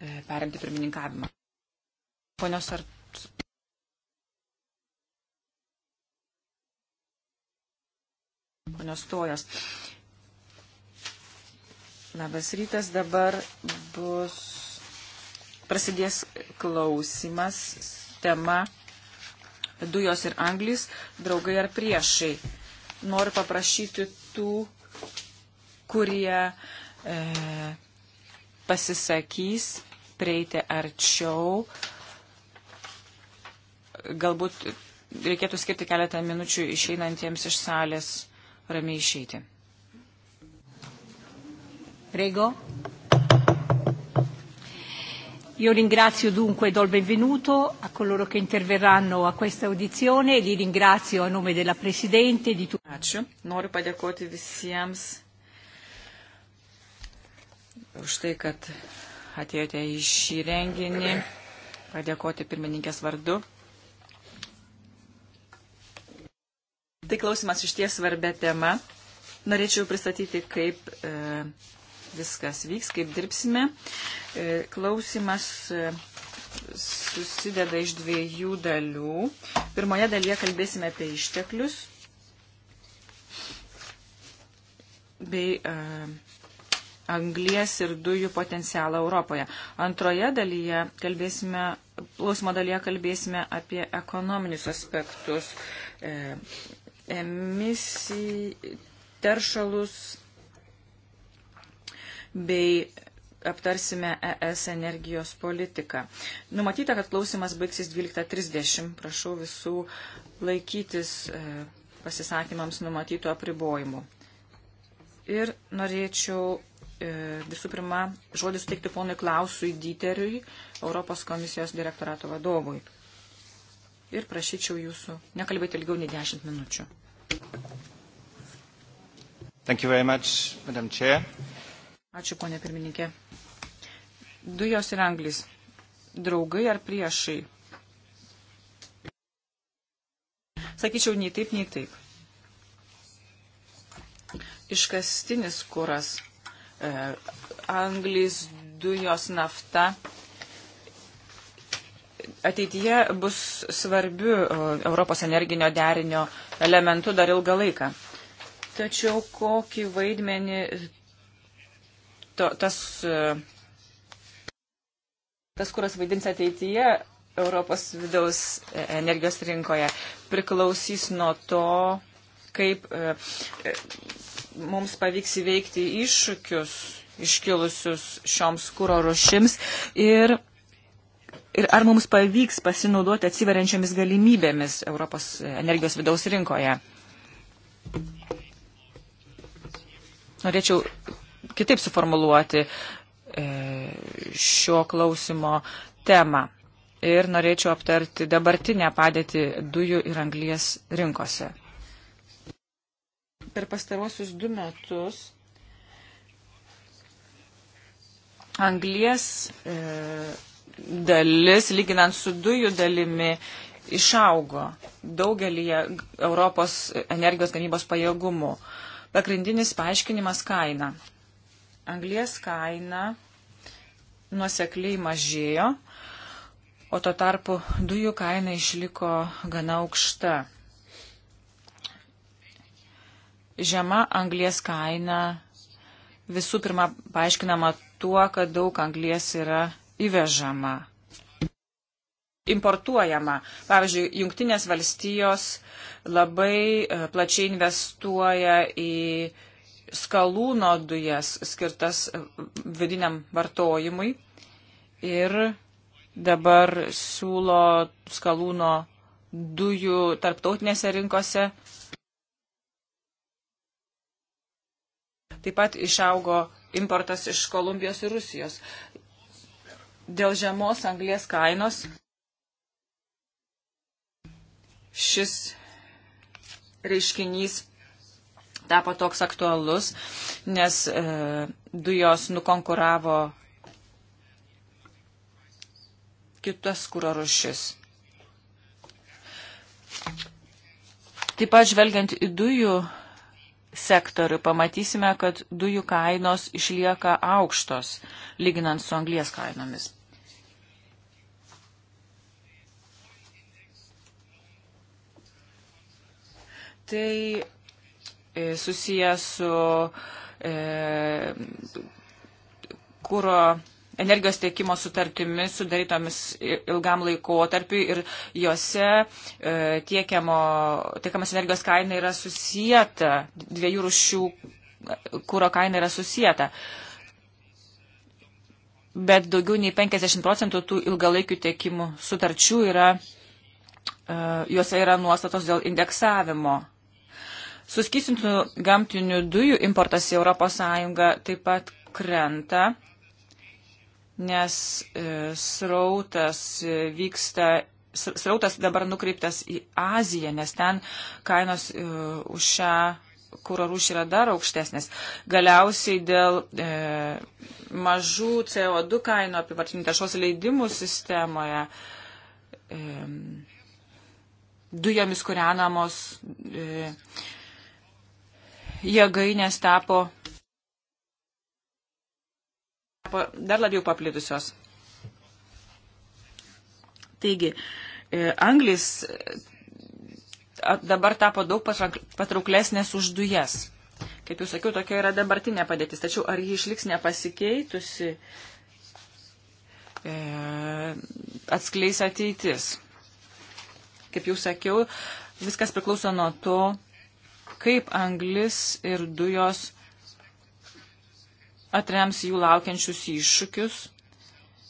E, perimti pirmininkavimą. Ponios ar. Ponios Tojos. Labas rytas, dabar bus. Prasidės klausimas, tema dujos ir anglis, draugai ar priešai. Noriu paprašyti tų, kurie e, pasisakys, prieiti arčiau. Galbūt reikėtų skirti keletą minučių išeinantiems iš salės ramiai išeiti. Prego. Io ringrazio dunque e do il benvenuto a coloro che interverranno a questa audizione e li ringrazio a nome della Presidente e di tutti. Ačiū. Noriu padėkoti visiems už tai, kad atėjote į šį renginį, padėkoti pirmininkės vardu. Tai klausimas iš ties svarbia tema. Norėčiau pristatyti, kaip e, viskas vyks, kaip dirbsime. E, klausimas e, susideda iš dviejų dalių. Pirmoje dalyje kalbėsime apie išteklius bei e, anglies ir dujų potencialą Europoje. Antroje dalyje kalbėsime, klausimo dalyje kalbėsime apie ekonominius aspektus, e, emisijų, teršalus bei aptarsime ES energijos politiką. Numatyta, kad klausimas baigsis 12.30. Prašau visų laikytis e, pasisakymams numatytų apribojimų. Ir norėčiau E, visų pirma žodį suteikti ponui Klausui Dyteriui, Europos komisijos direktorato vadovui. Ir prašyčiau jūsų nekalbėti ilgiau nei 10 minučių. Thank you very much, Madam Chair. Ačiū, ponė pirmininkė. Dujos ir anglis. Draugai ar priešai? Sakyčiau, nei taip, nei taip. Iškastinis kuras E, anglis, dujos, nafta ateityje bus svarbiu e, Europos energinio derinio elementu dar ilgą laiką. Tačiau kokį vaidmenį to, tas, e, tas kuras vaidins ateityje Europos vidaus energijos rinkoje priklausys nuo to, kaip e, e, mums pavyks įveikti iššūkius iškilusius šioms kūro rušims ir, ir ar mums pavyks pasinaudoti atsiveriančiomis galimybėmis Europos energijos vidaus rinkoje. Norėčiau kitaip suformuluoti e, šio klausimo temą ir norėčiau aptarti dabartinę padėtį dujų ir anglies rinkose per pastaruosius du metus anglies e, dalis, lyginant su dujų dalimi, išaugo daugelį Europos energijos gamybos pajėgumų. Pagrindinis paaiškinimas kaina. Anglies kaina nuosekliai mažėjo, o tuo tarpu dujų kaina išliko gana aukšta. Žema anglies kaina visų pirma paaiškinama tuo, kad daug anglies yra įvežama, importuojama. Pavyzdžiui, Junktinės valstijos labai e, plačiai investuoja į skalūno dujas skirtas e, vidiniam vartojimui ir dabar siūlo skalūno dujų tarptautinėse rinkose Taip pat išaugo importas iš Kolumbijos ir Rusijos. Dėl žemos anglės kainos šis reiškinys tapo toks aktualus, nes e, dujos nukonkuravo kitas kūro rušis. Taip pat žvelgiant į dujų sektorių, pamatysime, kad dujų kainos išlieka aukštos, lyginant su anglies kainomis. Tai e, susijęs su e, kūro energijos tiekimo sutartimis sudarytomis ilgam laikotarpiu ir juose e, tiekiamo, tiekiamas energijos kaina yra susijęta, dviejų rušių e, kūro kaina yra susijęta. Bet daugiau nei 50 procentų tų ilgalaikių tiekimų sutarčių yra, e, juose yra nuostatos dėl indeksavimo. Suskysintų gamtinių dujų importas į ES taip pat krenta nes e, srautas e, vyksta srautas dabar nukreiptas į Aziją, nes ten kainos uh, už šią kūro rūšį yra dar aukštesnės. Galiausiai dėl e, mažų CO2 kainų apivartinių taršos leidimų sistemoje e, dujomis kūrenamos e, jėgainės tapo dar labiau paplitusios. Taigi, e, anglis e, dabar tapo daug patrauklesnės už dujas. Kaip jau sakiau, tokia yra dabartinė padėtis. Tačiau ar ji išliks nepasikeitusi, e, atskleis ateitis. Kaip jau sakiau, viskas priklauso nuo to, kaip anglis ir dujos atrems jų laukiančius iššūkius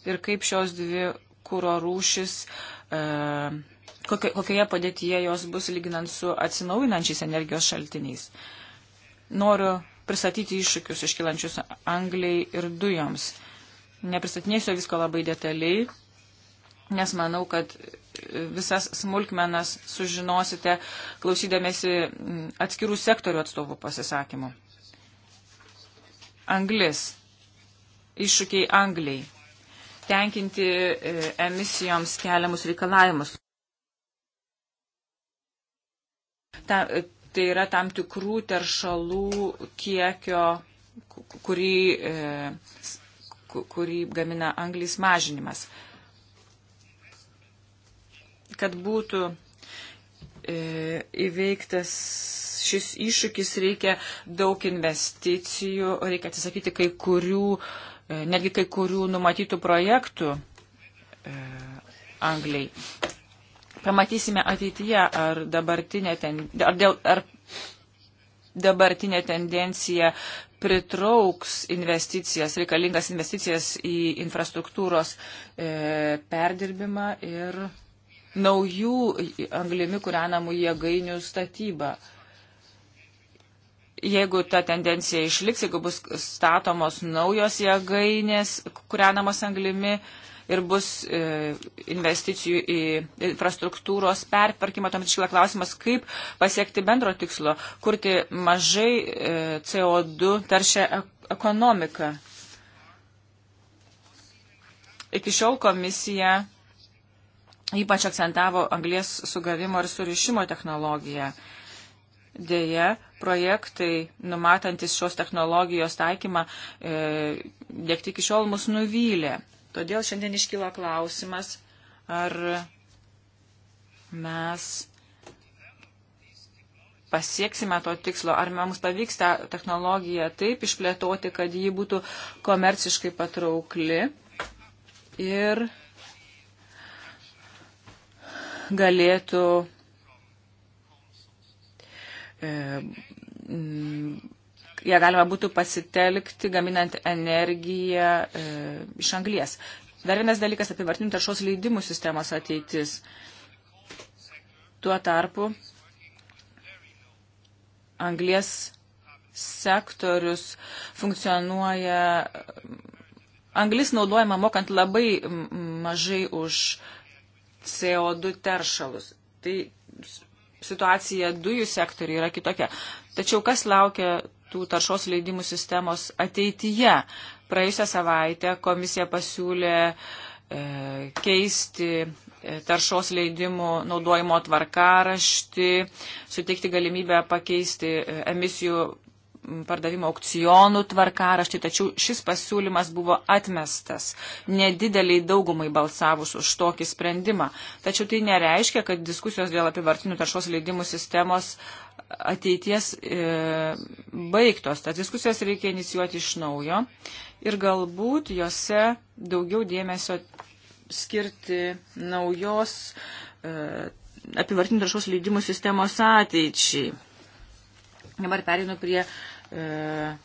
ir kaip šios dvi kūro rūšis, e, kokioje padėtyje jos bus lyginant su atsinaujinančiais energijos šaltiniais. Noriu pristatyti iššūkius iškilančius angliai ir dujoms. Nepristatinėsiu visko labai detaliai, nes manau, kad visas smulkmenas sužinosite klausydamėsi atskirų sektorių atstovų pasisakymų. Anglis. Iššūkiai Angliai. Tenkinti e, emisijoms keliamus reikalavimus. Ta, e, tai yra tam tikrų teršalų kiekio, kurį, e, kurį gamina anglis mažinimas. Kad būtų įveiktas šis iššūkis reikia daug investicijų, reikia atsisakyti kai kurių, e, netgi kai kurių numatytų projektų e, Angliai. Pamatysime ateityje, ar, ten, ar, dėl, ar dabartinė tendencija pritrauks investicijas, reikalingas investicijas į infrastruktūros e, perdirbimą ir naujų anglimi kūrenamų jėgainių statybą. E, jeigu ta tendencija išliks, jeigu bus statomos naujos jėgainės, kūrenamos anglimi ir bus e, investicijų į infrastruktūros pertvarkymą, tuomet iškyla klausimas, kaip pasiekti bendro tikslo, kurti mažai e, CO2 taršę e, ekonomiką. Iki šiol komisija ypač akcentavo anglės sugavimo ir surišimo technologiją. E, Deja, projektai numatantis šios technologijos taikymą e, dėkti iki šiol mus nuvylė. Todėl šiandien iškyla klausimas, ar mes pasieksime to tikslo, ar mums pavyks tą technologiją taip išplėtoti, kad ji būtų komerciškai patraukli ir galėtų E, mm, ją galima būtų pasitelkti gaminant energiją e, iš anglies. Dar vienas dalykas apie vartinių taršos leidimų sistemos ateitis. Tuo tarpu anglies sektorius funkcionuoja, anglis naudojama mokant labai mažai už CO2 teršalus. Tai situacija dujų sektoriai yra kitokia. Tačiau kas laukia tų taršos leidimų sistemos ateityje? Praėjusią savaitę komisija pasiūlė e, keisti e, taršos leidimų naudojimo tvarkaraštį, suteikti galimybę pakeisti e, emisijų pardavimo aukcionų tvarkaraštį, tačiau šis pasiūlymas buvo atmestas nedideliai daugumai balsavus už tokį sprendimą. Tačiau tai nereiškia, kad diskusijos dėl apivartinių taršos leidimų sistemos ateities e, baigtos. Tad diskusijas reikia inicijuoti iš naujo ir galbūt juose daugiau dėmesio skirti naujos e, apivartinių taršos leidimų sistemos ateičiai. Dabar perinu prie E,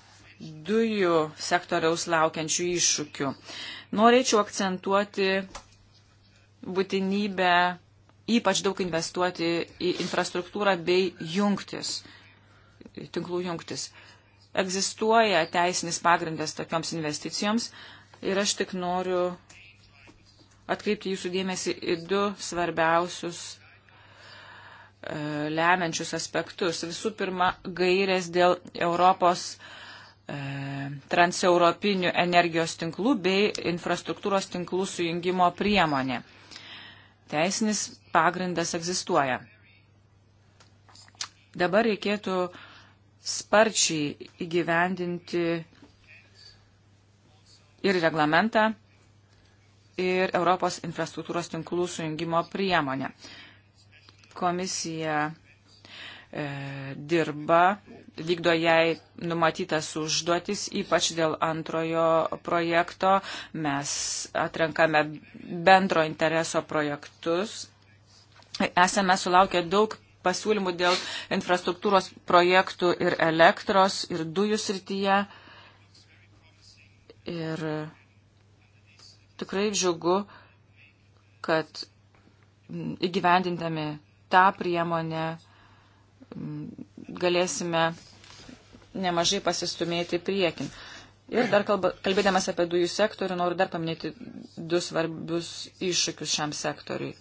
dujų sektoriaus laukiančių iššūkių. Norėčiau akcentuoti būtinybę ypač daug investuoti į infrastruktūrą bei jungtis, tinklų jungtis. Egzistuoja teisinis pagrindas tokioms investicijoms ir aš tik noriu atkreipti jūsų dėmesį į du svarbiausius E, lemiančius aspektus. Visų pirma, gairės dėl Europos e, transeuropinių energijos tinklų bei infrastruktūros tinklų sujungimo priemonė. Teisinis pagrindas egzistuoja. Dabar reikėtų sparčiai įgyvendinti ir reglamentą, ir Europos infrastruktūros tinklų sujungimo priemonę. E, Komisija e, dirba, vykdo jai numatytas užduotis, ypač dėl antrojo projekto. Mes atrenkame bendro intereso projektus. Esame sulaukę daug pasiūlymų dėl infrastruktūros projektų ir elektros ir dujų srityje. Ir tikrai džiugu, kad įgyvendindami tą priemonę mm, galėsime nemažai pasistumėti priekin. Ir dar kalba, kalbėdamas apie dujų sektorių, noriu dar paminėti du svarbius iššūkius šiam sektoriui.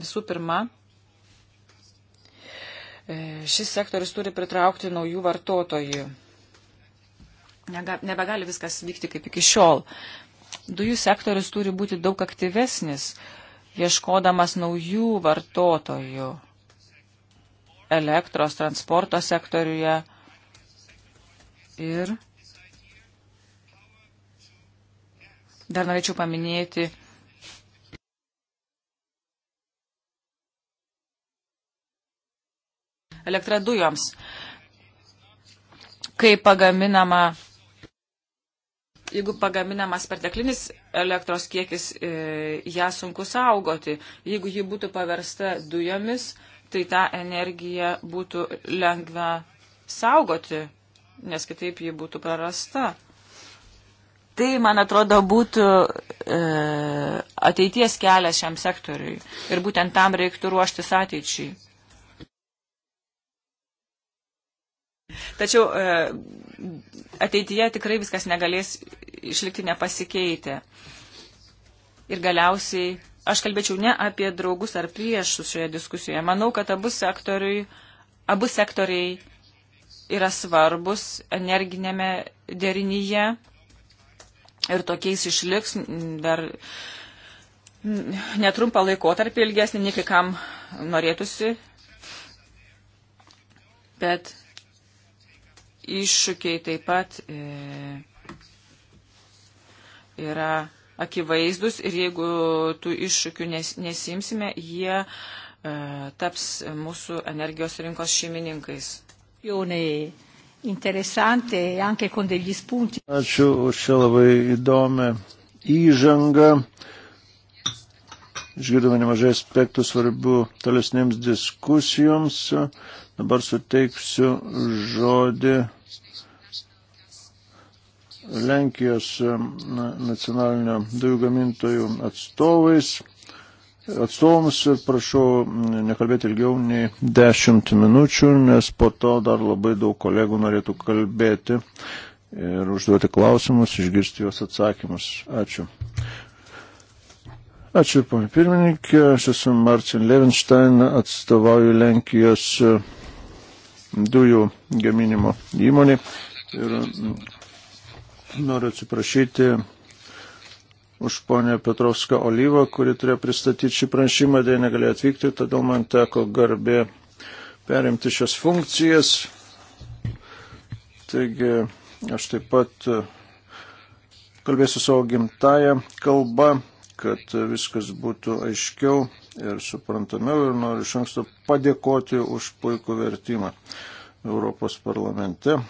Visų pirma, e, šis sektorius turi pritraukti naujų vartotojų. Nebegali viskas vykti kaip iki šiol. Dujų sektorius turi būti daug aktyvesnis, ieškodamas naujų vartotojų elektros transporto sektoriuje ir dar norėčiau paminėti elektradujoms, kai pagaminama Jeigu pagaminamas perteklinis elektros kiekis, e, ją sunku saugoti. Jeigu ji būtų paversta dujomis, tai tą energiją būtų lengva saugoti, nes kitaip ji būtų prarasta. Tai, man atrodo, būtų e, ateities kelias šiam sektoriui ir būtent tam reiktų ruoštis ateičiai. Tačiau e, ateityje tikrai viskas negalės išlikti nepasikeitę. Ir galiausiai aš kalbėčiau ne apie draugus ar priešus šioje diskusijoje. Manau, kad abu, abu sektoriai yra svarbus energinėme derinyje ir tokiais išliks dar netrumpą laikotarpį ilgesnį, nei kai kam norėtųsi. Bet iššūkiai taip pat e, yra akivaizdus ir jeigu tų iššūkių nes, nesimsime, jie e, taps mūsų energijos rinkos šeimininkais. E Ačiū už šią labai įdomią įžangą. Išgirdome nemažai aspektų svarbių tolesnėms diskusijoms. Dabar suteiksiu žodį Lenkijos nacionalinio dujų gamintojų atstovais. Atstovams prašau nekalbėti ilgiau nei 10 minučių, nes po to dar labai daug kolegų norėtų kalbėti ir užduoti klausimus, išgirsti juos atsakymus. Ačiū. Ačiū, ponė pirmininkė. Aš esu Marcin Levinstein, atstovauju Lenkijos dujų gaminimo įmonį ir Noriu atsiprašyti už ponę Petrovską Olyvą, kuri turėjo pristatyti šį pranešimą, dėja negalėjo atvykti, todėl man teko garbė perimti šias funkcijas. Taigi aš taip pat e, kalbėsiu savo gimtają kalbą, kad viskas būtų aiškiau ir suprantamiau ir noriu iš anksto padėkoti už puikų vertimą Europos parlamente.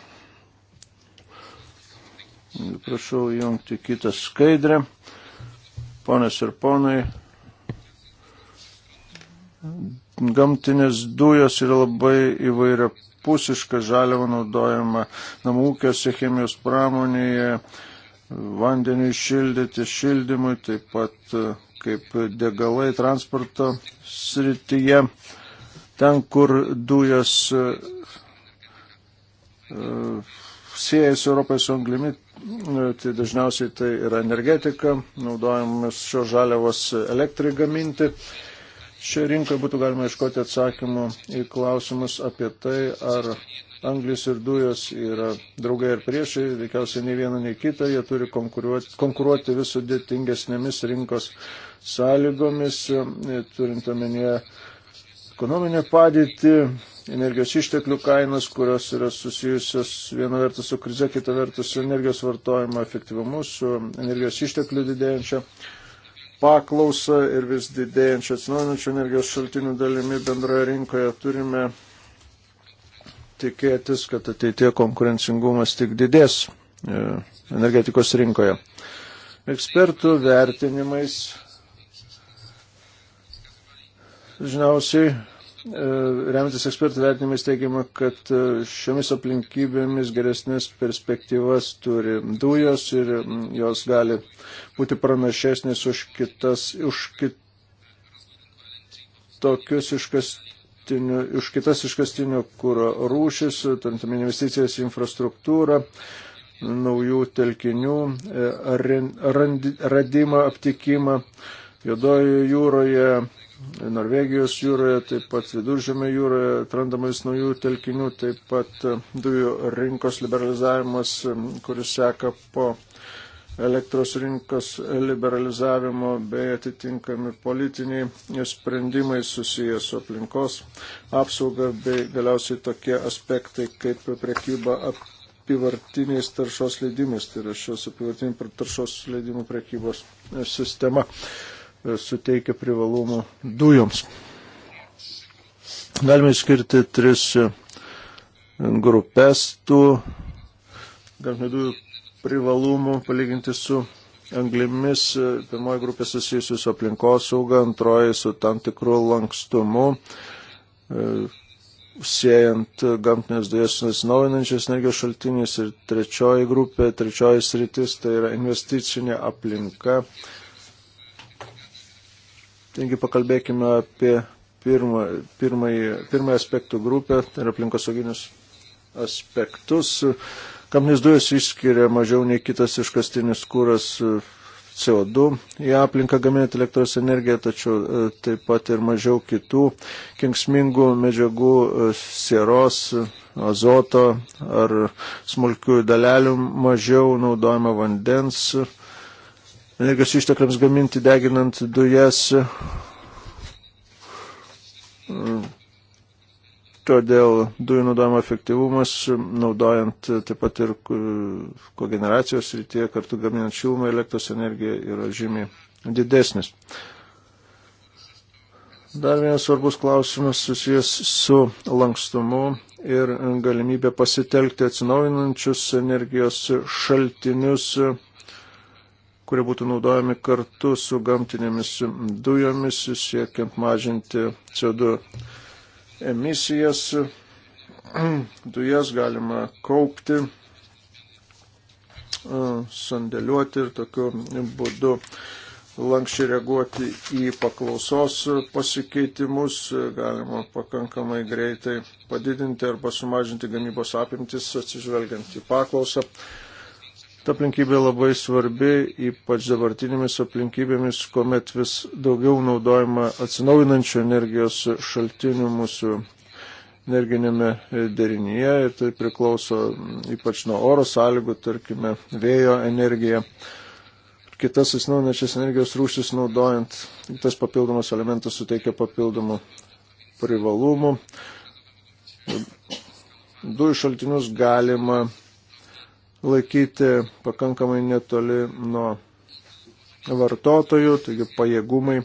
Prašau jungti kitą skaidrę. Ponas ir ponai, gamtinės dujos yra labai įvairia pusiška žaliava naudojama namų ūkiuose, chemijos pramonėje, vandeniui šildyti, šildymui, taip pat e, kaip degalai transporto srityje, ten, kur dujos e, e, siejasi Europai su anglimi, E, tai dažniausiai tai yra energetika, naudojamas šios žaliavos elektrai gaminti. Šioje rinkoje būtų galima iškoti atsakymų į klausimus apie tai, ar anglis ir dujos yra draugai ar priešai, veikiausiai nei viena, nei kita, jie turi konkuruoti, konkuruoti vis sudėtingesnėmis rinkos sąlygomis, e, turint omenyje ekonominę padėtį, energijos išteklių kainas, kurios yra susijusios viena vertus su krize, kita vertus su energijos vartojimo efektyvumu, su energijos išteklių didėjančia paklausa ir vis didėjančia atsinaujinančių energijos šaltinių dalimi bendroje rinkoje turime tikėtis, kad ateitie konkurencingumas tik didės e, energetikos rinkoje. Ekspertų vertinimais dažniausiai E, remiantis ekspertų vertinimais teigiama, kad e, šiomis aplinkybėmis geresnės perspektyvas turi dujos ir jos gali būti pranašesnės už kitas, už kitokius iškastinių, už kitas iškastinio kūro rūšis, tantam investicijas į infrastruktūrą naujų telkinių e, radimą, aptikimą. Jodojoje jūroje Norvegijos jūroje, taip pat Viduržėme jūroje, atrandama vis naujų telkinių, taip pat e, dujų rinkos liberalizavimas, e, kuris seka po elektros rinkos liberalizavimo bei atitinkami politiniai sprendimai susijęs su aplinkos apsauga bei galiausiai tokie aspektai kaip prekyba apivartiniais taršos leidimais, tai yra šios apivartinių taršos leidimų prekybos sistema suteikia privalumų dujoms. Galime išskirti tris e, grupės tų gamtinių dujų privalumų palyginti su anglimis. E, pirmoji grupė susijusi su aplinkosauga, antroji su tam tikru lankstumu, e, siejant gamtinės dujas su atsinaujinančiais energijos šaltiniais ir trečioji grupė, trečioji sritis tai yra investicinė aplinka, Taigi pakalbėkime apie pirmą, pirmąjį, pirmąją aspektų grupę, tai yra aplinkosauginius aspektus. Kamnis dujas išskiria mažiau nei kitas iškastinis kūras e, CO2 į aplinką gaminant elektros energiją, tačiau e, taip pat ir mažiau kitų kenksmingų medžiagų e, sieros, azoto ar smulkių dalelių, mažiau naudojama vandens energijos ištekliams gaminti deginant dujas. Todėl dujų naudojimo efektyvumas, naudojant taip pat ir kogeneracijos rytyje, kartu gaminant šilumą, elektros energiją yra žymiai didesnis. Dar vienas svarbus klausimas susijęs su lankstumu ir galimybė pasitelkti atsinaujinančius energijos šaltinius kurie būtų naudojami kartu su gamtinėmis dujomis, siekiant mažinti CO2 emisijas. Dujas galima kaupti, sandėliuoti ir tokiu būdu lankščiai reaguoti į paklausos pasikeitimus, galima pakankamai greitai padidinti arba sumažinti gamybos apimtis atsižvelgiant į paklausą. Ta aplinkybė labai svarbi, ypač dabartinėmis aplinkybėmis, kuomet vis daugiau naudojama atsinaujinančių energijos šaltinių mūsų energinėme e, derinyje ir tai priklauso ypač nuo oro sąlygų, tarkime, vėjo energija. Kitas atsinaujinančias energijos rūšis naudojant, tas papildomas elementas suteikia papildomų privalumų. Dujų šaltinius galima laikyti pakankamai netoli nuo vartotojų, taigi pajėgumai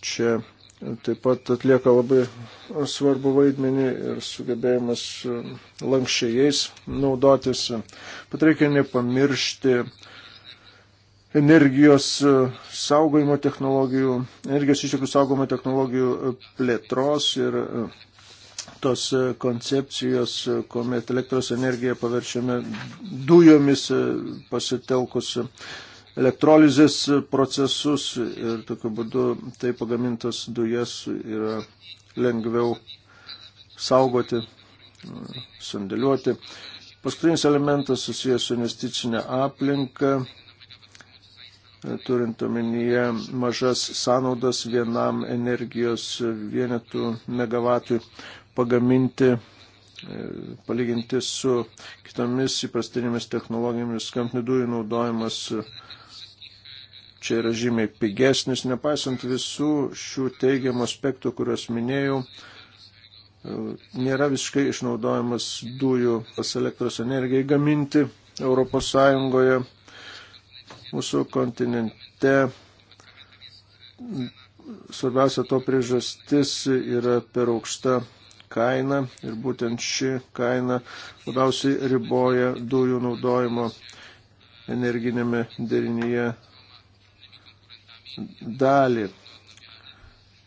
čia taip pat atlieka labai svarbu vaidmenį ir sugebėjimas e, lankščiai jais naudotis. Pat reikia nepamiršti energijos e, saugojimo technologijų, energijos išteklių saugojimo technologijų e, plėtros ir tos e, koncepcijos, e, kuomet elektros energiją paverčiame dujomis e, pasitelkus elektrolizės procesus ir tokiu būdu tai pagamintas dujas yra lengviau saugoti, sandėliuoti. Paskutinis elementas susijęs su investicinė aplinka, turint omenyje mažas sąnaudas vienam energijos vienetų megavatui pagaminti e, palyginti su kitomis įprastinėmis technologijomis gamtinių dujų naudojimas e, čia yra žymiai pigesnis, nepaisant visų šių teigiamų aspektų, kuriuos minėjau, e, nėra visiškai išnaudojamas dujų pas elektros energijai gaminti Europos Sąjungoje, mūsų kontinente. Svarbiausia to priežastis yra per aukšta kaina ir būtent ši kaina labiausiai riboja dujų naudojimo energinėme derinyje dalį.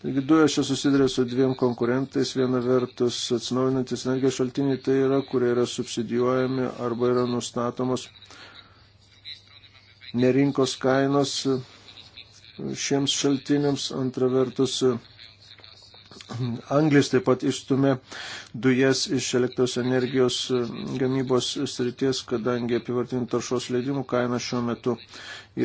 Taigi dujos čia susiduria su dviem konkurentais. Viena vertus atsinaujinantis energijos šaltiniai tai yra, kurie yra subsidijuojami arba yra nustatomos nerinkos kainos šiems šaltiniams. Antra vertus anglis, taip pat išstumė dujas iš elektros energijos e, gamybos srities, kadangi apivartinių taršos leidimų kaina šiuo metu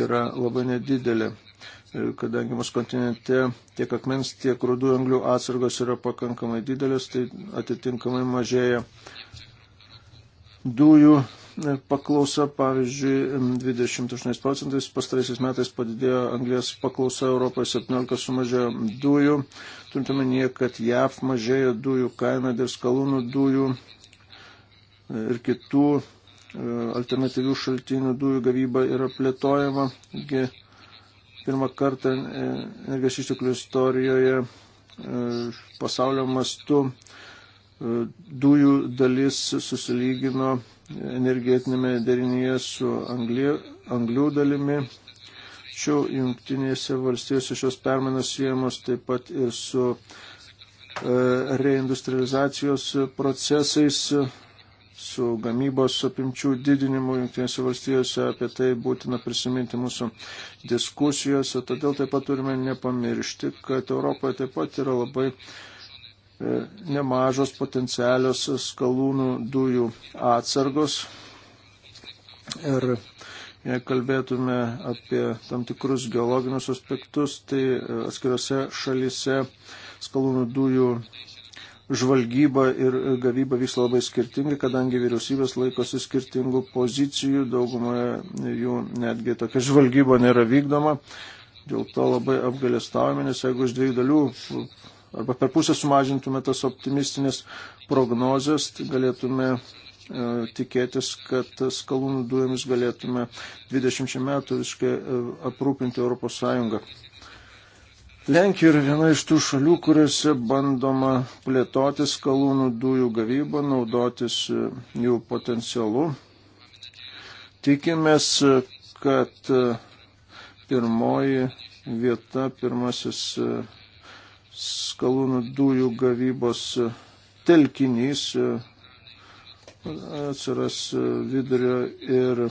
yra labai nedidelė. E, kadangi mūsų kontinente tiek akmens, tiek rudų anglių atsargos yra pakankamai didelės, tai atitinkamai mažėja dujų paklausa, pavyzdžiui, 28 procentais pastaraisiais metais padidėjo anglės paklausa Europoje 17 sumažėjo dujų. Turint omenyje, kad JAV mažėjo dujų kaina dėl skalūnų dujų ir kitų e, alternatyvių šaltinių dujų gavyba yra plėtojama. Taigi, pirmą kartą e, energijos išteklių istorijoje e, pasaulio mastu dujų dalis susilygino energetinėme derinyje su angli, anglių dalimi. Tačiau jungtinėse valstijose šios permainos siejamos taip pat ir su e, reindustrializacijos procesais, su gamybos apimčių didinimu Junktinėse valstijose, apie tai būtina prisiminti mūsų diskusijose. Todėl taip pat turime nepamiršti, kad Europoje taip pat yra labai E, nemažos potencialios skalūnų dujų atsargos. Ir jei kalbėtume apie tam tikrus geologinius aspektus, tai e, atskirose šalise skalūnų dujų žvalgyba ir gavyba vyks labai skirtingai, kadangi vyriausybės laikosi skirtingų pozicijų, daugumoje jų netgi tokia žvalgyba nėra vykdoma. Dėl to labai apgalėstavome, nes jeigu iš dviejų dalių arba per pusę sumažintume tas optimistinės prognozes, tai galėtume e, tikėtis, kad skalūnų dujomis galėtume 20 metų viskai e, aprūpinti ES. Lenkija yra viena iš tų šalių, kuriuose bandoma plėtoti skalūnų dujų gavybą, naudotis e, jų potencialu. Tikimės, kad pirmoji vieta, pirmasis skalūnų dujų gavybos telkinys e, atsiras e, vidurio ir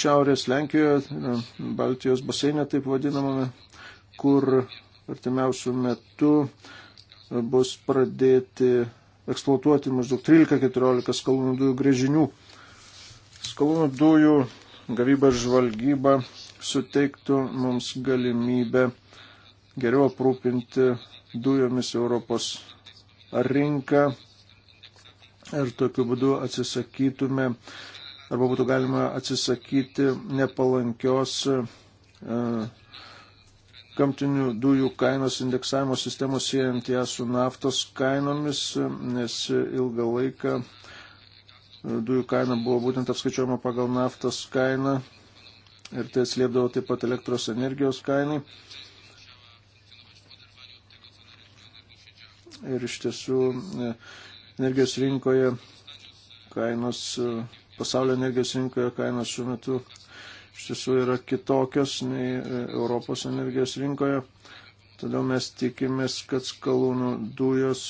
šiaurės Lenkijoje, e, Baltijos baseinė taip vadinamame, kur artimiausių metų bus pradėti eksploatuoti maždaug 13-14 skalūnų dujų grėžinių. Skalūnų dujų gavyba ir žvalgyba suteiktų mums galimybę geriau aprūpinti dujomis Europos rinką ir tokiu būdu atsisakytume arba būtų galima atsisakyti nepalankios e, gamtinių dujų kainos indeksavimo sistemos siejant ją su naftos kainomis, nes ilgą laiką e, dujų kaina buvo būtent apskaičiuojama pagal naftos kainą ir tai atsliepdavo taip pat elektros energijos kainai. ir iš tiesų e, energijos rinkoje kainos, e, pasaulio energijos rinkoje kainos šiuo metu iš tiesų yra kitokios nei e, Europos energijos rinkoje. Todėl mes tikimės, kad skalūnų dujos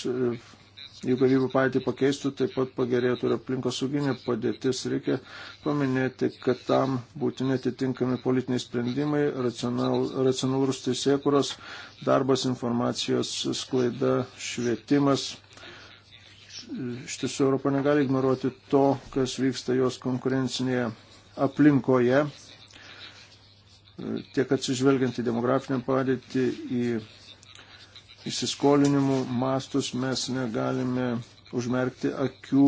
jeigu jų patį pakeistų, taip pat pagerėtų ir aplinkosauginė padėtis. Reikia paminėti, kad tam būtini atitinkami politiniai sprendimai, racional, racionalus teisėkuros, darbas, informacijos sklaida, švietimas. Iš tiesų, Europa negali ignoruoti to, kas vyksta jos konkurencinėje aplinkoje, tiek atsižvelgiant į demografinę padėtį, į įsiskolinimų mastus mes negalime užmerkti akių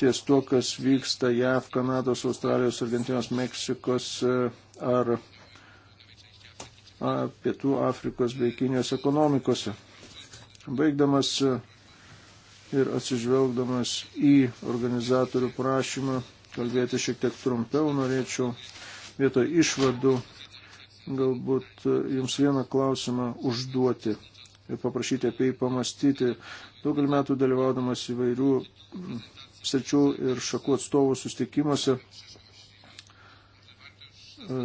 ties tuo, kas vyksta JAV, Kanados, Australijos, Argentinos, Meksikos e, ar Pietų Afrikos bei Kinijos ekonomikose. Baigdamas e, ir atsižvelgdamas į organizatorių prašymą kalbėti šiek tiek trumpiau, norėčiau vietoj išvadų galbūt e, jums vieną klausimą užduoti ir paprašyti apie jį pamastyti. Daugelį metų dalyvaudamas įvairių sričių ir šakų atstovų sustikimuose, e,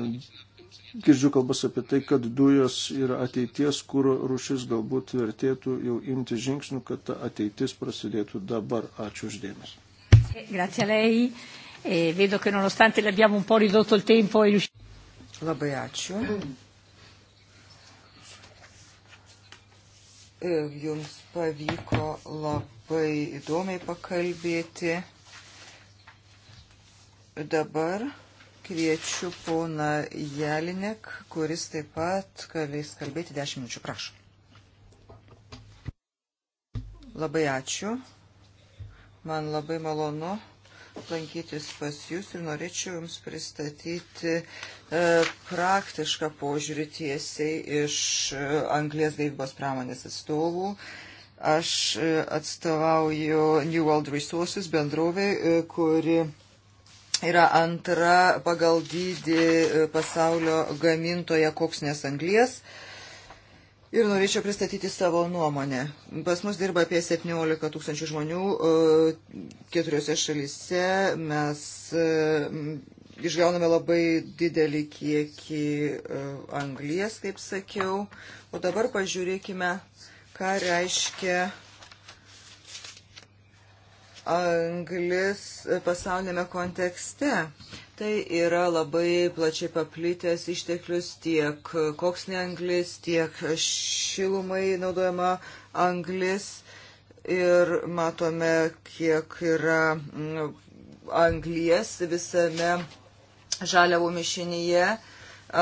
girdžiu kalbas apie tai, kad dujos yra ateities, kur rušis galbūt vertėtų jau imti žingsnių, kad ta ateitis prasidėtų dabar. Ačiū uždėmesi. Grazie a lei. E vedo che nonostante le abbiamo un po' ridotto il tempo è riuscito. Labai ačiū. Jums pavyko labai įdomiai pakalbėti. Dabar kviečiu poną Jelinek, kuris taip pat galės kalbėti 10 minučių. Prašom. Labai ačiū. Man labai malonu lankytis pas Jūs ir norėčiau Jums pristatyti e, praktišką požiūrį tiesiai iš e, Anglės gaivybos pramonės atstovų. Aš e, atstovauju New World Resources bendrovė, kuri yra antra pagal dydį pasaulio gamintoja koksnės anglės. anglės ir norėčiau pristatyti savo nuomonę. Pas mus dirba apie 17 tūkstančių žmonių e, keturiose šalyse. Mes e, išgauname labai didelį kiekį e, anglies, kaip sakiau. O dabar pažiūrėkime, ką reiškia anglis pasaulinėme kontekste. Tai yra labai plačiai paplitęs išteklius tiek koksnė anglis, tiek šilumai naudojama anglis. Ir matome, kiek yra mm, anglies visame žaliavų mišinyje.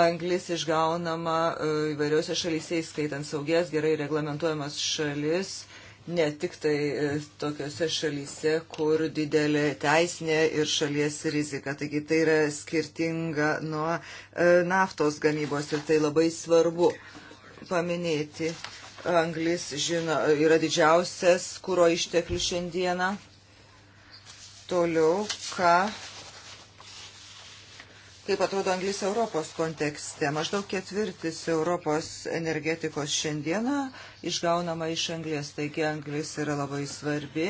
Anglis išgaunama e, įvairiuose šalyse, įskaitant saugės, gerai reglamentuojamas šalis ne tik tai e, tokiose šalyse, kur didelė teisinė ir šalies rizika. Taigi tai yra skirtinga nuo e, naftos gamybos ir tai labai svarbu paminėti. Anglis žino, yra didžiausias kūro išteklių šiandieną. Toliau, ką kaip atrodo anglis Europos kontekste. Maždaug ketvirtis Europos energetikos šiandieną išgaunama iš anglės, taigi anglis yra labai svarbi.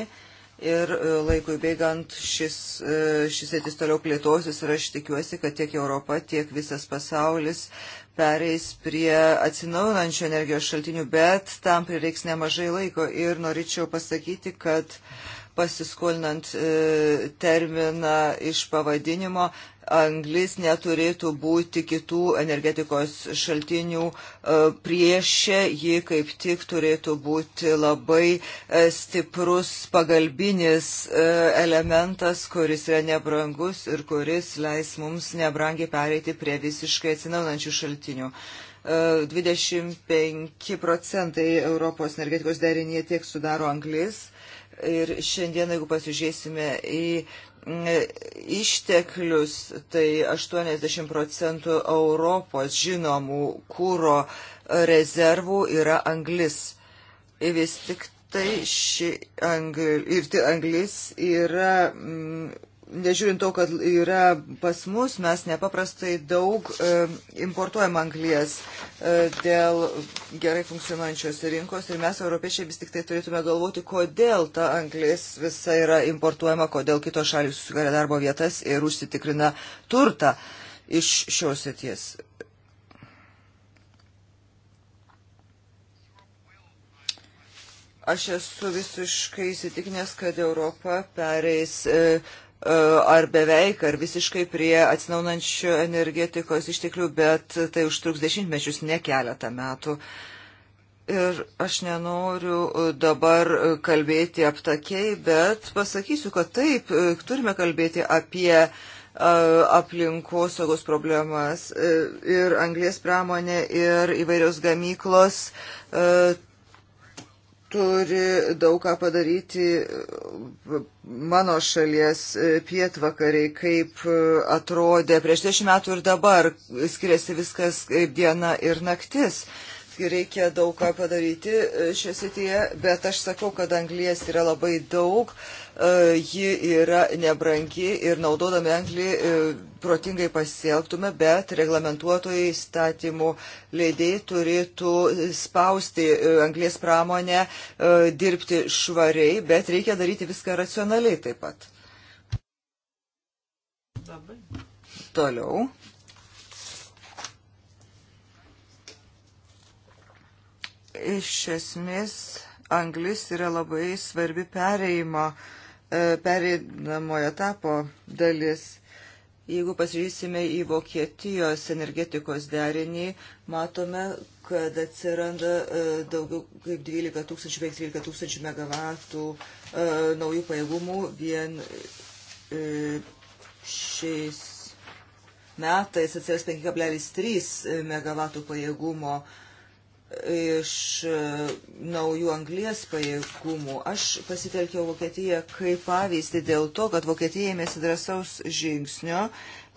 Ir e, laikui bėgant šis, e, šis etis toliau plėtosis ir aš tikiuosi, kad tiek Europa, tiek visas pasaulis pereis prie atsinaujinančių energijos šaltinių, bet tam prireiks nemažai laiko. Ir norėčiau pasakyti, kad uh, pasiskolinant e, terminą iš pavadinimo, anglis neturėtų būti kitų energetikos šaltinių e, priešė, ji kaip tik turėtų būti labai e, stiprus pagalbinis elementas, kuris yra nebrangus ir kuris leis mums nebrangiai pereiti prie visiškai atsinaujančių šaltinių. 25 procentai Europos energetikos derinėje tiek sudaro anglis Ir šiandien, jeigu pasižiūrėsime į išteklius, tai 80 procentų Europos žinomų kūro rezervų yra anglis. Ir vis tik tai ši angl, ir tai anglis yra mm, nežiūrint to, kad yra pas mus, mes nepaprastai daug e, importuojam anglijas e, dėl gerai funkcionuojančios rinkos ir mes, europiečiai, vis tik tai turėtume galvoti, kodėl ta anglis visa yra importuojama, kodėl kitos šalis susikaria darbo vietas ir užsitikrina turtą iš šios sėties. Aš esu visiškai įsitikinęs, kad Europa pereis e, ar beveik, ar visiškai prie atsinaunančių energetikos išteklių, bet tai užtruks dešimtmečius, ne keletą metų. Ir aš nenoriu dabar kalbėti aptakiai, bet pasakysiu, kad taip, turime kalbėti apie e, aplinkosaugos problemas e, ir anglės pramonė ir įvairios gamyklos e, turi daug ką padaryti mano šalies pietvakariai, kaip atrodė prieš dešimt metų ir dabar skiriasi viskas kaip diena ir naktis. Uh, reikia daug ką padaryti e, šioje srityje, bet aš sakau, kad anglies yra labai daug, e, ji yra nebrangi ir naudodami anglį e, protingai pasielgtume, bet reglamentuotojai statymų leidėjai turėtų spausti anglės pramonę, dirbti švariai, bet reikia daryti viską racionaliai taip pat. Labai. Toliau. Iš esmės, anglis yra labai svarbi pereimo, e, pereinamo etapo dalis. Jeigu pasižiūrėsime į Vokietijos energetikos derinį, matome, kad atsiranda e, daugiau kaip 12 tūkstančių, beveik 13 tūkstančių megavatų e, naujų pajėgumų vien šiais metais atsiras 5,3 megavatų pajėgumo iš e, naujų anglies pajėgumų. Aš pasitelkiau Vokietiją kaip pavyzdį dėl to, kad Vokietija ėmėsi drąsaus žingsnio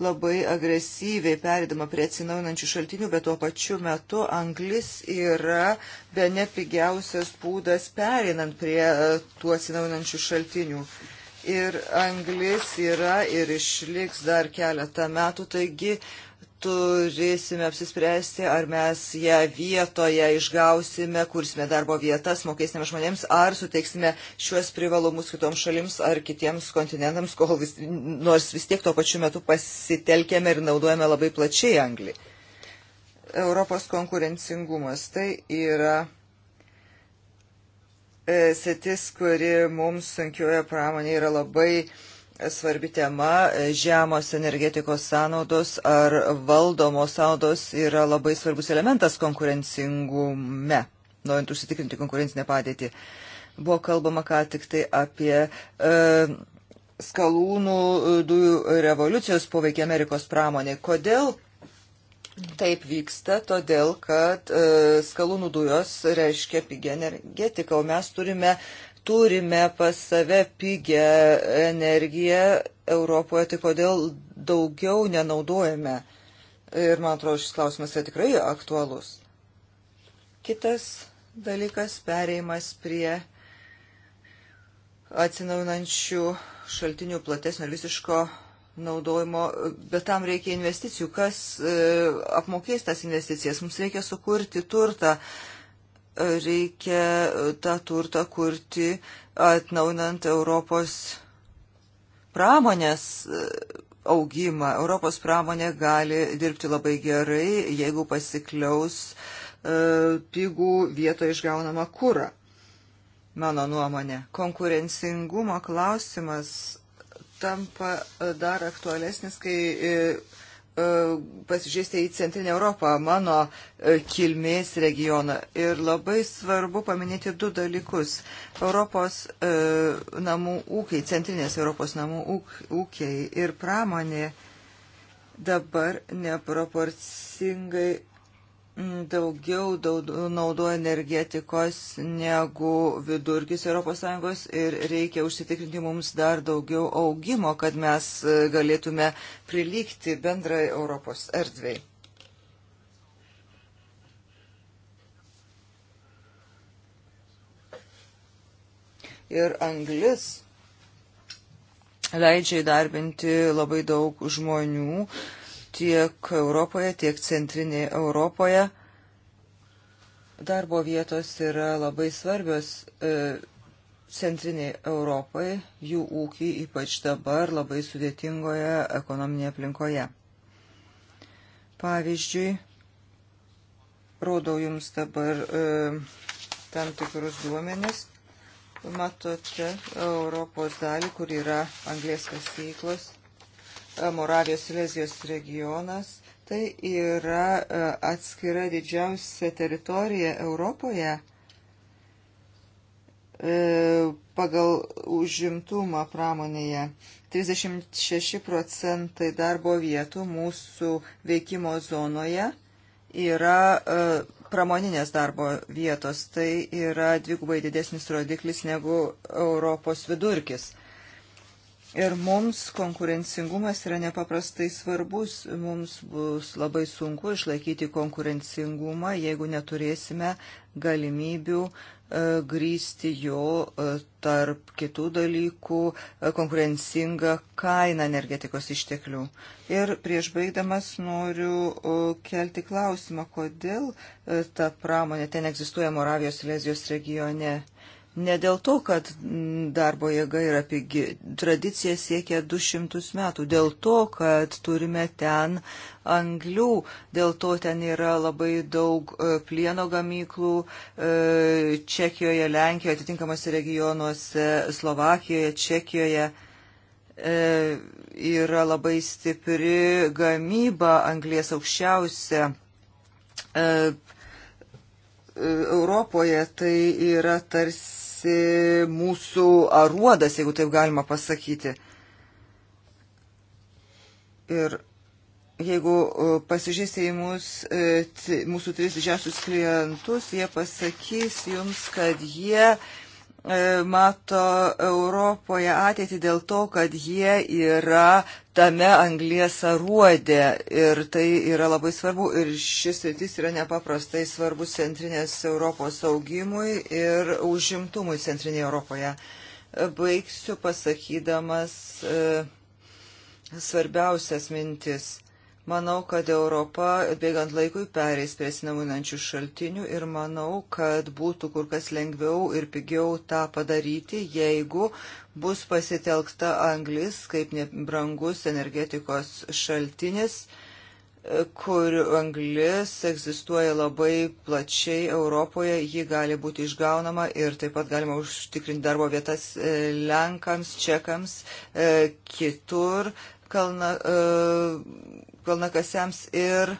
labai agresyviai perėdama prie atsinaujinančių šaltinių, bet tuo pačiu metu anglis yra be nepigiausias būdas perinant prie e, tų atsinaujinančių šaltinių. Ir anglis yra ir išliks dar keletą metų, taigi uh, turėsime apsispręsti, ar mes ją vietoje išgausime, kursime darbo vietas mokėsime žmonėms, ar suteiksime šiuos privalumus kitoms šalims ar kitiems kontinentams, kol vis, nors vis tiek tuo pačiu metu pasitelkėme ir naudojame labai plačiai anglį. Europos konkurencingumas tai yra e, setis, kuri mums sunkioje pramonė yra labai uh, svarbi tema. E, žemos energetikos sąnaudos ar valdomos sąnaudos yra labai svarbus elementas konkurencingume, norint užsitikrinti konkurencinę padėtį. Buvo kalbama ką tik tai apie e, skalūnų e, dujų revoliucijos poveikį Amerikos pramonė. Kodėl Taip vyksta, todėl kad e, skalūnų dujos reiškia pigi energetika, o mes turime turime pas save pigę energiją Europoje, tai kodėl daugiau nenaudojame. Ir man atrodo, šis klausimas yra tikrai aktualus. Kitas dalykas - pereimas prie atsinaujinančių šaltinių platesnio ir visiško naudojimo, bet tam reikia investicijų. Kas e, apmokės tas investicijas? Mums reikia sukurti turtą, e, reikia e, tą turtą kurti atnaunant Europos pramonės e, augimą. Europos pramonė gali dirbti labai gerai, jeigu pasikliaus e, pigų vietoje išgaunama kūra. Mano nuomonė, konkurencingumo klausimas tampa dar aktualesnis, kai pasižiūrėsite į Centrinę Europą, mano e, kilmės regioną. Ir labai svarbu paminėti du dalykus. Europos e, namų ūkiai, Centrinės Europos namų ūkiai ir pramonė dabar neproporcingai daugiau, daugiau naudoja energetikos negu vidurkis ES ir reikia užsitikrinti mums dar daugiau augimo, kad mes e, galėtume prilygti bendrai Europos erdvei. Ir anglis leidžia įdarbinti labai daug žmonių, uh, tiek Europoje, tiek centrinėje Europoje. Darbo vietos yra labai svarbios e, centriniai Europai, jų ūkiai ypač dabar labai sudėtingoje ekonominėje aplinkoje. Pavyzdžiui, rodau jums dabar e, tam tikrus duomenis. Matote Europos dalį, kur yra anglės kasyklos Moravijos Silesijos regionas. Tai yra e, atskira didžiausia teritorija Europoje e, pagal užimtumą pramonėje. 36 procentai darbo vietų mūsų veikimo zonoje yra e, pramoninės darbo vietos. Tai yra dvigubai didesnis rodiklis negu Europos vidurkis. Ir mums konkurencingumas yra nepaprastai svarbus. Mums bus labai sunku išlaikyti konkurencingumą, jeigu neturėsime galimybių e, grįsti jo e, tarp kitų dalykų e, konkurencingą kainą energetikos išteklių. Ir prieš baigdamas noriu kelti klausimą, kodėl ta pramonė ten egzistuoja Moravijos Silesijos regione Ne dėl to, kad darbo jėga yra pigi, tradicija siekia 200 metų, dėl to, kad turime ten anglių, dėl to ten yra labai daug e, plieno gamyklų, e, Čekijoje, Lenkijoje, atitinkamose regionuose, Slovakijoje, Čekijoje e, yra labai stipri gamyba anglės aukščiausia. Europoje tai yra tarsi tarsi mūsų aruodas, jeigu taip galima pasakyti. Ir jeigu e, pasižiūrėsite į mus, e, mūsų tris didžiausius klientus, jie pasakys jums, kad jie uh, E, mato Europoje ateitį dėl to, kad jie yra tame anglies aruodė ir tai yra labai svarbu ir šis rytis yra nepaprastai svarbus centrinės Europos augimui ir užimtumui centrinėje Europoje. E, baigsiu pasakydamas e, svarbiausias mintis. Manau, kad Europa bėgant laikui pereis prie atsinaujinančių šaltinių ir manau, kad būtų kur kas lengviau ir pigiau tą padaryti, jeigu bus pasitelkta anglis kaip brangus energetikos šaltinis, kur anglis egzistuoja labai plačiai Europoje, ji gali būti išgaunama ir taip pat galima užtikrinti darbo vietas e, Lenkams, Čekams, e, kitur kalna, e, kalnakasiams ir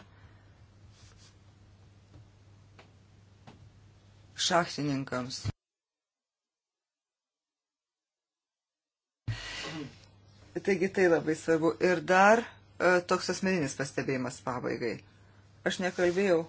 šachtininkams. Taigi tai labai svarbu. Ir dar e, toks asmeninis pastebėjimas pabaigai. Aš nekalbėjau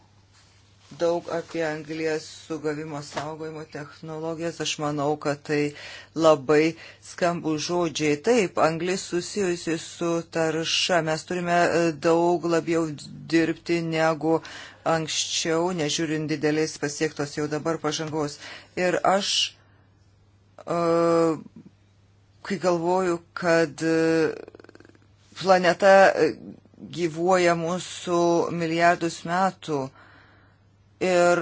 daug apie anglijas sugavimo saugojimo technologijas. Aš manau, kad tai labai skambu žodžiai. Taip, anglis susijusi su tarša. Mes turime e, daug labiau dirbti negu anksčiau, nežiūrint didelės pasiektos jau dabar pažangos. Ir aš, e, kai galvoju, kad e, planeta gyvuoja mūsų milijardus metų, Ir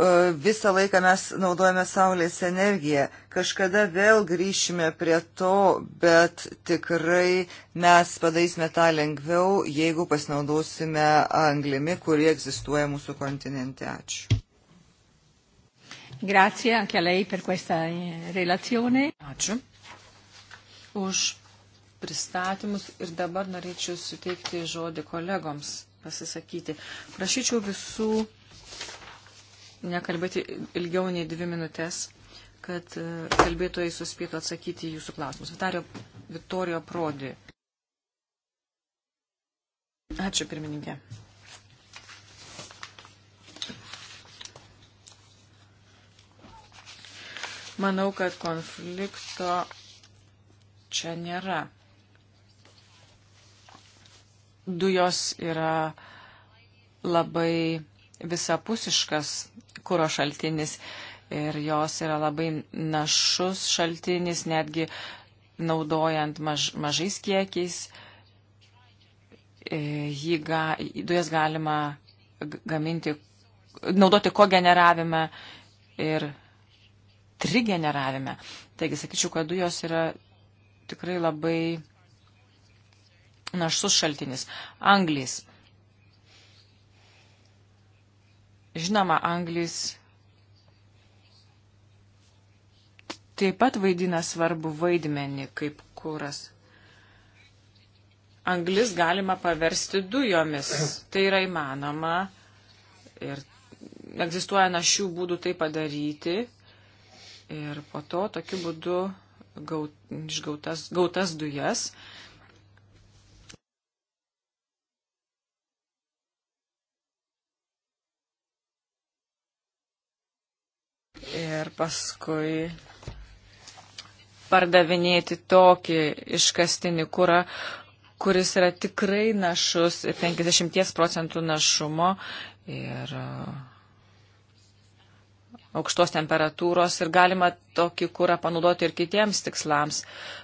e, visą laiką mes naudojame Saulės energiją. Kažkada vėl grįšime prie to, bet tikrai mes padaisime tą lengviau, jeigu pasinaudosime anglimi, kurie egzistuoja mūsų kontinente. Ačiū. Grazie anche a lei per questa eh, relazione. Ačiū už pristatymus ir dabar norėčiau suteikti žodį kolegoms pasisakyti. Prašyčiau visų nekalbėti ilgiau nei dvi minutės, kad e, kalbėtojai suspėtų atsakyti į jūsų klausimus. Vitario Vitorijo Prodi. Ačiū, pirmininkė. Manau, kad konflikto čia nėra dujos yra labai visapusiškas kūro šaltinis ir jos yra labai našus šaltinis, netgi naudojant maž, mažais kiekiais. E, jį ga, dujas galima gaminti, naudoti kogeneravime ir trigeneravime. Taigi sakyčiau, kad dujos yra tikrai labai našus šaltinis - anglis. Žinoma, anglis taip pat vaidina svarbu vaidmenį kaip kuras. Anglis galima paversti dujomis. Tai yra įmanoma ir egzistuoja našių būdų tai padaryti. Ir po to tokiu būdu gaut, išgautas gautas dujas ir paskui pardavinėti tokį iškastinį kurą, kuris yra tikrai našus, 50 procentų našumo ir uh, aukštos temperatūros ir galima tokį kūrą panaudoti ir kitiems tikslams.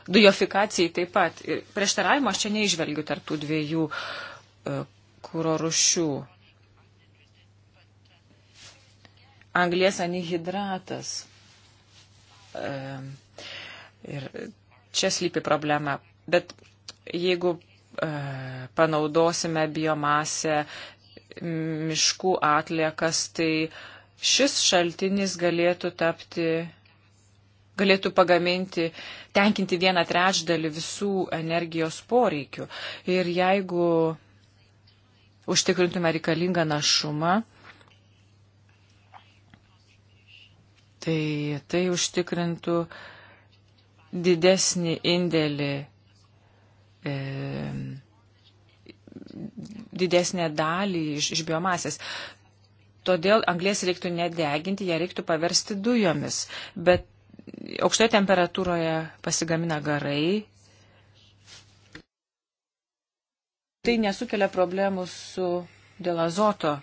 Dujofikacijai taip pat. Ir prieštaravimo aš čia neižvelgiu tarptų dviejų uh, kūro rušių. anglies anihidratas. E, ir čia slypi problema. Bet jeigu e, panaudosime biomasę miškų atliekas, tai šis šaltinis galėtų tapti galėtų pagaminti, tenkinti vieną trečdalį visų energijos poreikių. Ir jeigu užtikrintume reikalingą našumą, tai tai užtikrintų didesnį indėlį, e, didesnę dalį iš, iš biomasės. Todėl anglės reiktų nedeginti, ją reiktų paversti dujomis. Bet aukštoje temperatūroje pasigamina garai. Tai nesukelia problemų su dėl azoto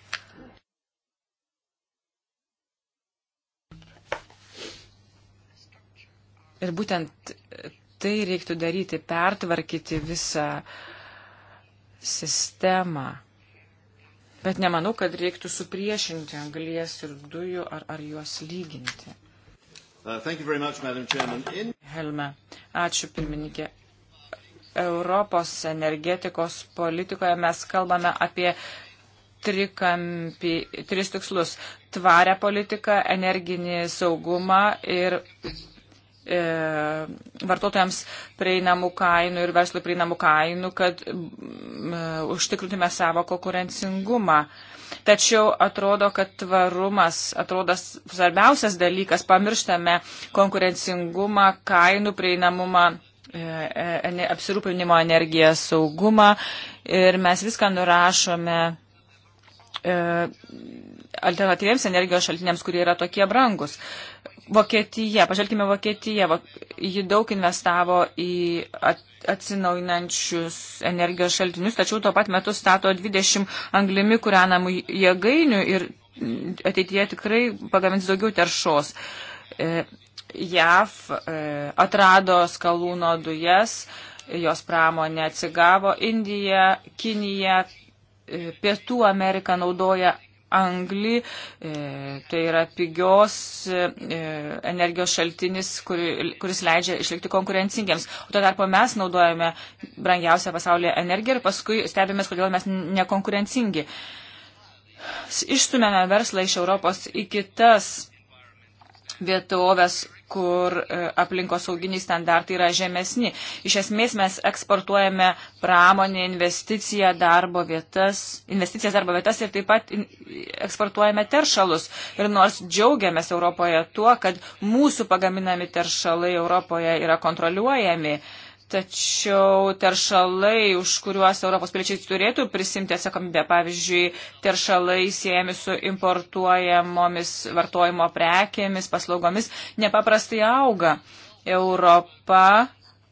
Ir būtent tai reiktų daryti, pertvarkyti visą sistemą. Bet nemanau, kad reiktų supriešinti anglies ir dujų ar, ar juos lyginti. Uh, much, In... Helme, ačiū pirmininkė. Europos energetikos politikoje mes kalbame apie trikampį, tris tikslus - tvarę politiką, energinį saugumą ir e, vartotojams prieinamų kainų ir verslui prieinamų kainų, kad e, užtikrintume savo konkurencingumą. Tačiau atrodo, kad tvarumas atrodo svarbiausias dalykas, pamirštame konkurencingumą, kainų prieinamumą e, e apsirūpinimo energiją, saugumą ir mes viską nurašome e, alternatyviems energijos šaltiniams, kurie yra tokie brangus. E, Vokietija, pažvelkime Vokietiją, ji daug investavo į atsinaujinančius energijos šaltinius, tačiau tuo pat metu stato 20 anglimi kūrenamų jėgainių ir mm, ateityje tikrai pagamins daugiau teršos. E, JAV e, atrado skalūno dujas, jos pramonė atsigavo, Indija, Kinija, e, Pietų Amerika naudoja anglį, e, tai yra pigios e, e, energijos šaltinis, kuris leidžia išlikti konkurencingiams. O to tarpo mes naudojame brangiausią pasaulyje energiją ir paskui stebimės, kodėl mes nekonkurencingi. Išstumėme verslą iš Europos į kitas vietovės, kur e, aplinkosauginiai standartai yra žemesni. Iš esmės mes eksportuojame pramonę, investiciją, darbo vietas, investicijas darbo vietas ir taip pat eksportuojame teršalus. Ir nors džiaugiamės Europoje tuo, kad mūsų pagaminami teršalai Europoje yra kontroliuojami, uh, Tačiau teršalai, už kuriuos Europos piliečiai turėtų prisimti atsakomybę, pavyzdžiui, teršalai siejami su importuojamomis vartojimo prekėmis, paslaugomis, nepaprastai auga. Europa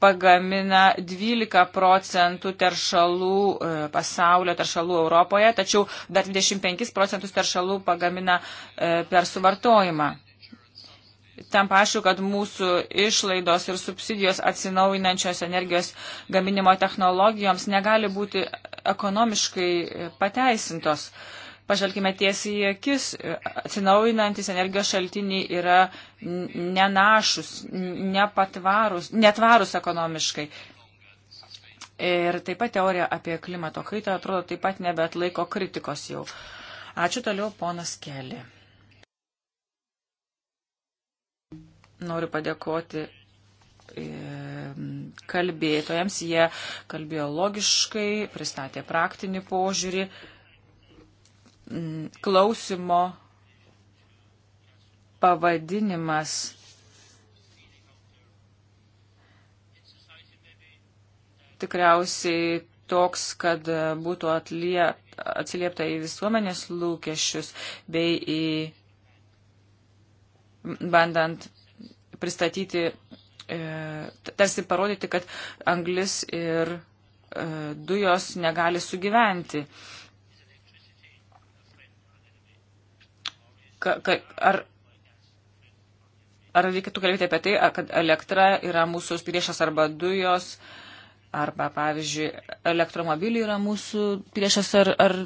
pagamina 12 procentų teršalų e, pasaulio, teršalų Europoje, tačiau dar 25 procentus teršalų pagamina e, per suvartojimą tam pašu, kad mūsų išlaidos ir subsidijos atsinaujinančios energijos gaminimo technologijoms negali būti ekonomiškai pateisintos. Pažvelkime tiesiai į akis, atsinaujinantis energijos šaltiniai yra nenašus, nepatvarus, netvarus ekonomiškai. Ir taip pat teorija apie klimato kaitą atrodo taip pat nebeatlaiko kritikos jau. Ačiū toliau, ponas Kelė. Noriu padėkoti e, kalbėtojams. Jie kalbėjo logiškai, pristatė praktinį požiūrį, klausimo pavadinimas. Tikriausiai toks, kad būtų atlie, atsiliepta į visuomenės lūkesčius bei į bandant pristatyti, e, tarsi parodyti, kad anglis ir e, dujos negali sugyventi. Ka, ka, ar, ar reikėtų kalbėti apie tai, kad elektra yra mūsų priešas arba dujos, arba, pavyzdžiui, elektromobiliai yra mūsų priešas ar, ar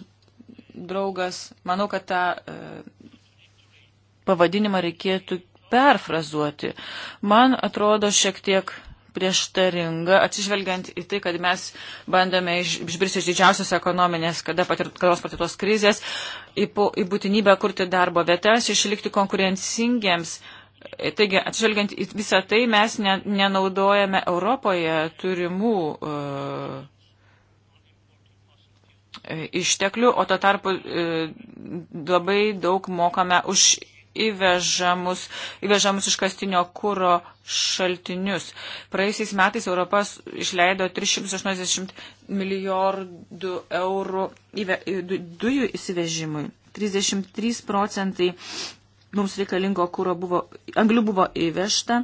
draugas. Manau, kad tą e, pavadinimą reikėtų perfrazuoti. Man atrodo šiek tiek prieštaringa, atsižvelgiant į tai, kad mes bandėme išbristi iš didžiausios ekonominės, kada patirtos patirtos krizės, į, po, į būtinybę kurti darbo vietas, išlikti konkurencingiems. Taigi, atsižvelgiant į visą tai, mes ne, nenaudojame Europoje turimų uh, išteklių, o to tarpu uh, labai daug mokame už įvežamus, įvežamus iškastinio kūro šaltinius. Praėjusiais metais Europas išleido 380 milijardų eurų įve, dujų įsivežimui. 33 procentai mums reikalingo kūro buvo, anglių buvo įvežta.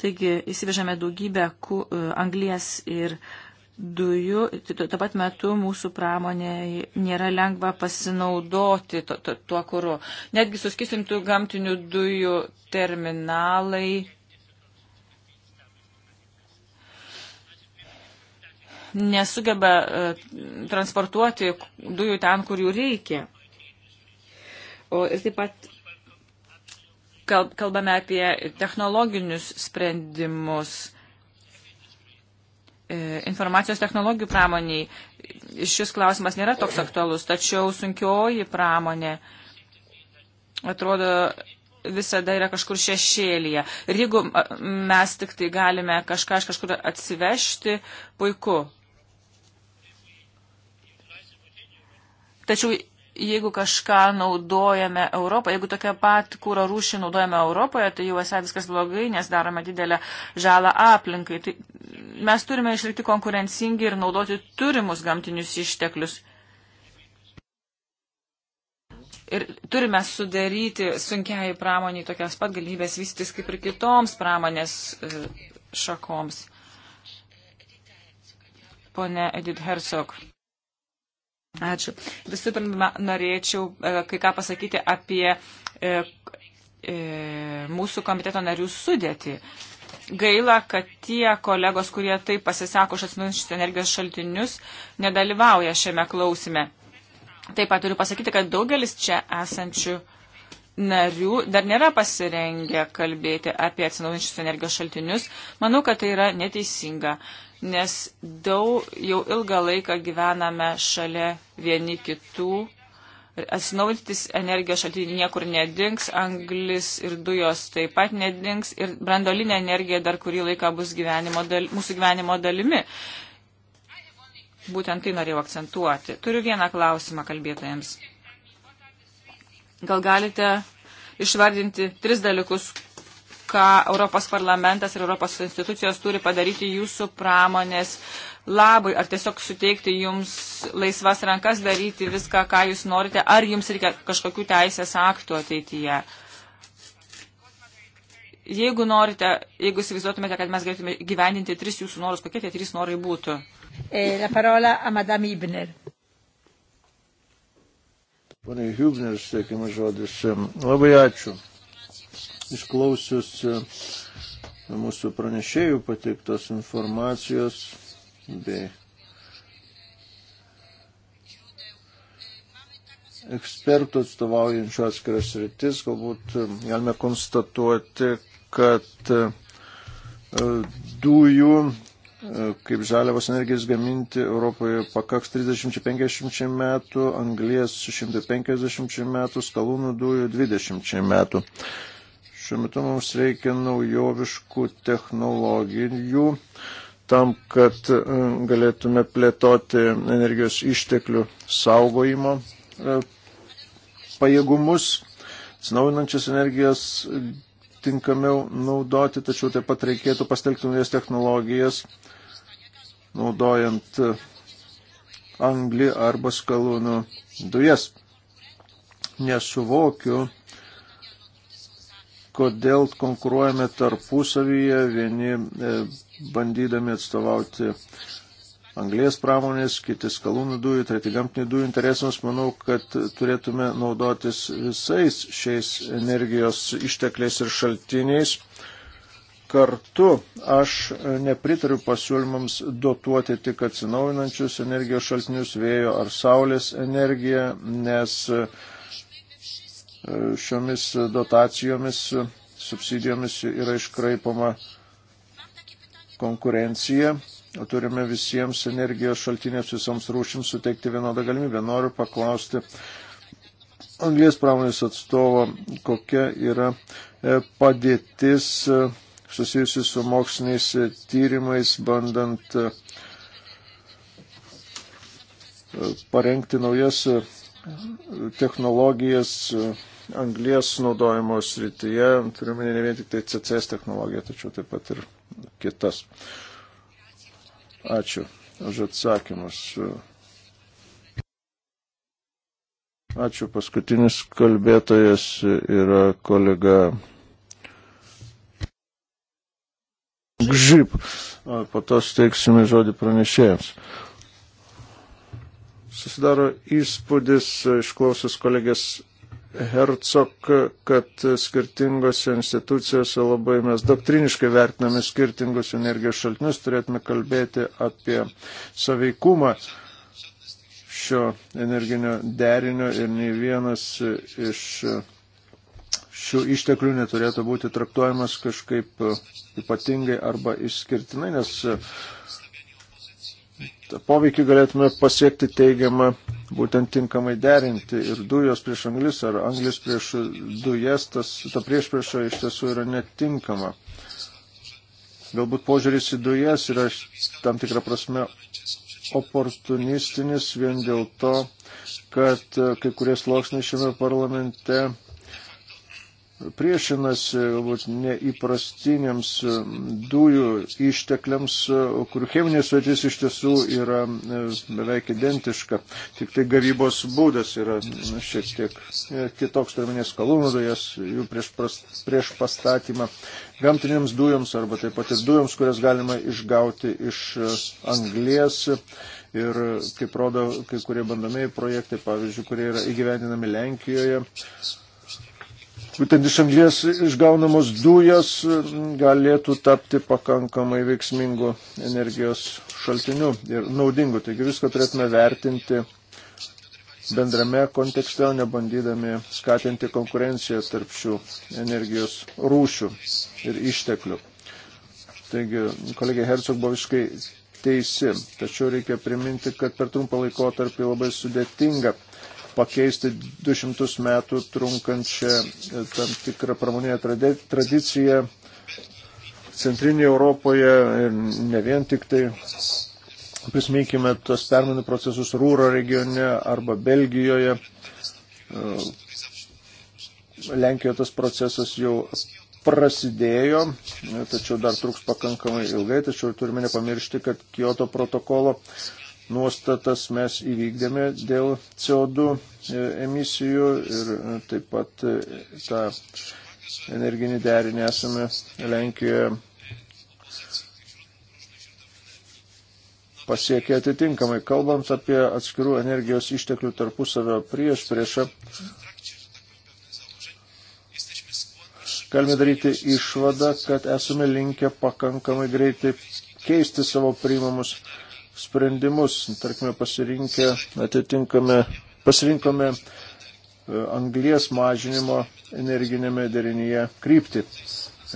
Taigi įsivežame daugybę anglies ir uh, dujų, tuo pat metu mūsų pramonė nėra lengva pasinaudoti to, to, tuo kuru. Netgi suskistintų gamtinių dujų terminalai. nesugeba e, transportuoti dujų ten, kur jų reikia. O ir taip pat kalbame apie technologinius sprendimus E, informacijos technologijų pramoniai šis klausimas nėra toks aktualus, tačiau sunkioji pramonė atrodo visada yra kažkur šešėlyje. Ir jeigu mes tik tai galime kažką iš kažkur atsivežti, puiku. Tačiau jeigu kažką naudojame Europoje, jeigu tokią pat kūro rūšį naudojame Europoje, tai jau esą viskas blogai, nes darome didelę žalą aplinkai. Tai mes turime išlikti konkurencingi ir naudoti turimus gamtinius išteklius. Ir turime sudaryti sunkiai pramoniai tokias pat galimybės vystytis kaip ir kitoms pramonės e, šakoms. Pone Edith Herzog. Ačiū. Visų pirma, norėčiau e, kai ką pasakyti apie e, e, mūsų komiteto narių sudėtį. Gaila, kad tie kolegos, kurie taip pasisako už atsinaujančius energijos šaltinius, nedalyvauja šiame klausime. Taip pat turiu pasakyti, kad daugelis čia esančių narių dar nėra pasirengę kalbėti apie atsinaujančius energijos šaltinius. Manau, kad tai yra neteisinga nes daug, jau ilgą laiką gyvename šalia vieni kitų. Atsinaujantis energijos šaltiniai niekur nedings, anglis ir dujos taip pat nedings ir brandolinė energija dar kurį laiką bus gyvenimo dal, mūsų gyvenimo dalimi. Būtent tai norėjau akcentuoti. Turiu vieną klausimą kalbėtojams. Gal galite išvardinti tris dalykus, ką Europos parlamentas ir Europos institucijos turi padaryti jūsų pramonės labui, ar tiesiog suteikti jums laisvas rankas daryti viską, ką jūs norite, ar jums reikia kažkokių teisės aktų ateityje. Jeigu norite, jeigu įsivaizduotumėte, kad mes galėtume gyvendinti tris jūsų norus, kokie tie trys norai būtų? E, la parola a Madame Ibner. Pane Hübner, sveikimas žodis. Labai ačiū išklausius e, mūsų pranešėjų pateiktos informacijos bei ekspertų atstovaujančių atskiras rytis, galbūt e, galime konstatuoti, kad e, dujų kaip žaliavos energijos gaminti Europoje pakaks 30-50 metų, anglies 150 metų, skalūnų dujų 20 metų. Šiuo metu mums reikia naujoviškų technologijų tam, kad e, galėtume plėtoti energijos išteklių saugojimo e, pajėgumus, atsinaujinančias energijas tinkamiau naudoti, tačiau taip pat reikėtų pastelgti naujas technologijas, naudojant e, anglį arba skalūnų dujas. Nesuvokiu, kodėl konkuruojame tarpusavyje, vieni e, bandydami atstovauti anglės pramonės, kiti skalūnų dujų, treti gamtinių dujų interesams, manau, kad turėtume naudotis visais šiais energijos ištekliais ir šaltiniais. Kartu aš nepritariu pasiūlymams dotuoti tik atsinaujinančius energijos šaltinius vėjo ar saulės energiją, nes uh, šiomis dotacijomis, subsidijomis yra iškraipama konkurencija, o turime visiems energijos šaltinėms visoms rūšims suteikti vienodą galimybę. Noriu paklausti anglės pramonės atstovo, kokia yra e, padėtis e, susijusi su moksliniais tyrimais, bandant e, parengti naujas technologijas e, anglės naudojimo srityje, turime ne vien tik tai CCS technologiją, tačiau taip pat ir kitas. Ačiū už atsakymus. Ačiū. Paskutinis kalbėtojas yra kolega Gžyp. Po to steiksime žodį pranešėjams. Susidaro įspūdis, išklausus kolegės Hercog, kad skirtingose institucijose labai mes doktriniškai vertiname skirtingus energijos šaltinius, turėtume kalbėti apie saveikumą šio energinio derinio ir nei vienas iš šių išteklių neturėtų būti traktuojamas kažkaip ypatingai arba išskirtinai, nes poveikį galėtume pasiekti teigiamą, būtent tinkamai derinti ir dujos prieš anglis ar anglis prieš dujas, tas, ta priešprieša iš tiesų yra netinkama. Galbūt požiūris į dujas yra tam tikrą prasme oportunistinis vien dėl to, kad e, kai kurie sluoksniai šiame parlamente priešinasi galbūt neįprastiniams e, dujų ištekliams, e, kur cheminė sudėtis iš tiesų yra e, beveik identiška, tik tai gavybos būdas yra šiek tiek kitoks, turminės kalūnų dujas, jų prieš, pras, prieš pastatymą gamtinėms dujoms arba taip pat ir dujoms, kurias galima išgauti iš anglies. Ir kaip rodo kai kurie bandomieji projektai, pavyzdžiui, kurie yra įgyvendinami Lenkijoje, būtent iš anglės išgaunamos dujos galėtų tapti pakankamai veiksmingų energijos šaltinių ir naudingų. Taigi viską turėtume vertinti bendrame kontekste, o nebandydami skatinti konkurenciją tarp šių energijos rūšių ir išteklių. Taigi kolegė Hercog buvo visiškai teisi, tačiau reikia priminti, kad per trumpą laikotarpį labai sudėtinga pakeisti 200 metų trunkančią e, tam tikrą pramoninę tradiciją centrinėje Europoje ir ne vien tik tai. Prisiminkime tos permainų procesus Rūro regione arba Belgijoje. E, Lenkijoje tas procesas jau prasidėjo, tačiau dar truks pakankamai ilgai, tačiau turime nepamiršti, kad Kyoto protokolo nuostatas mes įvykdėme dėl CO2 e, emisijų ir e, taip pat e, tą energinį derinį esame Lenkijoje pasiekę atitinkamai. Kalbant apie atskirų energijos išteklių tarpusavio prieš priešą, galime daryti išvadą, kad esame linkę pakankamai greitai keisti savo priimamus sprendimus. Tarkime, pasirinkę, atitinkame, pasirinkome e, anglies mažinimo energinėme derinyje krypti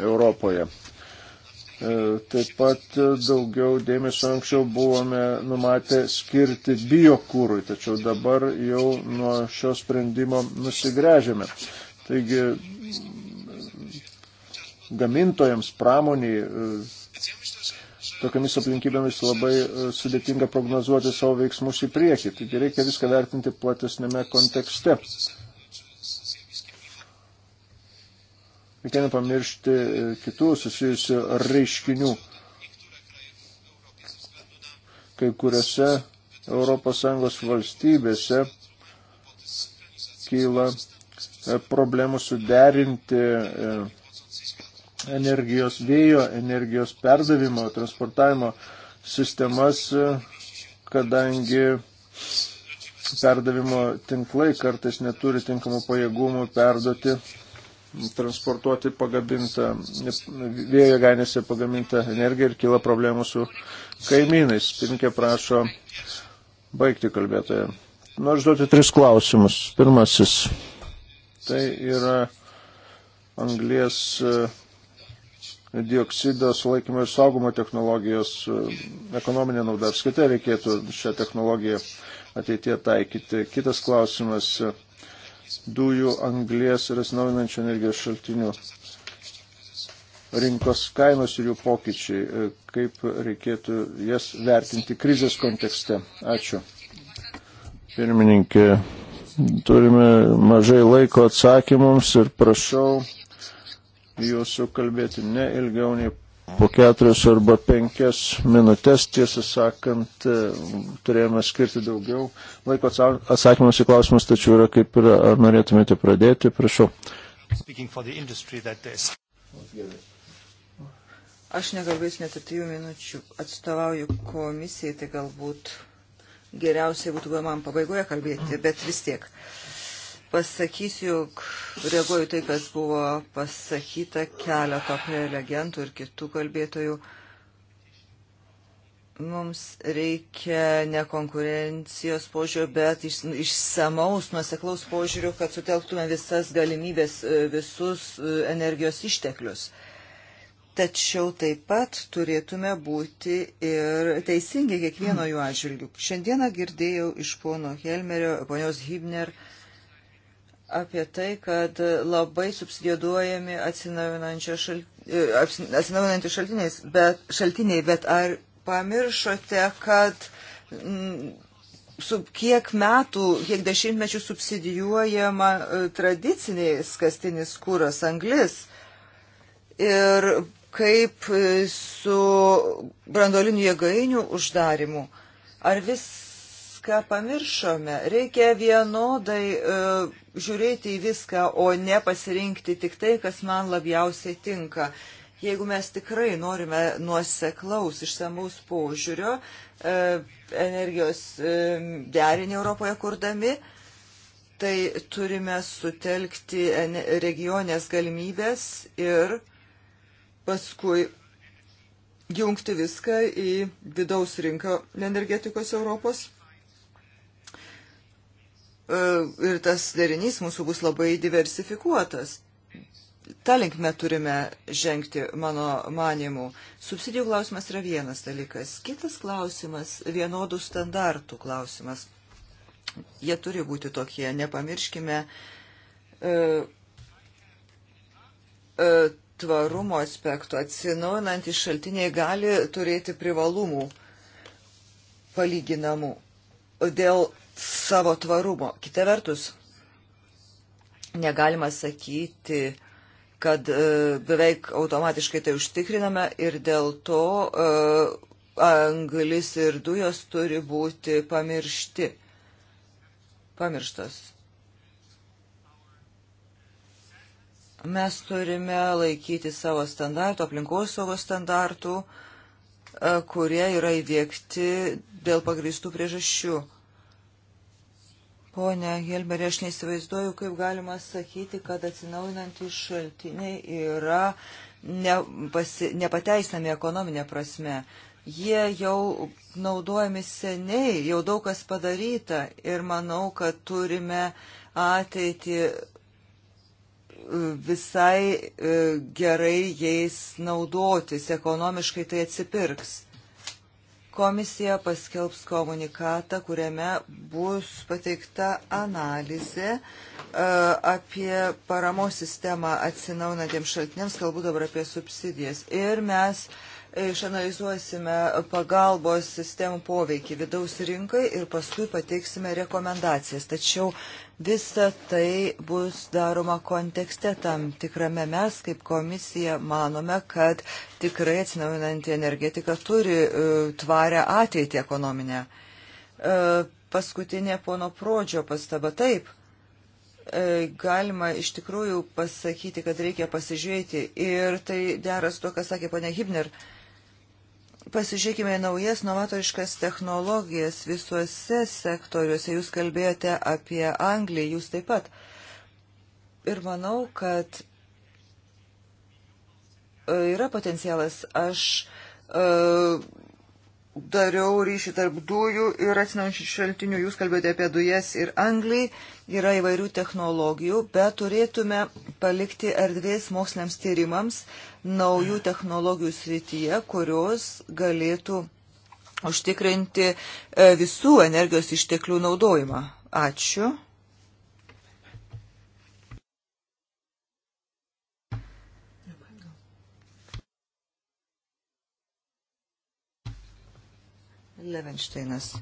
Europoje. E, taip pat daugiau dėmesio anksčiau buvome numatę skirti biokūrui, tačiau dabar jau nuo šio sprendimo nusigrėžėme. Taigi gamintojams, pramoniai e, tokiamis aplinkybėmis labai e, sudėtinga prognozuoti savo veiksmus į priekį. Taigi reikia viską vertinti platesnėme kontekste. Reikia nepamiršti e, kitų susijusių reiškinių. Kai kuriuose ES valstybėse kyla e, problemų suderinti energijos, vėjo energijos perdavimo, transportavimo sistemas, kadangi perdavimo tinklai kartais neturi tinkamų pajėgumų perduoti, transportuoti pagamintą, vėjo jėgainėse pagamintą energiją ir kyla problemų su kaimynais. Pirinkė prašo baigti kalbėtoje. Noriu užduoti tris klausimus. Pirmasis. Tai yra anglės dioksido sulaikymo ir saugumo technologijos e, ekonominė nauda. Apskaitai reikėtų šią technologiją ateitie taikyti. Kitas klausimas e, - dujų, anglės ir atsinaujinančių energijos šaltinių rinkos kainos ir jų pokyčiai, e, kaip reikėtų jas vertinti krizės kontekste. Ačiū. Pirmininkė, turime mažai laiko atsakymams ir prašau jūsų kalbėti ne ilgiau nei po keturias arba penkias minutės. Tiesą sakant, e, turėjome skirti daugiau laiko atsakymams į klausimus, tačiau yra kaip yra. Ar norėtumėte pradėti? Prašau. Aš negalvėsiu net trijų minučių. Atstovauju komisijai, tai galbūt geriausiai būtų man pabaigoje kalbėti, bet vis tiek. Uh, pasakysiu, jog reaguoju tai, kas buvo pasakyta keleto prelegentų ir kitų kalbėtojų. Mums reikia ne konkurencijos požiūrio, bet iš, išsamaus, nuoseklaus požiūrio, kad sutelktume visas galimybės, e, visus e, energijos išteklius. Tačiau taip pat turėtume būti ir teisingi kiekvieno jų atžvilgių. Šiandieną girdėjau iš pono Helmerio, ponios Hibner, uh, apie tai, kad labai subsidijuojami e, atsinaujinantys šaltiniais, bet, šaltiniai, bet ar pamiršote, kad m, mm, su kiek metų, kiek dešimtmečių subsidijuojama e, tradiciniais kastinis kūras anglis ir kaip e, su brandolinių jėgainių uždarimu. Ar vis viską pamiršome. Reikia vienodai e, žiūrėti į viską, o ne pasirinkti tik tai, kas man labiausiai tinka. Jeigu mes tikrai norime nuoseklaus išsamaus požiūrio e, energijos e, derinį Europoje kurdami, tai turime sutelkti regionės galimybės ir paskui jungti viską į vidaus rinką energetikos Europos. E, ir tas derinys mūsų bus labai diversifikuotas. Ta linkme turime žengti, mano manimu. Subsidijų klausimas yra vienas dalykas. Kitas klausimas - vienodų standartų klausimas. Jie turi būti tokie. Nepamirškime e, e, tvarumo aspektų. Atsinaujinantys šaltiniai gali turėti privalumų palyginamų. Dėl savo tvarumo. Kita vertus, negalima sakyti, kad e, beveik automatiškai tai užtikriname ir dėl to e, anglis ir dujos turi būti pamiršti. Pamirštos. Mes turime laikyti savo standartų, aplinkos savo standartų, e, kurie yra įdėkti dėl pagristų priežasčių. Pone Helmerė, aš neįsivaizduoju, kaip galima sakyti, kad atsinaujinantys šaltiniai yra nepasi, nepateisinami ekonominė prasme. Jie jau naudojami seniai, jau daug kas padaryta ir manau, kad turime ateitį e, visai e, gerai jais naudotis, ekonomiškai tai atsipirks. Komisija paskelbs komunikatą, kuriame bus pateikta analizė e, apie paramos sistemą atsinaunantiems šaltiniams, kalbu dabar apie subsidijas. Ir mes išanalizuosime pagalbos sistemų poveikį vidaus rinkai ir paskui pateiksime rekomendacijas. Tačiau Visa tai bus daroma kontekste tam tikrame mes, kaip komisija, manome, kad tikrai atsinaujinanti energetika turi e, tvarę ateitį ekonominę. E, paskutinė pono prodžio pastaba taip. E, galima iš tikrųjų pasakyti, kad reikia pasižiūrėti ir tai deras to, ką sakė ponia Hibner. Uh, Pasižiūrėkime naujas novatoriškas technologijas visuose sektoriuose. Jūs kalbėjote apie Angliją, jūs taip pat. Ir manau, kad e, yra potencialas. Aš uh, dariau ryšį tarp dujų ir atsinaujančių šaltinių. Jūs kalbėjote apie dujas ir anglį, yra įvairių technologijų, bet turėtume palikti erdvės moksliniams tyrimams naujų technologijų srityje, kurios galėtų užtikrinti e, visų energijos išteklių naudojimą. Ačiū. Levenšteinas.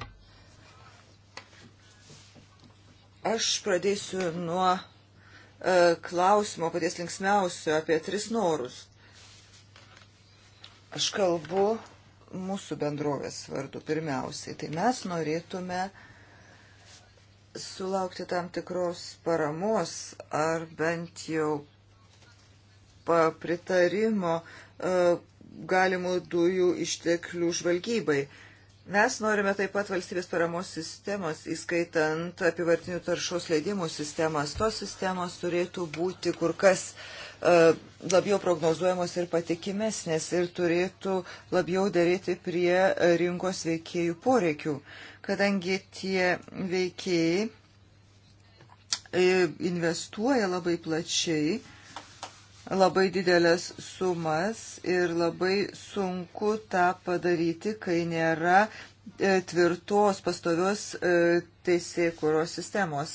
Aš pradėsiu nuo e, klausimo paties linksmiausio apie tris norus. Aš kalbu mūsų bendrovės vardu pirmiausiai. Tai mes norėtume sulaukti tam tikros paramos ar bent jau pritarimo e, galimų dujų išteklių žvalgybai. Mes norime taip pat valstybės paramos sistemos, įskaitant apivartinių taršos leidimų sistemas. Tos sistemos turėtų būti kur kas uh, labiau prognozuojamos ir patikimesnės ir turėtų labiau daryti prie rinkos veikėjų poreikių, kadangi tie veikėjai e, investuoja labai plačiai labai didelės sumas ir labai sunku tą padaryti, kai nėra e, tvirtos pastovios e, teisėkūros sistemos.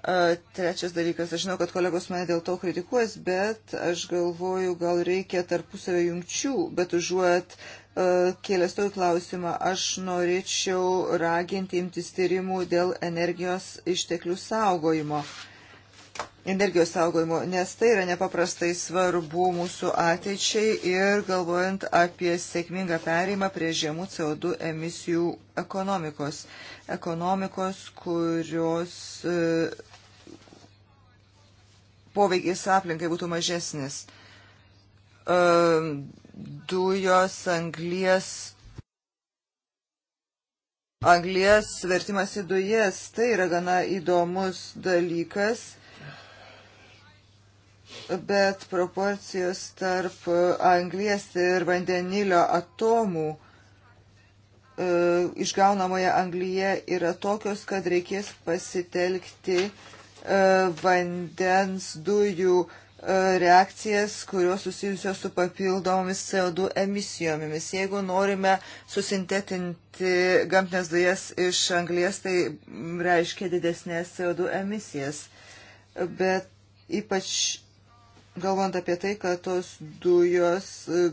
E, trečias dalykas, aš žinau, kad kolegos mane dėl to kritikuos, bet aš galvoju, gal reikia tarpusavio jungčių, bet užuot kėlęs toj klausimą, aš norėčiau raginti imtis tyrimų dėl energijos išteklių saugojimo. Uh, energijos saugojimo, nes tai yra nepaprastai svarbu mūsų ateičiai ir galvojant apie sėkmingą pereimą prie žemų CO2 emisijų ekonomikos. Ekonomikos, kurios e, poveikis aplinkai būtų mažesnis. E, dujos, anglies, anglies vertimas į dujas, tai yra gana įdomus dalykas bet proporcijos tarp anglies ir vandenilio atomų e, išgaunamoje anglyje yra tokios, kad reikės pasitelkti e, vandens dujų e, reakcijas, kurios susijusios su papildomomis CO2 emisijomis. Jeigu norime susintetinti gamtinės dujas iš anglies, tai reiškia didesnės CO2 emisijas. Bet ypač galvant apie tai, kad tos dujos e,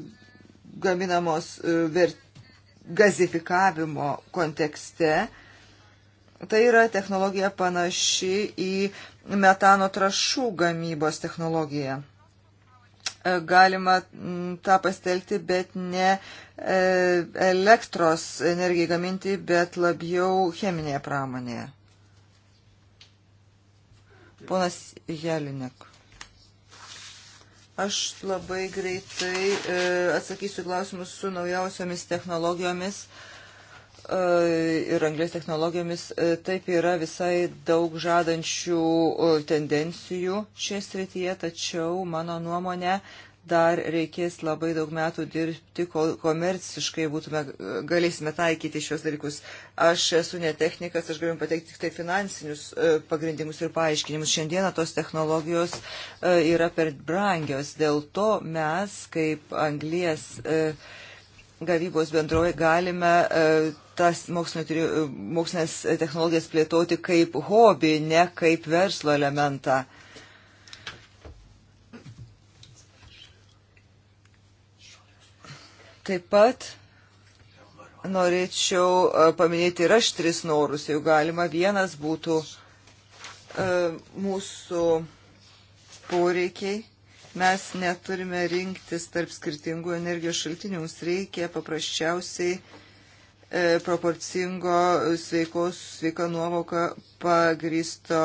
gaminamos e, ver... gazifikavimo kontekste, tai yra technologija panaši į metano trašų gamybos technologiją. E, galima tą pastelti, bet ne elektros energijai gaminti, bet labiau cheminėje pramonėje. Ponas Jelinek. Aš labai greitai e, atsakysiu klausimus su naujausiomis technologijomis e, ir anglės technologijomis. E, taip yra visai daug žadančių e, tendencijų šioje srityje, tačiau mano nuomonė dar reikės labai daug metų dirbti, kol komerciškai būtume, galėsime taikyti šios dalykus. Aš esu ne technikas, aš galiu pateikti tik tai finansinius e, pagrindimus ir paaiškinimus. Šiandieną tos technologijos e, yra per brangios, dėl to mes kaip anglies e, gavybos bendrovai galime tas mokslinės technologijas plėtoti kaip hobį, ne kaip verslo elementą Taip pat norėčiau e, paminėti ir aš tris norus, jeigu galima. Vienas būtų e, mūsų poreikiai. Mes neturime rinktis tarp skirtingų energijos šaltinių. Mums reikia paprasčiausiai e, proporcingo sveikos, sveika nuovoka pagristo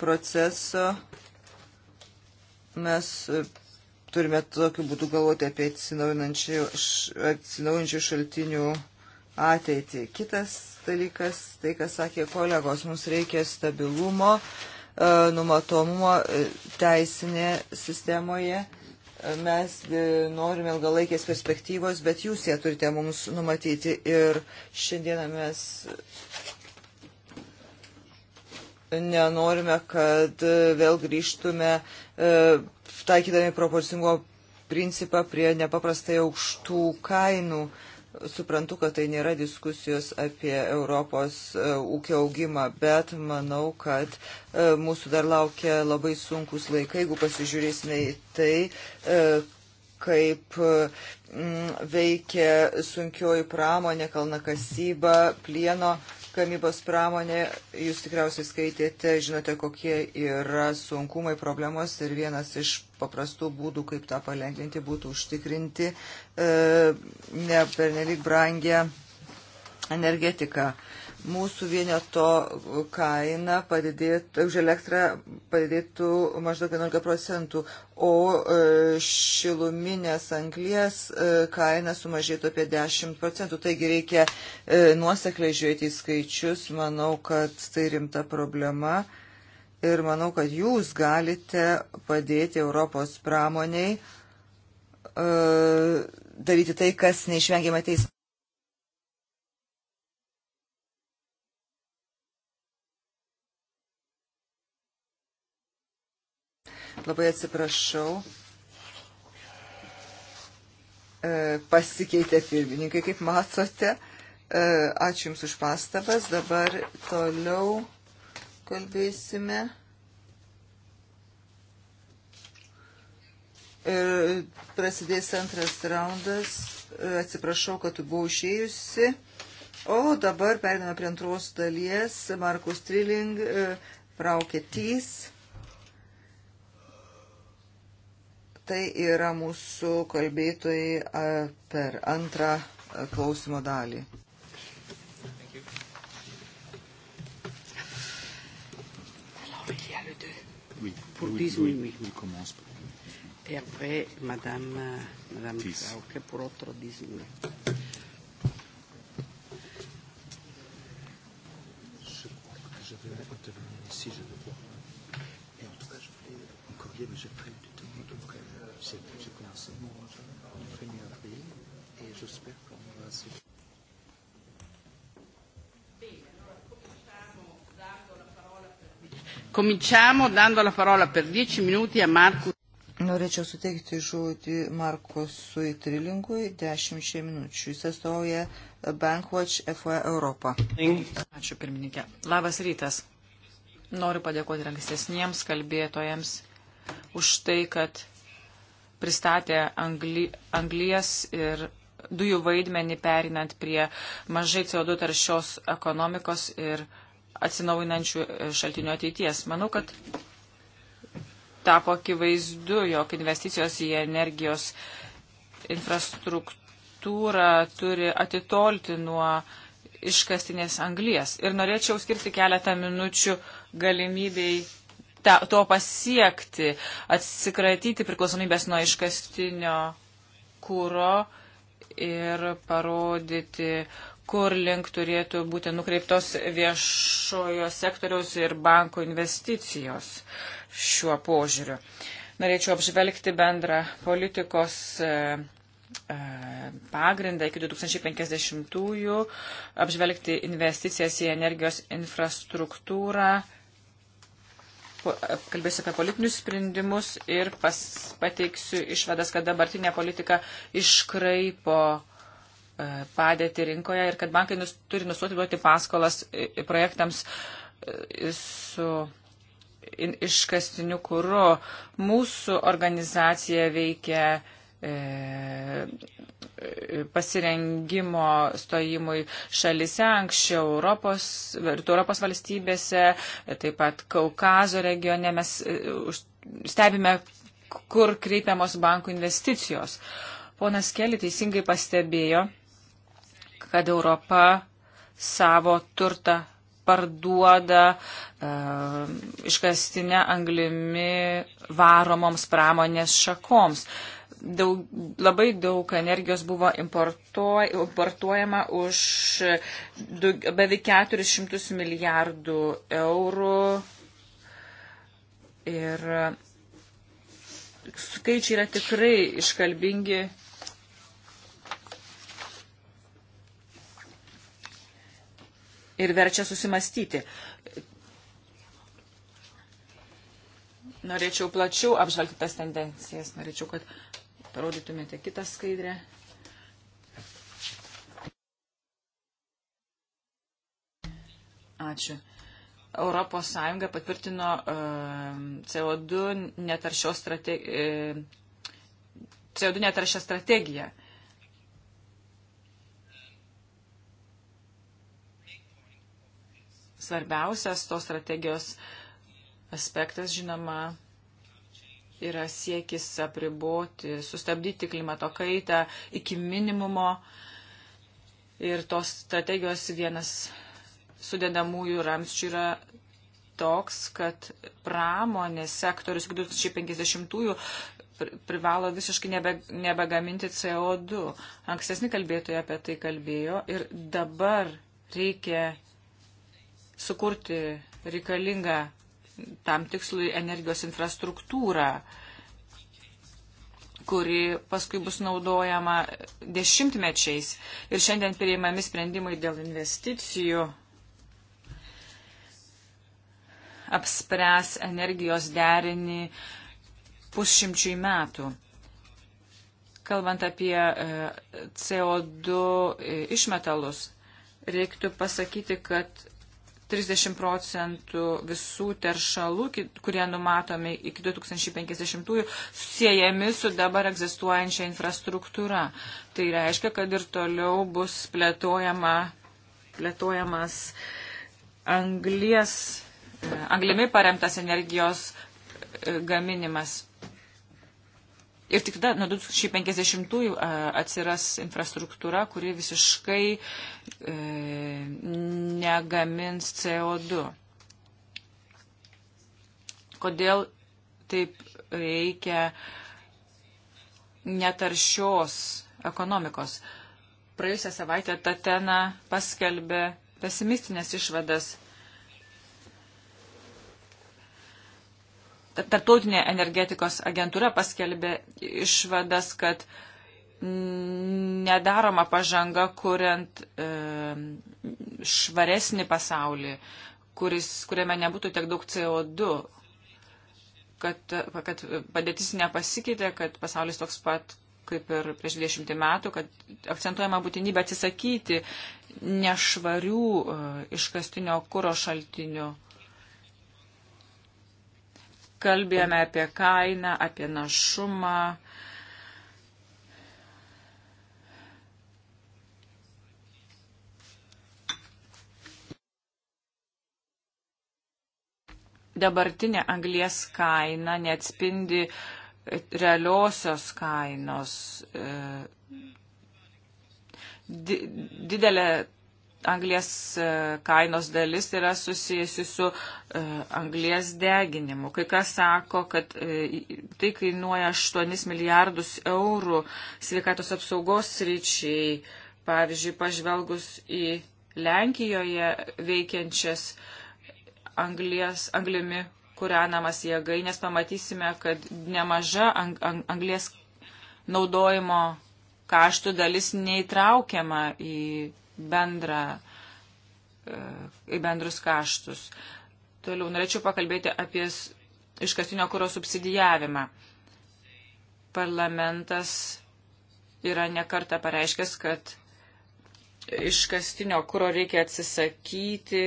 proceso. Mes turime tokiu būdu galvoti apie atsinaujinčių šaltinių ateitį. Kitas dalykas, tai kas sakė kolegos, mums reikia stabilumo, e, numatomumo e, teisinė sistemoje. E, mes norime ilgalaikės perspektyvos, bet jūs ją turite mums numatyti ir šiandieną mes nenorime, kad vėl grįžtume taikydami proporcingo principą prie nepaprastai aukštų kainų. Suprantu, kad tai nėra diskusijos apie Europos e, ūkio augimą, bet manau, kad e, mūsų dar laukia labai sunkus laikai, jeigu pasižiūrėsime į tai, e, kaip veikia sunkioji pramonė, kalnakasyba, plieno gamybos pramonė, jūs tikriausiai skaitėte, žinote, kokie yra sunkumai, problemos ir vienas iš paprastų būdų, kaip tą palengvinti, būtų užtikrinti e, ne pernelyg brangę energetiką. E, mūsų vieneto kaina padidėtų, už elektrą padidėtų maždaug 11 procentų, o e, šiluminės anglies e, kaina sumažėtų apie 10 procentų. Taigi reikia e, nuosekliai žiūrėti į skaičius. Manau, kad tai rimta problema. Ir manau, kad jūs galite padėti Europos pramoniai daryti tai, kas neišvengiama teismo. Labai atsiprašau. E, pasikeitė pirmininkai, kaip matote. E, ačiū Jums už pastabas. Dabar toliau kalbėsime. Ir e, prasidės antras raundas. Atsiprašau, kad buvau išėjusi. O dabar periname prie antros dalies. Markus Trilling, Fraukėtys. E, Tai yra mūsų kalbėtojai per antrą klausimo dalį. Oui, pour oui, 10 oui, minutes. Oui, commence. Et après, Madame, euh, Madame Trauque pour autre 10 minutes. Je crois que je vais intervenir ici, je vais voir. Et en tout cas, je voulais encore dire, mais je Cominciamo dando la parola per 10 minuti a Markus. Norėčiau suteikti žodį Markusui Trilingui 10 minučių. Jis atstovauja Bankwatch FOE Europą. Ačiū pirmininkė. Labas rytas. Noriu padėkoti ankstesniems kalbėtojams už tai, kad pristatė angli, anglijas ir dujų vaidmenį perinant prie mažai CO2 taršios ekonomikos ir ekonomikos atsinaujinančių e, šaltinių ateities. Manau, kad tapo akivaizdu, jog investicijos į energijos infrastruktūrą turi atitolti nuo iškastinės anglies. Ir norėčiau skirti keletą minučių galimybei ta, to pasiekti, atsikratyti priklausomybės nuo iškastinio kūro ir parodyti, kur link turėtų būti nukreiptos viešojo sektoriaus ir banko investicijos šiuo požiūriu. Norėčiau apžvelgti bendrą politikos e, e, pagrindą iki 2050-ųjų, apžvelgti investicijas į energijos infrastruktūrą, kalbėsiu apie politinius sprendimus ir pas, pateiksiu išvadas, kad dabartinė politika iškraipo E, padėti rinkoje ir kad bankai nus, turi nustoti duoti paskolas projektams e, su iškastiniu kūru. Mūsų organizacija veikia e, e, pasirengimo stojimui šalise, anksčiau Europos, rytų Europos valstybėse, taip pat Kaukazo regione mes stebime, kur kreipiamos bankų investicijos. Ponas Keli teisingai pastebėjo, kad Europa savo turtą parduoda uh, iškastinę anglimi varomoms pramonės šakoms. Daug, labai daug energijos buvo importuoj, importuojama už du, beveik 400 milijardų eurų. Ir skaičiai yra tikrai iškalbingi ir verčia susimastyti. Norėčiau plačiau apžvelgti tas tendencijas. Norėčiau, kad parodytumėte kitą skaidrę. Ačiū. Europos Sąjunga patvirtino uh, ehm, CO2 netaršios e, strategiją. Uh, CO2 netaršia strategija. svarbiausias tos strategijos aspektas, žinoma, yra siekis apriboti, sustabdyti klimato kaitą iki minimumo. Ir tos strategijos vienas sudėdamųjų ramščių yra toks, kad pramonės sektorius 2050-ųjų privalo visiškai nebe, nebegaminti CO2. Ankstesni kalbėtojai apie tai kalbėjo ir dabar reikia sukurti reikalingą tam tikslui energijos infrastruktūrą, kuri paskui bus naudojama dešimtmečiais. Ir šiandien priimami sprendimai dėl investicijų apspręs energijos derinį pusšimčiui metų. Kalbant apie e, CO2 e, išmetalus, reiktų pasakyti, kad 30 procentų visų teršalų, kurie numatomi iki 2050-ųjų, siejami su dabar egzistuojančia infrastruktūra. Tai reiškia, kad ir toliau bus plėtojama, plėtojamas anglies, e, anglimi paremtas energijos e, gaminimas. Ir tik tada nuo 2050-ųjų atsiras infrastruktūra, kuri visiškai e, negamins CO2. Kodėl taip reikia netaršios ekonomikos? Praėjusią savaitę Tatena paskelbė pesimistinės išvadas Tartautinė energetikos agentūra paskelbė išvadas, kad nedaroma pažanga, kuriant e, švaresnį pasaulį, kuris, kuriame nebūtų tiek daug CO2, kad, kad padėtis nepasikeitė, kad pasaulis toks pat kaip ir prieš 20 metų, kad akcentuojama būtinybė atsisakyti nešvarių e, iškastinio kūro šaltinių. E, kalbėjome apie kainą, apie našumą. Dabartinė anglies kaina neatspindi realiosios kainos. Didelė anglės e, kainos dalis yra susijusi su e, anglės deginimu. Kai kas sako, kad e, tai kainuoja 8 milijardus eurų sveikatos apsaugos ryčiai. Pavyzdžiui, pažvelgus į Lenkijoje veikiančias anglės, anglimi kūrenamas jėgainės, pamatysime, kad nemaža ang, ang, anglės naudojimo kaštų dalis neįtraukiama į bendrą, e, į bendrus kaštus. Toliau norėčiau pakalbėti apie iškastinio kūro subsidijavimą. Parlamentas yra nekarta pareiškęs, kad iškastinio kūro reikia atsisakyti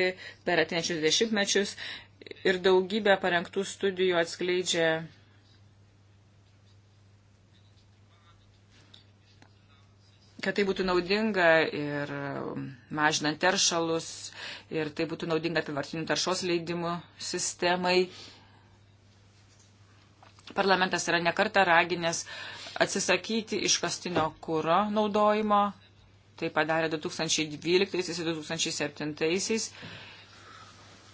per atinčius dešimtmečius ir daugybė parengtų studijų atskleidžia kad tai būtų naudinga ir mažinant teršalus, ir tai būtų naudinga apivartinių taršos leidimų sistemai. Parlamentas yra nekarta raginęs atsisakyti iškastinio kūro naudojimo. Tai padarė 2012-2007.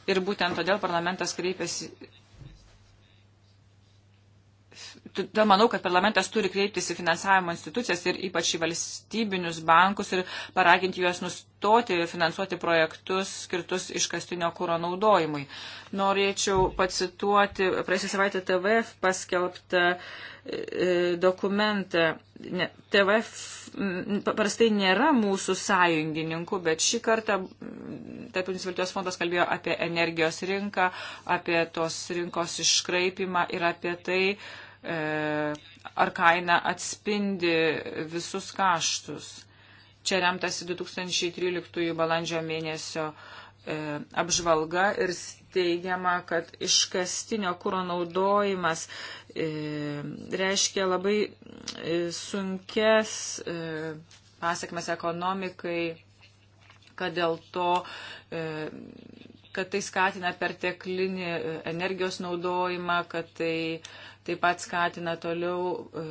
Ir būtent todėl parlamentas kreipėsi Todėl manau, kad parlamentas turi kreiptis į finansavimo institucijas ir ypač į valstybinius bankus ir paraginti juos nustoti finansuoti projektus skirtus iškastinio kūro naudojimui. Norėčiau pacituoti praėjusią savaitę TVF paskelbtą e, e, dokumentą. Ne, TVF paprastai nėra mūsų sąjungininkų, bet šį kartą Tarptautinis Viltijos fondas kalbėjo apie energijos rinką, apie tos rinkos iškraipimą ir apie tai, E, ar kaina atspindi visus kaštus. Čia remtasi 2013 balandžio mėnesio e, apžvalga ir teigiama, kad iškastinio kūro naudojimas e, reiškia labai sunkes pasiekmes ekonomikai, kad dėl to, kad tai skatina perteklinį energijos naudojimą, kad tai taip pat skatina toliau e,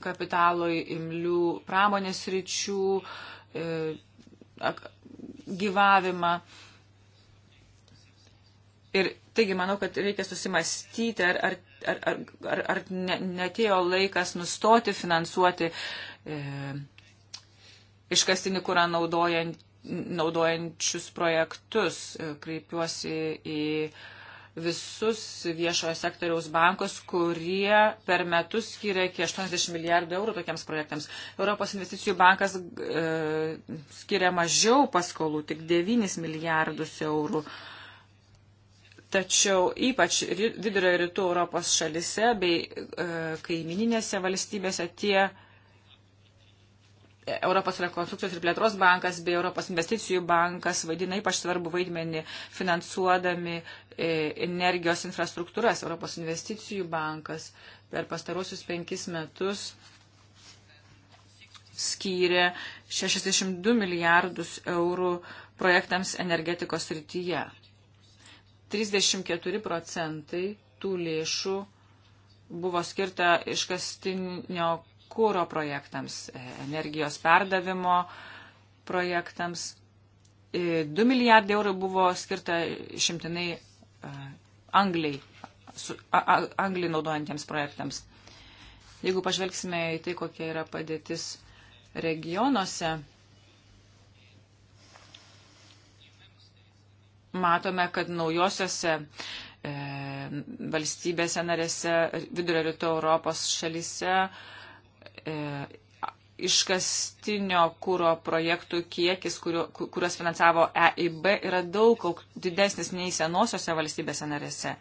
kapitalo imlių pramonės ryčių e, gyvavimą. Ir taigi manau, kad reikia susimastyti, ar, ar, ar, ar, ar netėjo ne laikas nustoti finansuoti e, iškastinį kurą naudojant, naudojančius projektus. E, kreipiuosi į. E, visus viešojo sektoriaus bankus, kurie per metus skiria iki 80 milijardų eurų tokiems projektams. Europos investicijų bankas e, skiria mažiau paskolų, tik 9 milijardus eurų. Tačiau ypač vidurio rytų Europos šalise bei e, kaimininėse valstybėse tie Europos rekonstrukcijos ir plėtros bankas bei Europos investicijų bankas vaidina ypač svarbu vaidmenį finansuodami e, energijos infrastruktūras. Europos investicijų bankas per pastarosius penkis metus skyrė 62 milijardus eurų projektams energetikos srityje. 34 procentai tų lėšų buvo skirta iškastinio kūro projektams, e, energijos perdavimo projektams. 2 e, milijardai eurų buvo skirta šimtinai e, angliai, su, a, a, angliai naudojantiems projektams. Jeigu pažvelgsime į tai, kokia yra padėtis regionuose, matome, kad naujosiose e, valstybėse narėse, vidurio rytų Europos šalyse, e, e, iškastinio kūro projektų kiekis, kurio, kuriuos finansavo EIB, yra daug didesnis nei senosiose valstybėse narėse.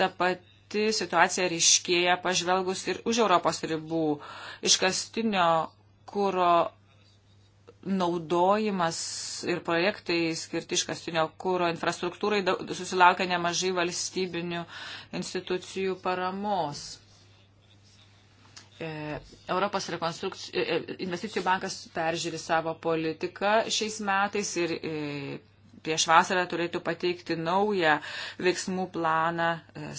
Ta pati situacija ryškėja pažvelgus ir už Europos ribų. Iškastinio kūro naudojimas ir projektai skirti iškastinio kūro infrastruktūrai susilaukia nemažai valstybinių institucijų paramos E, Europos e, e, investicijų bankas peržiūri savo politiką šiais metais ir prieš vasarą turėtų pateikti naują veiksmų planą,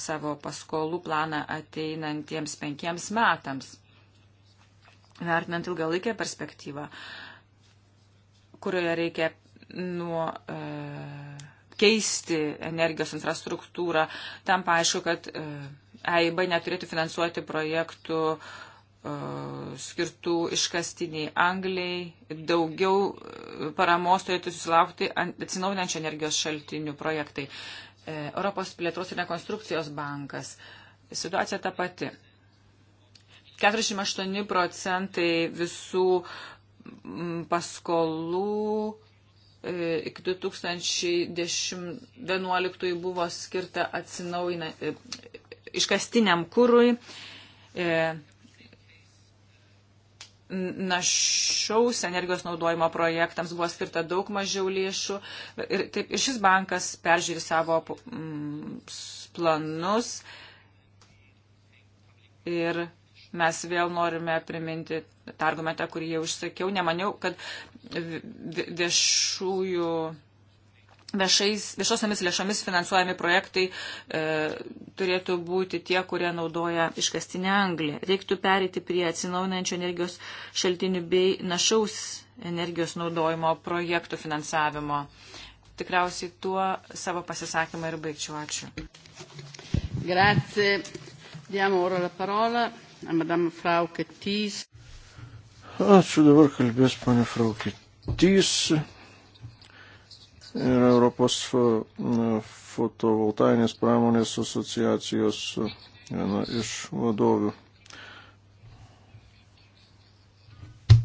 savo paskolų planą ateinantiems penkiems metams, vertinant ilgalaikę perspektyvą, kurioje reikia nuo. E, keisti energijos infrastruktūrą. Tam paaišku, kad EIB neturėtų finansuoti projektų e, skirtų iškastiniai angliai, daugiau e, paramos turėtų susilaukti atsinaujinančio energijos šaltinių projektai. E, Europos plėtros ir rekonstrukcijos bankas. Situacija ta pati. 48 procentai visų paskolų e, iki 2011 buvo skirta atsinaujina iškastiniam kūrui. E, našaus energijos naudojimo projektams buvo skirta daug mažiau lėšų. Ir, taip, ir šis bankas peržiūri savo mm, planus. Ir mes vėl norime priminti tą argumentą, kurį jau išsakiau. Nemaniau, kad viešųjų. Vi, viešais, viešosiomis lėšomis finansuojami projektai e, turėtų būti tie, kurie naudoja iškastinę anglį. Reiktų perėti prie atsinaujinančio energijos šaltinių bei našaus energijos naudojimo projektų finansavimo. Tikriausiai tuo savo pasisakymą ir baigčiau. Ačiū. Grazie. Diamo ora la parola a Madame Frauke Tys. Ačiū dabar kalbės ponė Frauke Tys ir Europos e, fotovoltainės pramonės asociacijos e, viena iš vadovių.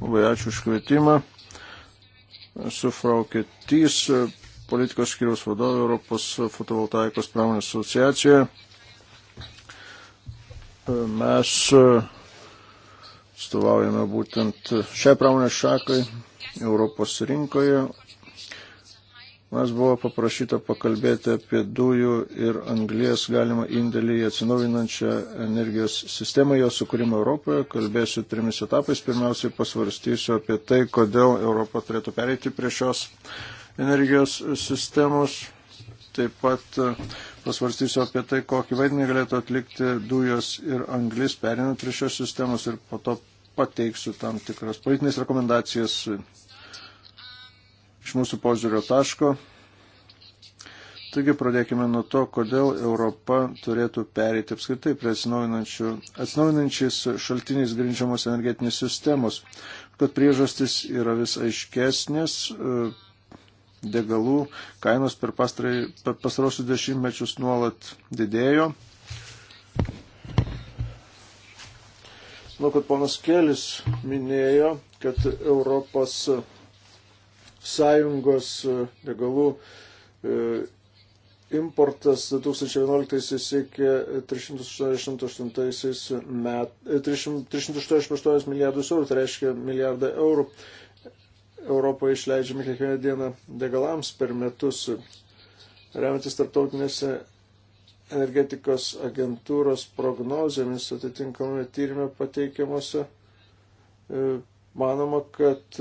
Labai ačiū už kvietimą. Esu Fraukėtys, e, politikos skiriaus vadovė Europos fotovoltaikos pramonės asociacijoje. Mes atstovaujame būtent šiai pramonės šakai Europos rinkoje, Mes buvo paprašyta pakalbėti apie dujų ir anglės galima indėlį į atsinaujinančią energijos sistemą, jos sukūrimą Europoje. Kalbėsiu trimis etapais. Pirmiausiai pasvarstysiu apie tai, kodėl Europa turėtų pereiti prie šios energijos sistemos. Taip pat e, pasvarstysiu apie tai, kokį vaidmenį galėtų atlikti dujos ir anglis perinant prie šios sistemos ir po to pateiksiu tam tikras politinės rekomendacijas mūsų požiūrio taško. Taigi pradėkime nuo to, kodėl Europa turėtų pereiti apskritai prie atsinaujinančiais šaltiniais grindžiamos energetinės sistemos, kad priežastis yra vis aiškesnės, e, degalų kainos per, pastarai, per pastarosius dešimtmečius nuolat didėjo. Manau, kad ponas Kelis minėjo, kad Europos sąjungos e, degalų e, importas 2011 siekė 388, met, 388 e, milijardus eurų, tai reiškia milijardą eurų. Europoje išleidžiame kiekvieną dieną degalams per metus. Remiantis tarptautinėse energetikos agentūros prognozėmis atitinkamame tyrimė pateikiamuose, manoma, kad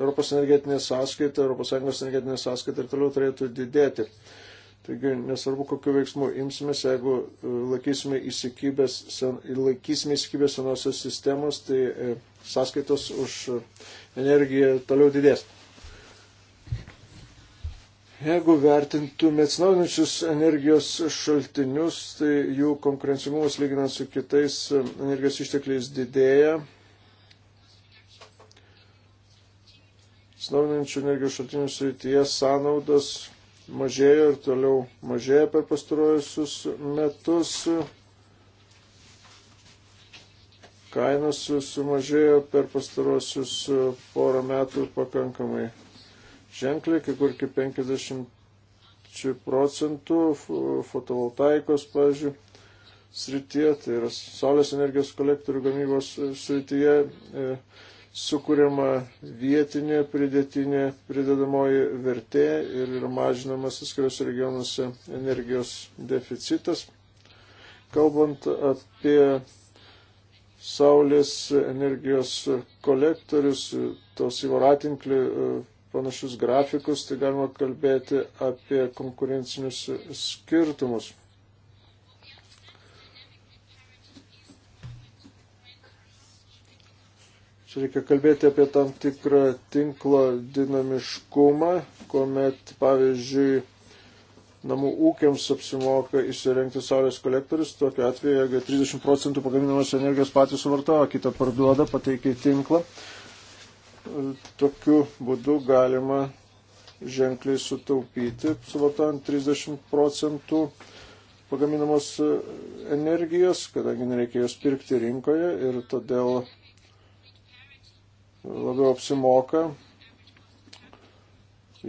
Europos energetinė sąskaita, Europos Sąjungos energetinė sąskaita ir toliau turėtų didėti. Taigi nesvarbu, kokiu veiksmu imsimės, jeigu e, laikysime įsikybės, sen, laikysime įsikybės senosios sistemos, tai e, sąskaitos už e, energiją toliau didės. Jeigu vertintume atsinaujinančius energijos šaltinius, tai jų konkurencingumas lyginant su kitais energijos ištekliais didėja Sinaudinančių energijos šaltinių srityje sąnaudos mažėjo ir toliau mažėja per pastaruosius metus. Kainos sumažėjo per pastaruosius porą metų pakankamai ženkliai, kai kur iki 50 procentų fotovoltaikos, pavyzdžiui, srityje, tai yra saulės energijos kolektorių gamybos srityje. E, sukūriama vietinė pridėtinė pridedamoji vertė ir yra mažinamas atskiriuose regionuose energijos deficitas. Kalbant apie saulės energijos kolektorius, tos įvaratinklį e, panašius grafikus, tai galima kalbėti apie konkurencinius skirtumus. Čia reikia kalbėti apie tam tikrą tinklo dinamiškumą, kuomet, pavyzdžiui, namų ūkiams apsimoka įsirengti saulės kolektorius, tokiu atveju, jeigu 30 procentų pagaminamos energijos patys suvartoja, kitą parduoda, pateikia į tinklą, tokiu būdu galima ženkliai sutaupyti, suvartojant 30 procentų pagaminamos energijos, kadangi nereikia jos pirkti rinkoje ir todėl labiau apsimoka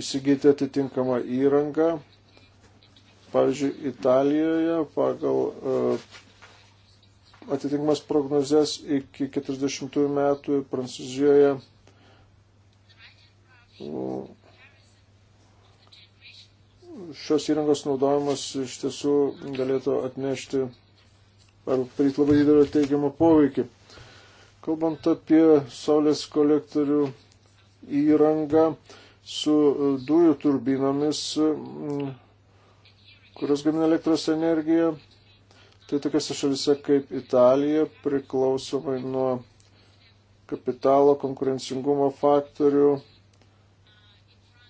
įsigyti atitinkamą įrangą. Pavyzdžiui, Italijoje pagal e, atitinkamas prognozes iki 40 metų Prancūzijoje e, šios įrangos naudojimas iš tiesų galėtų atnešti ar padaryti labai didelį teigiamą poveikį. Kalbant apie saulės kolektorių įrangą su e, dujų turbinomis, kurios gamina elektros energiją, tai tokiose šalise kaip Italija priklausomai nuo kapitalo konkurencingumo faktorių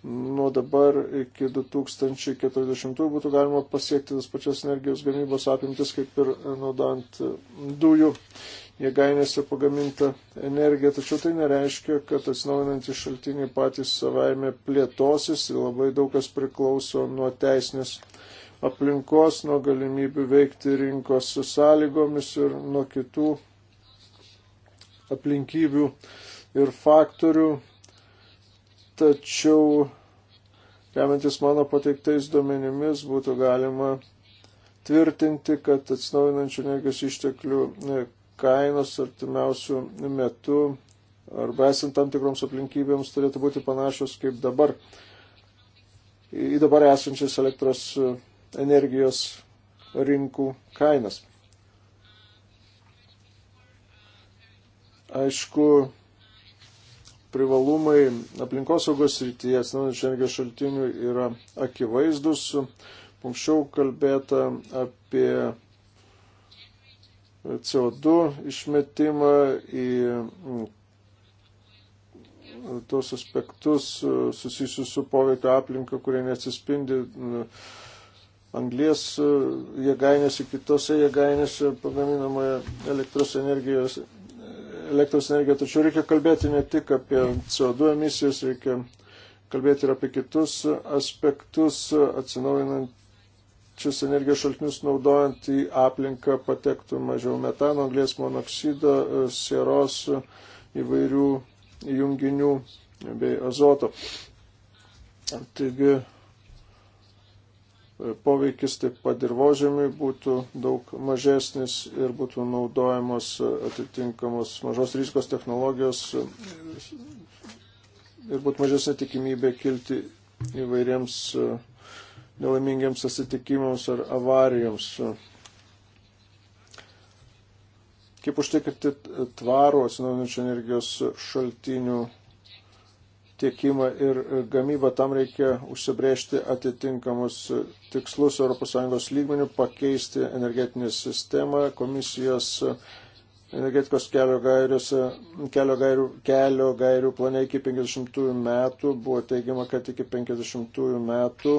nuo dabar iki 2040 būtų galima pasiekti tas pačias energijos gamybos apimtis, kaip ir naudant dujų jėgainėse pagamintą energiją. Tačiau tai nereiškia, kad atsinaujinantys šaltiniai patys savaime plėtosis ir labai daug kas priklauso nuo teisinės aplinkos, nuo galimybių veikti rinkos sąlygomis ir nuo kitų aplinkybių ir faktorių, Tačiau, remiantis mano pateiktais duomenimis, būtų galima tvirtinti, kad atsinaujinančių energijos išteklių e, kainos artimiausių metų arba esant tam tikroms aplinkybėms turėtų būti panašios kaip dabar į dabar esančias elektros e, energijos rinkų kainas. Aišku, privalumai aplinkosaugos srityje atsinaujančių energijos šaltinių yra akivaizdus. Anksčiau kalbėta apie CO2 išmetimą į mm, tos aspektus susijusius su poveikio aplinka, kurie neatsispindi mm, anglės e, jėgainėse, kitose jėgainėse pagaminamoje elektros energijos elektros energiją, tačiau reikia kalbėti ne tik apie CO2 emisijas, reikia kalbėti ir apie kitus aspektus atsinaujinančius energijos šaltinius naudojant į aplinką patektų mažiau metano, anglės monoksido, sieros įvairių junginių bei azoto. Taigi poveikis taip pat dirbožėmiai būtų daug mažesnis ir būtų naudojamos atitinkamos mažos rizikos technologijos ir būtų mažesnė tikimybė kilti įvairiems e, nelaimingiams atsitikimams ar avarijoms. Kaip užtikrinti tvarų atsinaujinančių energijos šaltinių tiekimą ir gamybą. Tam reikia užsibriežti atitinkamus tikslus ES lygmenių, pakeisti energetinį sistemą. Komisijos energetikos kelio, gairiuose, kelio, gairių, kelio gairių plane iki 50 metų buvo teigiama, kad iki 50 metų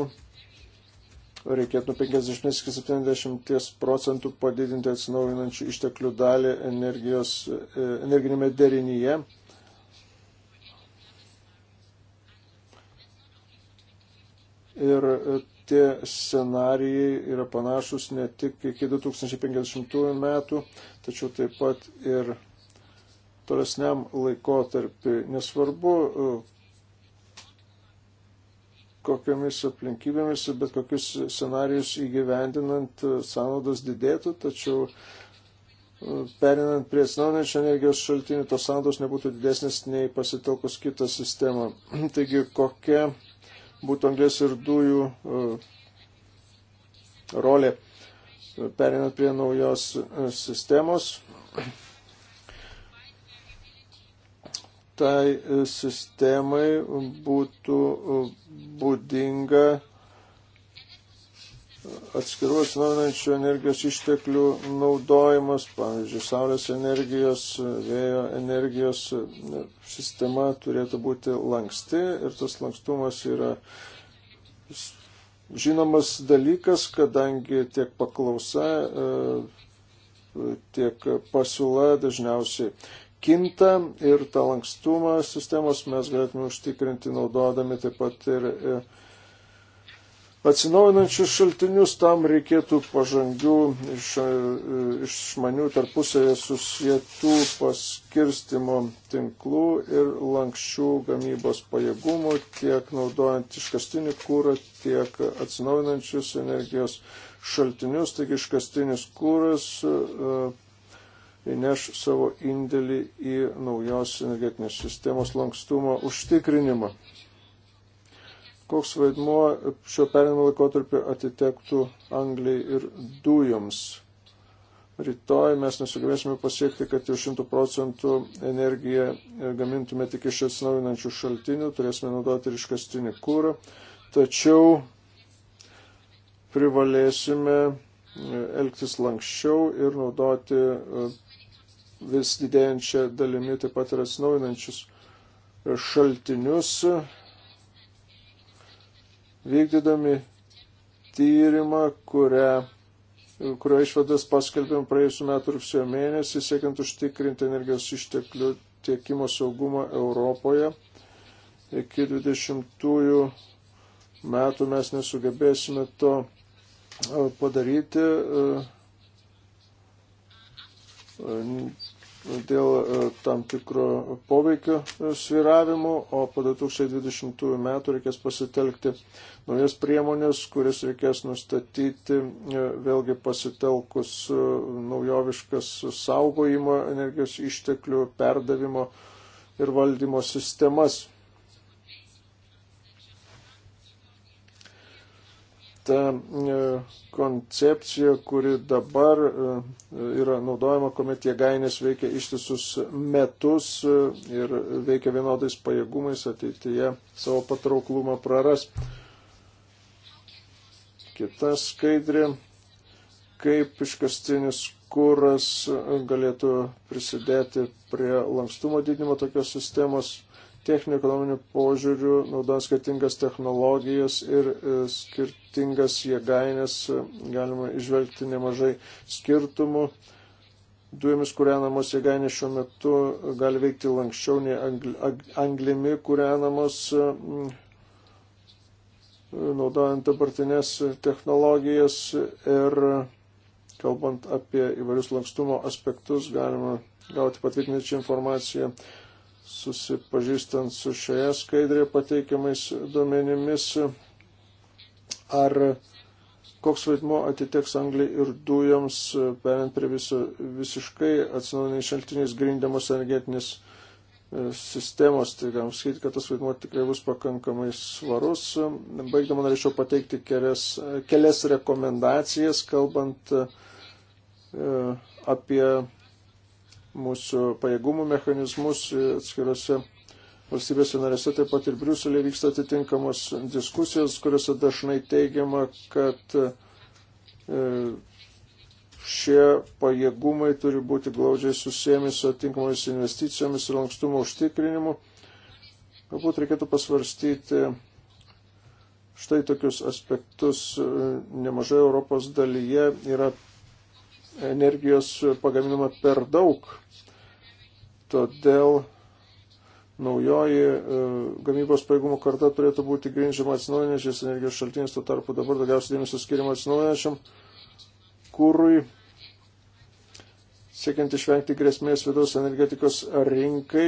reikėtų 50-70 procentų padidinti atsinaujinančių išteklių dalį energijos, e, energinėme derinyje. ir e, tie scenarijai yra panašus ne tik iki 2050 metų, tačiau taip pat ir tolesniam laikotarpiu. Nesvarbu, e, kokiamis aplinkybėmis, bet kokius scenarius įgyvendinant e, sąnaudos didėtų, tačiau perinant prie atsinaujinančių energijos šaltinių, tos sąnaudos nebūtų didesnės nei pasitelkus kitą sistemą. Taigi, kokia būtų anglės ir dujų e, rolė e, perinant prie naujos e, sistemos. Tai sistemai būtų būdinga atskirų atsinaujinančių energijos išteklių naudojimas, pavyzdžiui, saulės energijos, vėjo energijos sistema turėtų būti lanksti ir tas lankstumas yra žinomas dalykas, kadangi tiek paklausa, e, tiek pasiūla dažniausiai kinta ir tą lankstumą sistemos mes galėtume užtikrinti naudodami taip pat ir, ir e, atsinaujinančius šaltinius, tam reikėtų pažangių, iš, išmanių tarpusavėje susietų paskirstimo tinklų ir lankščių gamybos pajėgumų, tiek naudojant iškastinį kūrą, tiek atsinaujinančius energijos šaltinius, taigi iškastinis kūras e, įneš savo indėlį į naujos energetinės sistemos lankstumo užtikrinimą koks vaidmuo šio perinimo laikotarpio atitektų Anglijai ir dujoms. Rytoj mes nesugebėsime pasiekti, kad jau 100 procentų energiją gamintume tik iš atsinaujinančių šaltinių, turėsime naudoti ir iškastinį kūrą, tačiau privalėsime elgtis lankščiau ir naudoti vis didėjančią dalimi taip pat ir atsinaujinančius šaltinius vykdydami tyrimą, kurią, kurio išvadas paskelbėm praėjusiu metu rugsėjo mėnesį, siekiant užtikrinti energijos išteklių tiekimo saugumą Europoje. Iki 20 metų mes nesugebėsime to e, padaryti. E, dėl e, tam tikro poveikio e, sviravimų, o po 2020 metų reikės pasitelkti naujas priemonės, kuris reikės nustatyti e, vėlgi pasitelkus naujoviškas saugojimo energijos išteklių perdavimo ir valdymo sistemas. ta e, koncepcija, kuri dabar e, yra naudojama, kuomet jėgainės veikia ištisus metus e, ir veikia vienodais pajėgumais, ateityje savo patrauklumą praras. Kita skaidrė, kaip iškastinis kuras galėtų prisidėti prie lankstumo didinimo tokios sistemos techninio ekonominio požiūrių, naudojant skirtingas technologijas ir e, skirtingas jėgainės, e, galima išvelgti nemažai skirtumų. Dujomis kūrenamos jėgainės šiuo metu gali veikti lankščiau nei anglimi kūrenamos, e, naudojant dabartinės technologijas ir kalbant apie įvairius lankstumo aspektus, galima gauti patvirtinančią informaciją susipažįstant su šioje skaidrėje pateikiamais duomenimis, ar koks vaidmo atiteks angliai ir dujoms, perint prie viso, visiškai atsinaujiniais šaltiniais grindamos energetinės e, sistemos, tai galim sakyti, kad tas vaidmuo tikrai bus pakankamai svarus. Baigdama norėčiau pateikti kelias, kelias rekomendacijas, kalbant e, apie mūsų pajėgumų mechanizmus atskirose valstybėse narėse, taip pat ir Briuselėje vyksta atitinkamos diskusijos, kuriuose dažnai teigiama, kad e, šie pajėgumai turi būti glaudžiai susijęmi su atitinkamomis investicijomis ir lankstumo užtikrinimu. Galbūt reikėtų pasvarstyti štai tokius aspektus e, nemažai Europos dalyje yra energijos pagaminama per daug. Todėl naujoji e, gamybos pajėgumo karta turėtų būti grindžiama atsinaujinančiais energijos šaltiniais, tuo tarpu dabar daugiausiai dėmesio skiriama atsinaujinančiam kūrui, siekiant išvengti grėsmės vidaus energetikos rinkai.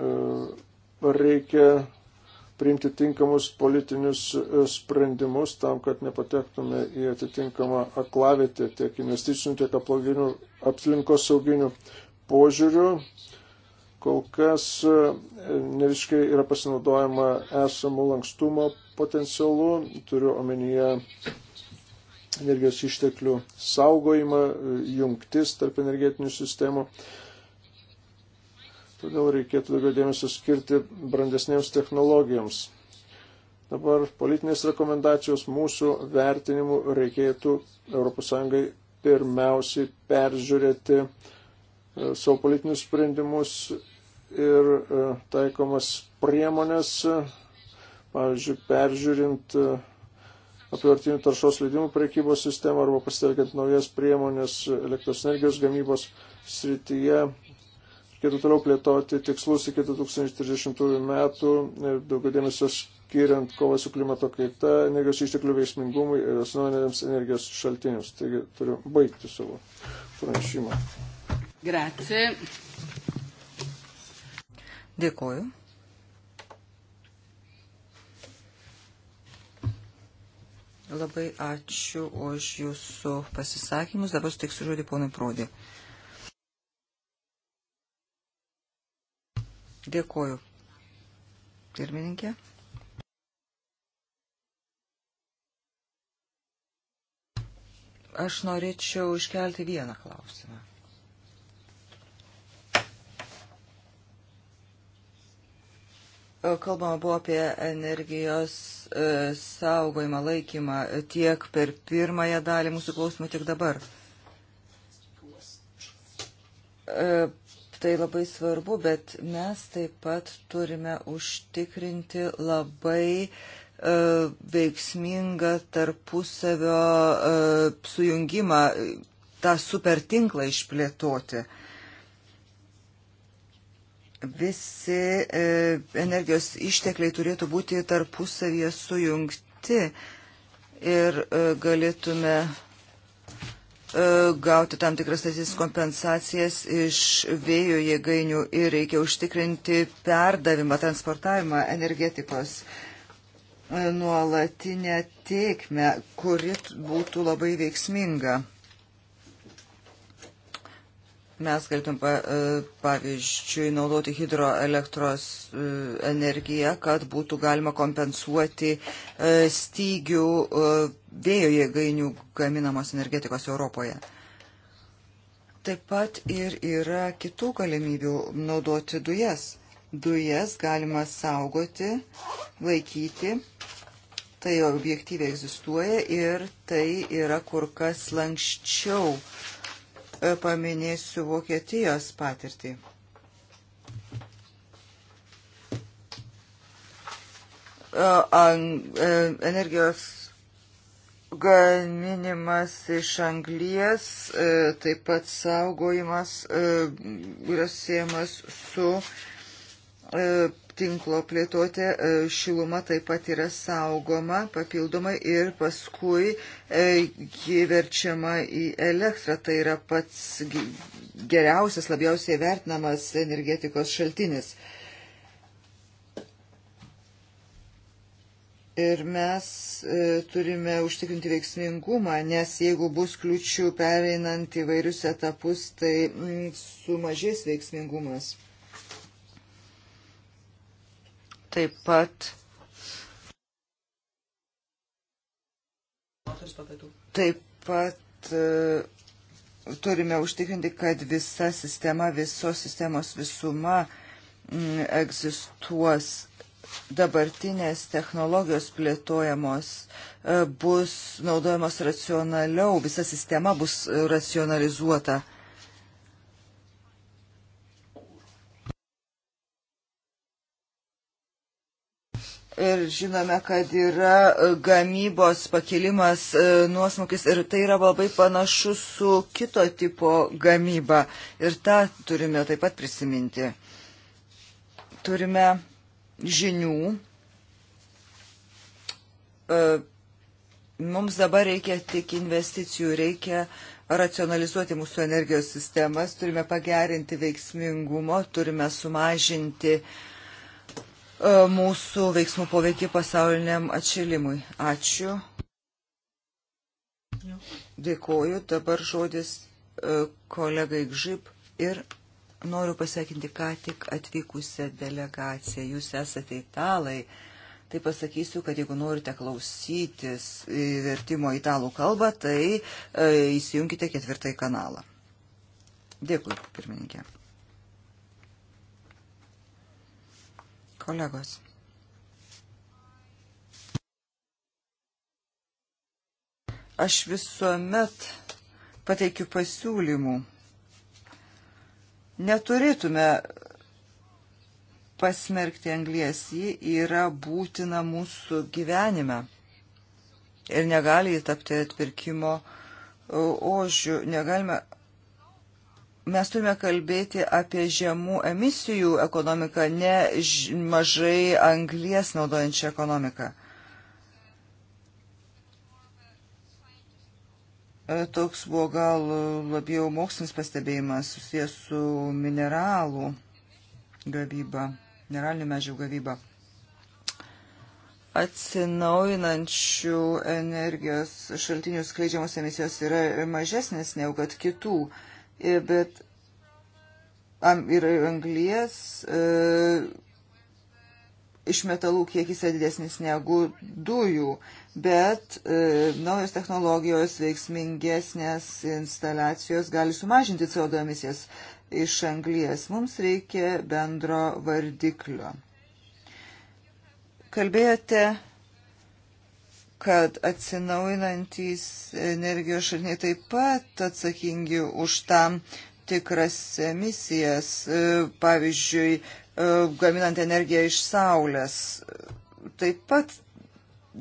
E, reikia priimti tinkamus politinius e, sprendimus tam, kad nepatektume į atitinkamą aklavietę tiek investicinių, tiek aplinkos sauginių požiūrių. Kol kas e, neviškai yra pasinaudojama esamų lankstumo potencialu, turiu omenyje energijos išteklių saugojimą, e, jungtis tarp energetinių sistemų. Todėl reikėtų daugiau dėmesio skirti brandesnėms technologijoms. Dabar politinės rekomendacijos mūsų vertinimų reikėtų ES pirmiausiai peržiūrėti e, savo politinius sprendimus ir e, taikomas priemonės, e, pavyzdžiui, peržiūrint apivartinių taršos leidimų prekybos sistemą arba pasitelkiant naujas priemonės elektros energijos gamybos srityje reikėtų toliau plėtoti tikslus iki 2030 metų, daugiau dėmesio skiriant kovą su klimato kaita, energijos išteklių veiksmingumui ir asmeniniams energijos šaltiniams. Taigi turiu baigti savo pranešimą. Grazie. Dėkoju. Labai ačiū už jūsų pasisakymus. Dabar suteiksiu žodį ponui Prodė. Dėkuoju. Pirmininkė. Aš norėčiau iškelti vieną klausimą. Kalbama buvo apie energijos e, saugojimą, laikymą tiek per pirmąją dalį mūsų klausimų, tiek dabar e, Tai labai svarbu, bet mes taip pat turime užtikrinti labai uh, veiksmingą tarpusavio uh, sujungimą, tą supertinklą išplėtoti. Visi uh, energijos ištekliai turėtų būti tarpusavyje sujungti ir galėtume E, gauti tam tikras tasis kompensacijas iš vėjo jėgainių ir reikia užtikrinti perdavimą, transportavimą energetikos e, nuolatinę tėkmę, kuri būtų labai veiksminga mes galėtum, e, pavyzdžiui, naudoti hidroelektros e, energiją, kad būtų galima kompensuoti e, stygių vėjo jėgainių gaminamos energetikos Europoje. Taip pat ir yra kitų galimybių naudoti dujas. Dujas galima saugoti, laikyti, tai objektyviai egzistuoja ir tai yra kur kas lankščiau uh, E, paminėsiu Vokietijos patirtį. E, e, energijos gaminimas iš anglies, taip pat saugojimas yra siejamas su tinklo plėtotė, e, šiluma taip pat yra saugoma papildomai ir paskui e, ji verčiama į elektrą. Tai yra pats geriausias, labiausiai vertinamas energetikos šaltinis. Ir mes e, turime užtikrinti veiksmingumą, nes jeigu bus kliučių pereinant įvairius etapus, tai mm, sumažės veiksmingumas taip pat. Taip pat e, turime užtikrinti, kad visa sistema, visos sistemos visuma m, egzistuos. Dabartinės technologijos plėtojamos e, bus naudojamos racionaliau, visa sistema bus racionalizuota. ir žinome, kad yra e, gamybos pakilimas, e, nuosmukis ir tai yra labai panašu su kito tipo gamyba. Ir tą turime taip pat prisiminti. Turime žinių. E, mums dabar reikia tik investicijų, reikia racionalizuoti mūsų energijos sistemas, turime pagerinti veiksmingumo, turime sumažinti uh, E, mūsų veiksmų poveikį pasauliniam atšilimui. Ačiū. Dėkoju. Dabar žodis e, kolegai Gžip ir noriu pasveikinti ką tik atvykusią delegaciją. Jūs esate italai. Tai pasakysiu, kad jeigu norite klausytis e, vertimo italų kalbą, tai įsijunkite ketvirtąjį kanalą. Dėkui, pirmininkė. kolegos. Aš visuomet pateikiu pasiūlymų. Neturėtume pasmerkti anglies, ji yra būtina mūsų gyvenime ir negali įtapti atpirkimo e, ožių, negalime mes turime kalbėti apie žemų emisijų ekonomiką, ne mažai anglies naudojančią ekonomiką. E, toks buvo gal labiau mokslinis pastebėjimas susijęs su mineralų gavyba, mineralinių medžiagų gavyba. Atsinaujinančių energijos šaltinių skleidžiamos emisijos yra mažesnės negu kad kitų. Uh, E, bet ir anglies e, iš metalų kiekis yra didesnis negu dujų, bet e, naujos technologijos veiksmingesnės instaliacijos gali sumažinti CO2 emisijas iš anglies. Mums reikia bendro vardiklio. Kalbėjote kad atsinaujinantys energijos šaltiniai taip pat atsakingi už tam tikras emisijas, e, pavyzdžiui, e, gaminant energiją iš saulės, e, taip pat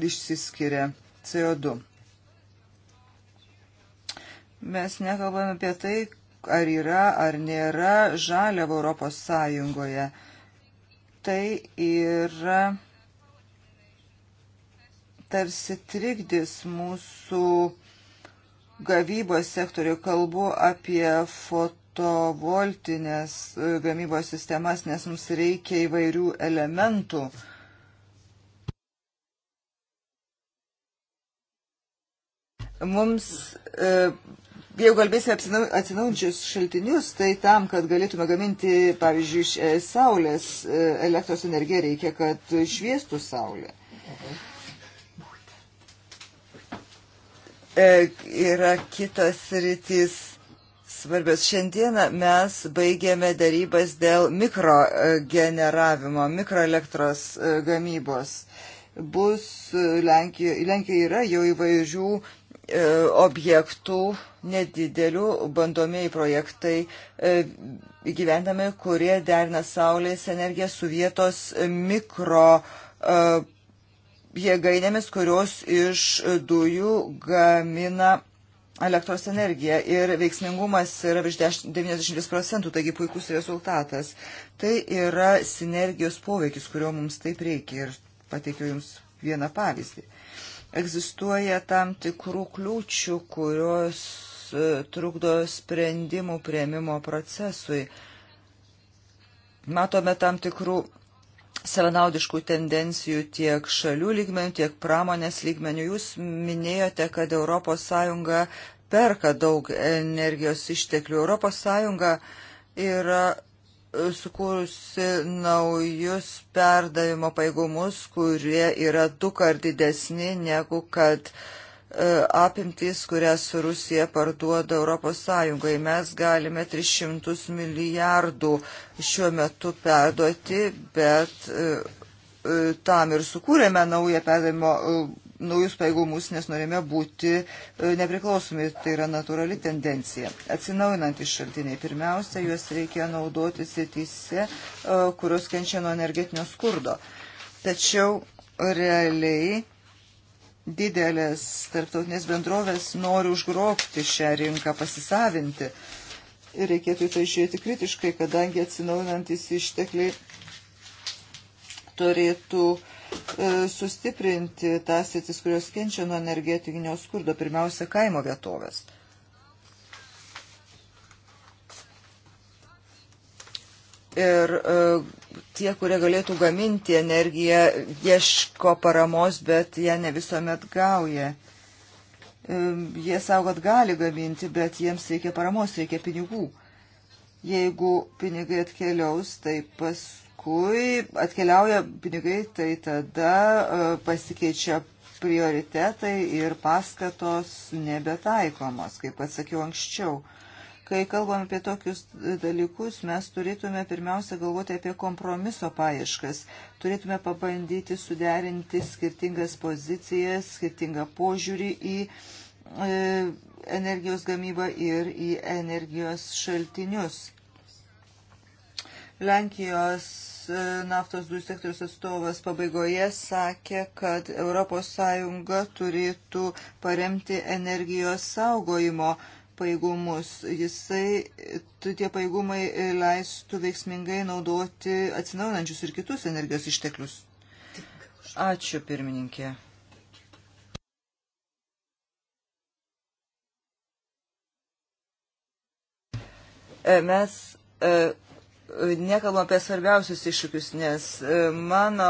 išsiskiria CO2. Mes nekalbame apie tai, ar yra ar nėra žaliavo Europos Sąjungoje. Tai yra tarsi trikdys mūsų gavybos sektorių. Kalbu apie fotovoltinės e, gamybos sistemas, nes mums reikia įvairių elementų. Mums, e, jeigu kalbėsime atsinaujančius šaltinius, tai tam, kad galėtume gaminti, pavyzdžiui, iš e, saulės elektros energiją, reikia, kad šviestų saulė. Okay. E, yra kitas rytis svarbios. Šiandieną mes baigėme darybas dėl mikrogeneravimo, e, mikroelektros e, gamybos. Bus Lenkijoje, Lenkijoje yra jau įvairių objektų, nedidelių bandomieji projektai įgyvendami, kurie derina Saulės energiją su vietos mikro jėgainėmis, kurios iš dujų gamina elektros energiją ir veiksmingumas yra virš 90 procentų, taigi puikus rezultatas. Tai yra sinergijos poveikis, kurio mums taip reikia ir pateikiu Jums vieną pavyzdį. Egzistuoja tam tikrų kliūčių, kurios e, trukdo sprendimų prieimimo procesui. Matome tam tikrų savanaudiškų tendencijų tiek šalių lygmenių, tiek pramonės lygmenių. Jūs minėjote, kad ES perka daug energijos išteklių. ES yra e, sukūrusi naujus perdavimo paėgumus, kurie yra du kart didesni negu kad uh, E, apimtys, kurias Rusija parduoda Europos Sąjungai. Mes galime 300 milijardų šiuo metu perduoti, bet e, e, tam ir sukūrėme naują perdavimo naujus paėgumus, nes norime būti nepriklausomi. Tai yra natūrali tendencija. Atsinaujinantys šaltiniai. Pirmiausia, juos reikia naudoti srityse, kurios kenčia nuo energetinio skurdo. Tačiau realiai didelės tarptautinės bendrovės nori užgrobti šią rinką, pasisavinti. Ir reikėtų į tai žiūrėti kritiškai, kadangi atsinaujinantis ištekliai turėtų e, sustiprinti tas sėtis, kurios kenčia nuo energetinio skurdo, pirmiausia, kaimo vietovės. Ir e, tie, kurie galėtų gaminti energiją, ieško paramos, bet ją ne visuomet gauja. Jie savo, kad gali gaminti, bet jiems reikia paramos, reikia pinigų. Jeigu pinigai atkeliaus, tai paskui atkeliauja pinigai, tai tada e, pasikeičia prioritetai ir paskatos nebetaikomos, kaip atsakiau anksčiau. Kai kalbam apie tokius dalykus, mes turėtume pirmiausia galvoti apie kompromiso paieškas. Turėtume pabandyti suderinti skirtingas pozicijas, skirtingą požiūrį į e, energijos gamybą ir į energijos šaltinius. Lenkijos e, naftos dujų sektoriaus atstovas pabaigoje sakė, kad ES turėtų paremti energijos saugojimo uh, pajėgumus. Jisai, tie pajėgumai leistų veiksmingai naudoti atsinaunančius ir kitus energijos išteklius. Ačiū, pirmininkė. E, mes e, nekalbam apie svarbiausius iššūkius, nes e, mano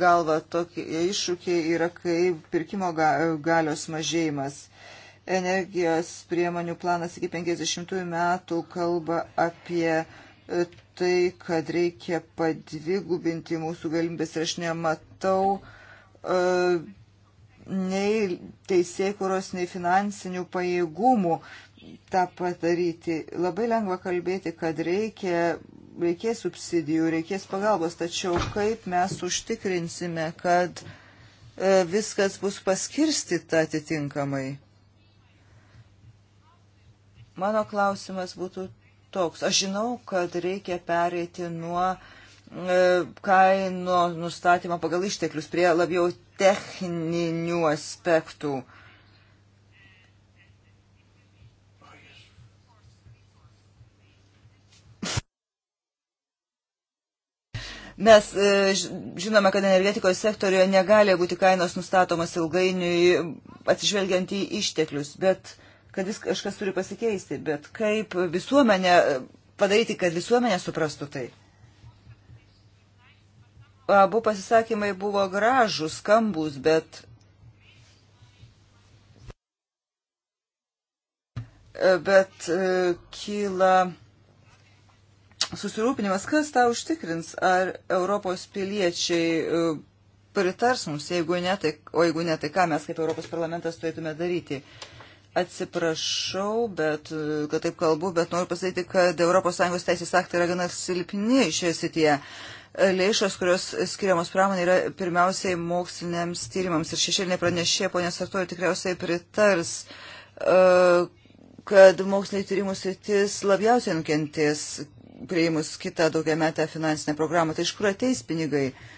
galva tokie iššūkiai yra kaip pirkimo galios mažėjimas. Energijos priemonių planas iki 50 metų kalba apie e, tai, kad reikia padvigubinti mūsų galimybės ir aš nematau uh, nei teisėkuros, nei finansinių pajėgumų tą padaryti. Labai lengva kalbėti, kad reikia, reikės subsidijų, reikės pagalbos, tačiau kaip mes užtikrinsime, kad uh, viskas bus paskirstyta atitinkamai. Mano klausimas būtų toks. Aš žinau, kad reikia pereiti nuo e, kaino nustatymą pagal išteklius prie labiau techninių aspektų. Mes e, žinome, kad energetikos sektorijoje negali būti kainos nustatomas ilgainiui atsižvelgiant į išteklius, bet uh, kad vis kažkas turi pasikeisti, bet kaip visuomenė padaryti, kad visuomenė suprastų tai. Abu pasisakymai buvo gražus, skambus, bet bet e, kyla susirūpinimas, kas tą užtikrins, ar Europos piliečiai e, pritars mums, jeigu ne, tai, o jeigu ne, tai ką mes kaip Europos parlamentas turėtume daryti. Uh, Atsiprašau, bet, kad taip kalbu, bet noriu pasakyti, kad ES teisės aktai yra gana silpni šioje srityje. Lėšos, kurios skiriamos pramonė, yra pirmiausiai moksliniams tyrimams. Ir šešėlinė pranešė, ponė Sartori, tikriausiai pritars, e, kad moksliniai tyrimų sritis labiausiai nukentės prieimus kitą daugiametę finansinę programą. Tai iš kur ateis pinigai? Uh,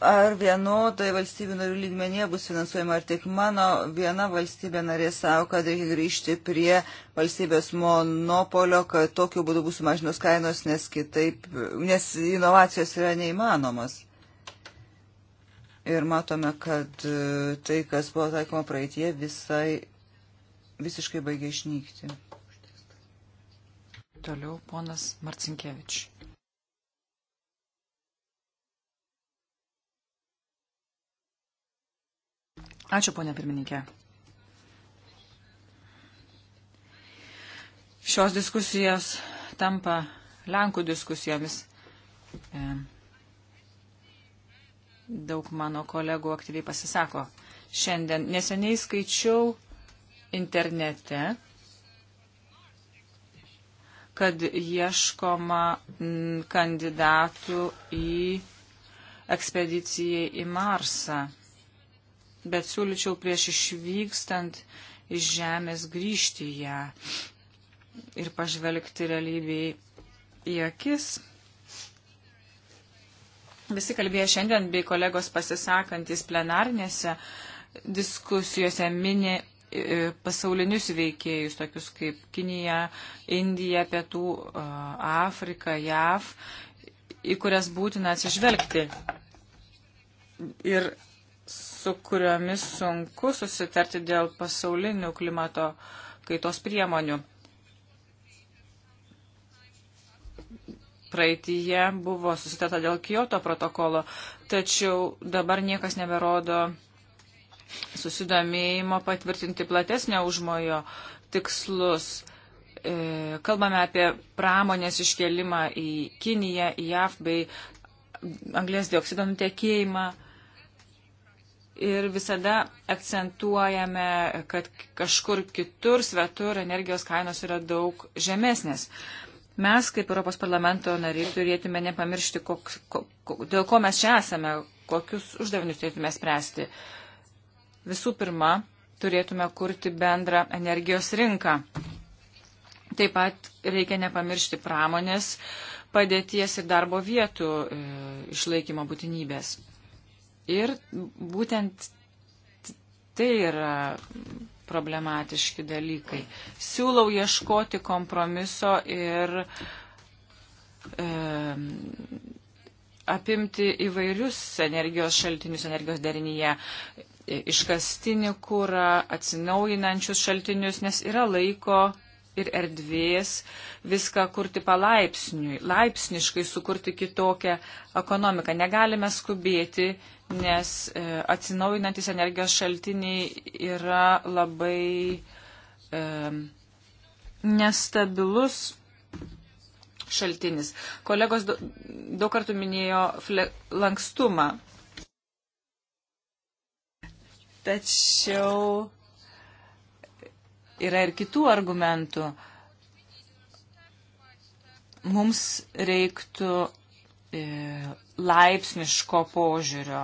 ar vienodai valstybių narių lygmenyje bus finansuojama, ar tik mano viena valstybė narė savo, kad reikia grįžti prie valstybės monopolio, kad tokiu būdu bus sumažinos kainos, nes kitaip, nes inovacijos yra neįmanomos. Ir matome, kad e, tai, kas buvo taikoma praeitie, visai, visiškai baigė išnykti. Toliau ponas Marcinkievičius. Ačiū, ponia pirmininkė. Šios diskusijos tampa Lenkų diskusijomis. E, daug mano kolegų aktyviai pasisako šiandien. Neseniai skaičiau internete, kad ieškoma mm, kandidatų į ekspedicijai į Marsą bet siūlyčiau prieš išvykstant iš žemės grįžti į ją ir pažvelgti realybėj į akis. Visi kalbėjo šiandien, bei kolegos pasisakantis plenarnėse diskusijose mini e, pasaulinius veikėjus, tokius kaip Kinija, Indija, Pietų e, Afrika, JAV, į kurias būtina atsižvelgti. Ir su kuriomis sunku susitarti dėl pasaulinių klimato kaitos priemonių. Praeitįje buvo susitata dėl Kyoto protokolo, tačiau dabar niekas neberodo susidomėjimo patvirtinti platesnio užmojo tikslus. E, kalbame apie pramonės iškelimą į Kiniją, į JAV bei anglės dioksido nutekėjimą ir visada akcentuojame, kad kažkur kitur, svetur energijos kainos yra daug žemesnės. Mes, kaip Europos parlamento nariai, turėtume nepamiršti, koks, kok, kok, dėl ko mes čia esame, kokius uždavinius turėtume spręsti. Visų pirma, turėtume kurti bendrą energijos rinką. Taip pat reikia nepamiršti pramonės padėties ir darbo vietų e, išlaikymo būtinybės. Ir būtent tai yra problematiški dalykai. Siūlau ieškoti kompromiso ir e, apimti įvairius energijos šaltinius energijos derinyje iškastinį kūrą, atsinaujinančius šaltinius, nes yra laiko ir erdvės viską kurti palaipsniui, laipsniškai sukurti kitokią ekonomiką. Negalime skubėti, nes e, atsinaujinantis energijos šaltiniai yra labai e, nestabilus šaltinis. Kolegos daug do kartų minėjo fle, lankstumą. Tačiau yra ir kitų argumentų. Mums reiktų e, laipsniško požiūrio,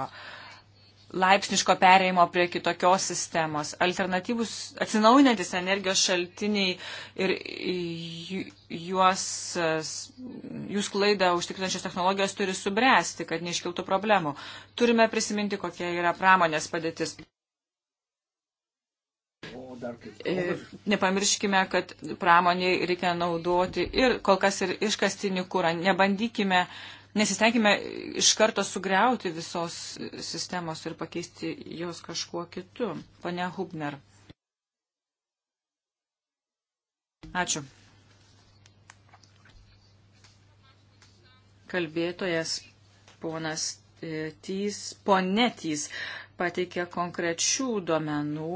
laipsniško pereimo prie kitokios sistemos. Alternatyvus atsinaujinantis energijos šaltiniai ir juos, jų sklaidą užtikrinančios technologijos turi subręsti, kad neiškiltų problemų. Turime prisiminti, kokia yra pramonės padėtis. E, nepamirškime, kad pramoniai reikia naudoti ir kol kas ir iškastinį kūrą. Nebandykime, nesistengime iš karto sugriauti visos sistemos ir pakeisti jos kažkuo kitu. Pane Hubner. Ačiū. Kalbėtojas ponas e, Tys, ponetys pateikė konkrečių duomenų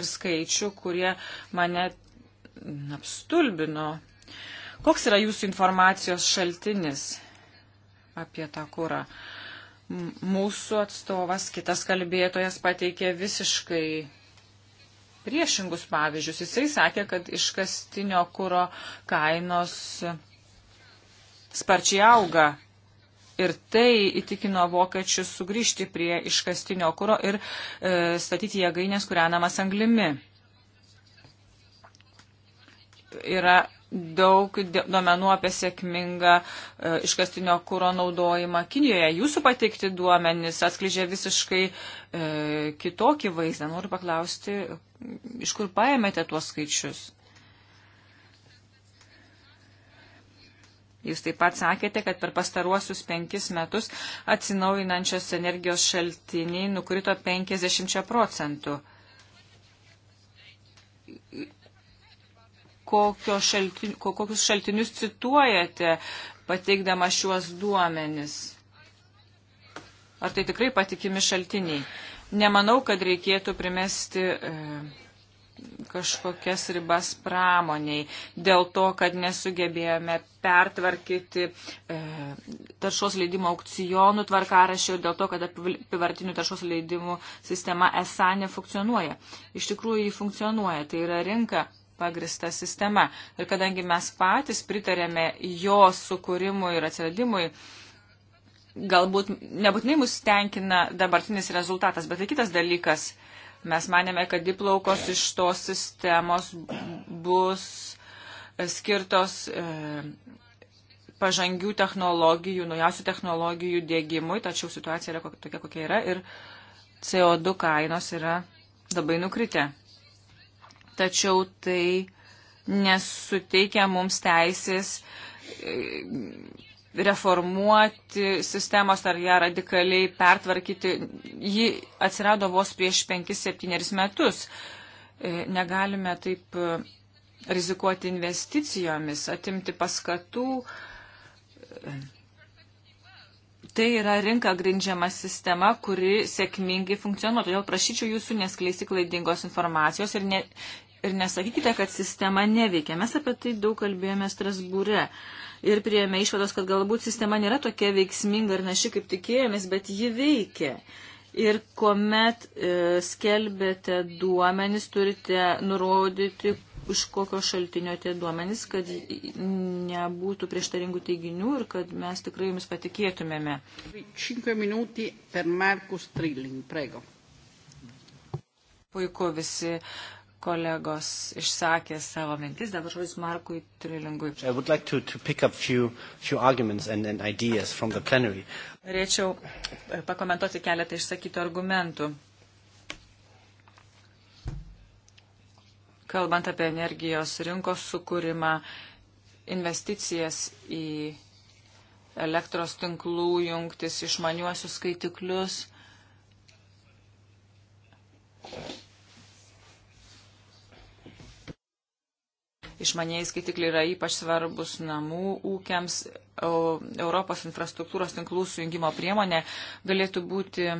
ir skaičių, kurie mane apstulbino. Koks yra jūsų informacijos šaltinis apie tą kurą? Mūsų atstovas, kitas kalbėtojas pateikė visiškai priešingus pavyzdžius. Jisai sakė, kad iškastinio kūro kainos sparčiai auga Ir tai įtikino vokiečius sugrįžti prie iškastinio kūro ir e, statyti jėgainės kūrenamas anglimi. Yra daug duomenų apie sėkmingą e, iškastinio kūro naudojimą Kinijoje. Jūsų pateikti duomenys atskleidžia visiškai e, kitokį vaizdą. Noriu paklausti, iš kur paėmėte tuos skaičius? Jūs taip pat sakėte, kad per pastaruosius penkis metus atsinaujinančios energijos šaltiniai nukrito 50 procentų. Šaltin, kokius šaltinius cituojate, pateikdama šiuos duomenis? Ar tai tikrai patikimi šaltiniai? Nemanau, kad reikėtų primesti. E, kažkokias ribas pramoniai, dėl to, kad nesugebėjome pertvarkyti e, taršos leidimo aukcijonų tvarkarašio ir dėl to, kad apivartinių taršos leidimų sistema esą nefunkcionuoja. Iš tikrųjų, jį funkcionuoja, tai yra rinka pagrista sistema. Ir kadangi mes patys pritarėme jos sukūrimui ir atsiradimui, galbūt nebūtinai mus tenkina dabartinis rezultatas, bet tai kitas dalykas Mes manėme, kad diplaukos iš tos sistemos bus skirtos e, pažangių technologijų, naujausių technologijų dėgymui, tačiau situacija yra tokia, kokia yra ir CO2 kainos yra labai nukritę. Tačiau tai nesuteikia mums teisės e, reformuoti sistemos ar ją radikaliai pertvarkyti. Ji atsirado vos prieš 5-7 metus. E, negalime taip e, rizikuoti investicijomis, atimti paskatų. E, tai yra rinka grindžiama sistema, kuri sėkmingai funkcionuoja. Todėl prašyčiau jūsų neskleisti klaidingos informacijos ir ne, Ir nesakykite, kad sistema neveikia. Mes apie tai daug kalbėjome Strasbūre ir prieėmė išvados, kad galbūt sistema nėra tokia veiksminga ir naši, kaip tikėjomės, bet ji veikia. Ir kuomet e, skelbėte duomenis, turite nurodyti, iš kokio šaltinio tie duomenys, kad nebūtų prieštaringų teiginių ir kad mes tikrai jums patikėtumėme. 5 minutį per Markus Trilling, prego. Puiku, visi kolegos išsakė savo mintis, dabar žodis Markui Trilingui. Like to, to few, few and, and Norėčiau e, pakomentuoti keletą išsakytų argumentų. Kalbant apie energijos rinkos sukūrimą, investicijas į elektros tinklų jungtis, išmaniuosius skaitiklius Išmaniai skaitikliai yra ypač svarbus namų ūkiams. Europos infrastruktūros tinklų sujungimo priemonė galėtų būti e,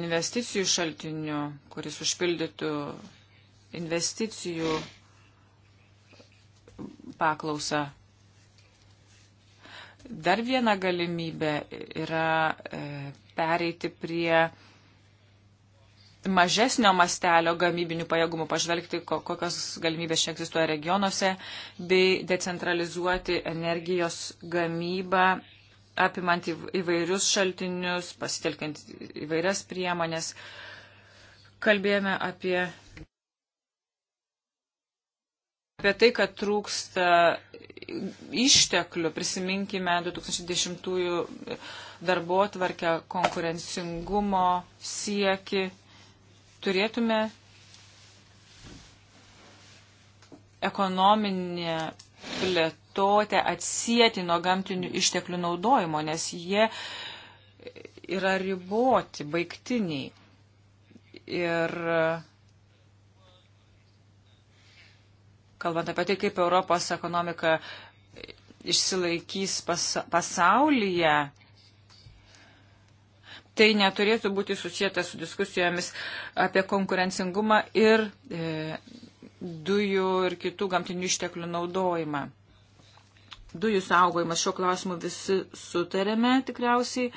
investicijų šaltiniu, kuris užpildytų investicijų paklausą. Dar viena galimybė yra e, pereiti prie mažesnio mastelio gamybinių pajėgumų, pažvelgti, kokios galimybės čia egzistuoja regionuose, bei decentralizuoti energijos gamybą, apimant įvairius šaltinius, pasitelkiant įvairias priemonės. Kalbėjome apie, apie tai, kad trūksta išteklių. Prisiminkime 2010 darbo tvarkę konkurencingumo sieki turėtume ekonominę plėtotę atsijėti nuo gamtinių išteklių naudojimo, nes jie yra riboti, baigtiniai. Ir kalbant apie tai, kaip Europos ekonomika išsilaikys pas, pasaulyje, tai neturėtų būti susijęta su diskusijomis apie konkurencingumą ir e, dujų ir kitų gamtinių išteklių naudojimą. Dujų saugojimas šiuo klausimu visi sutarėme tikriausiai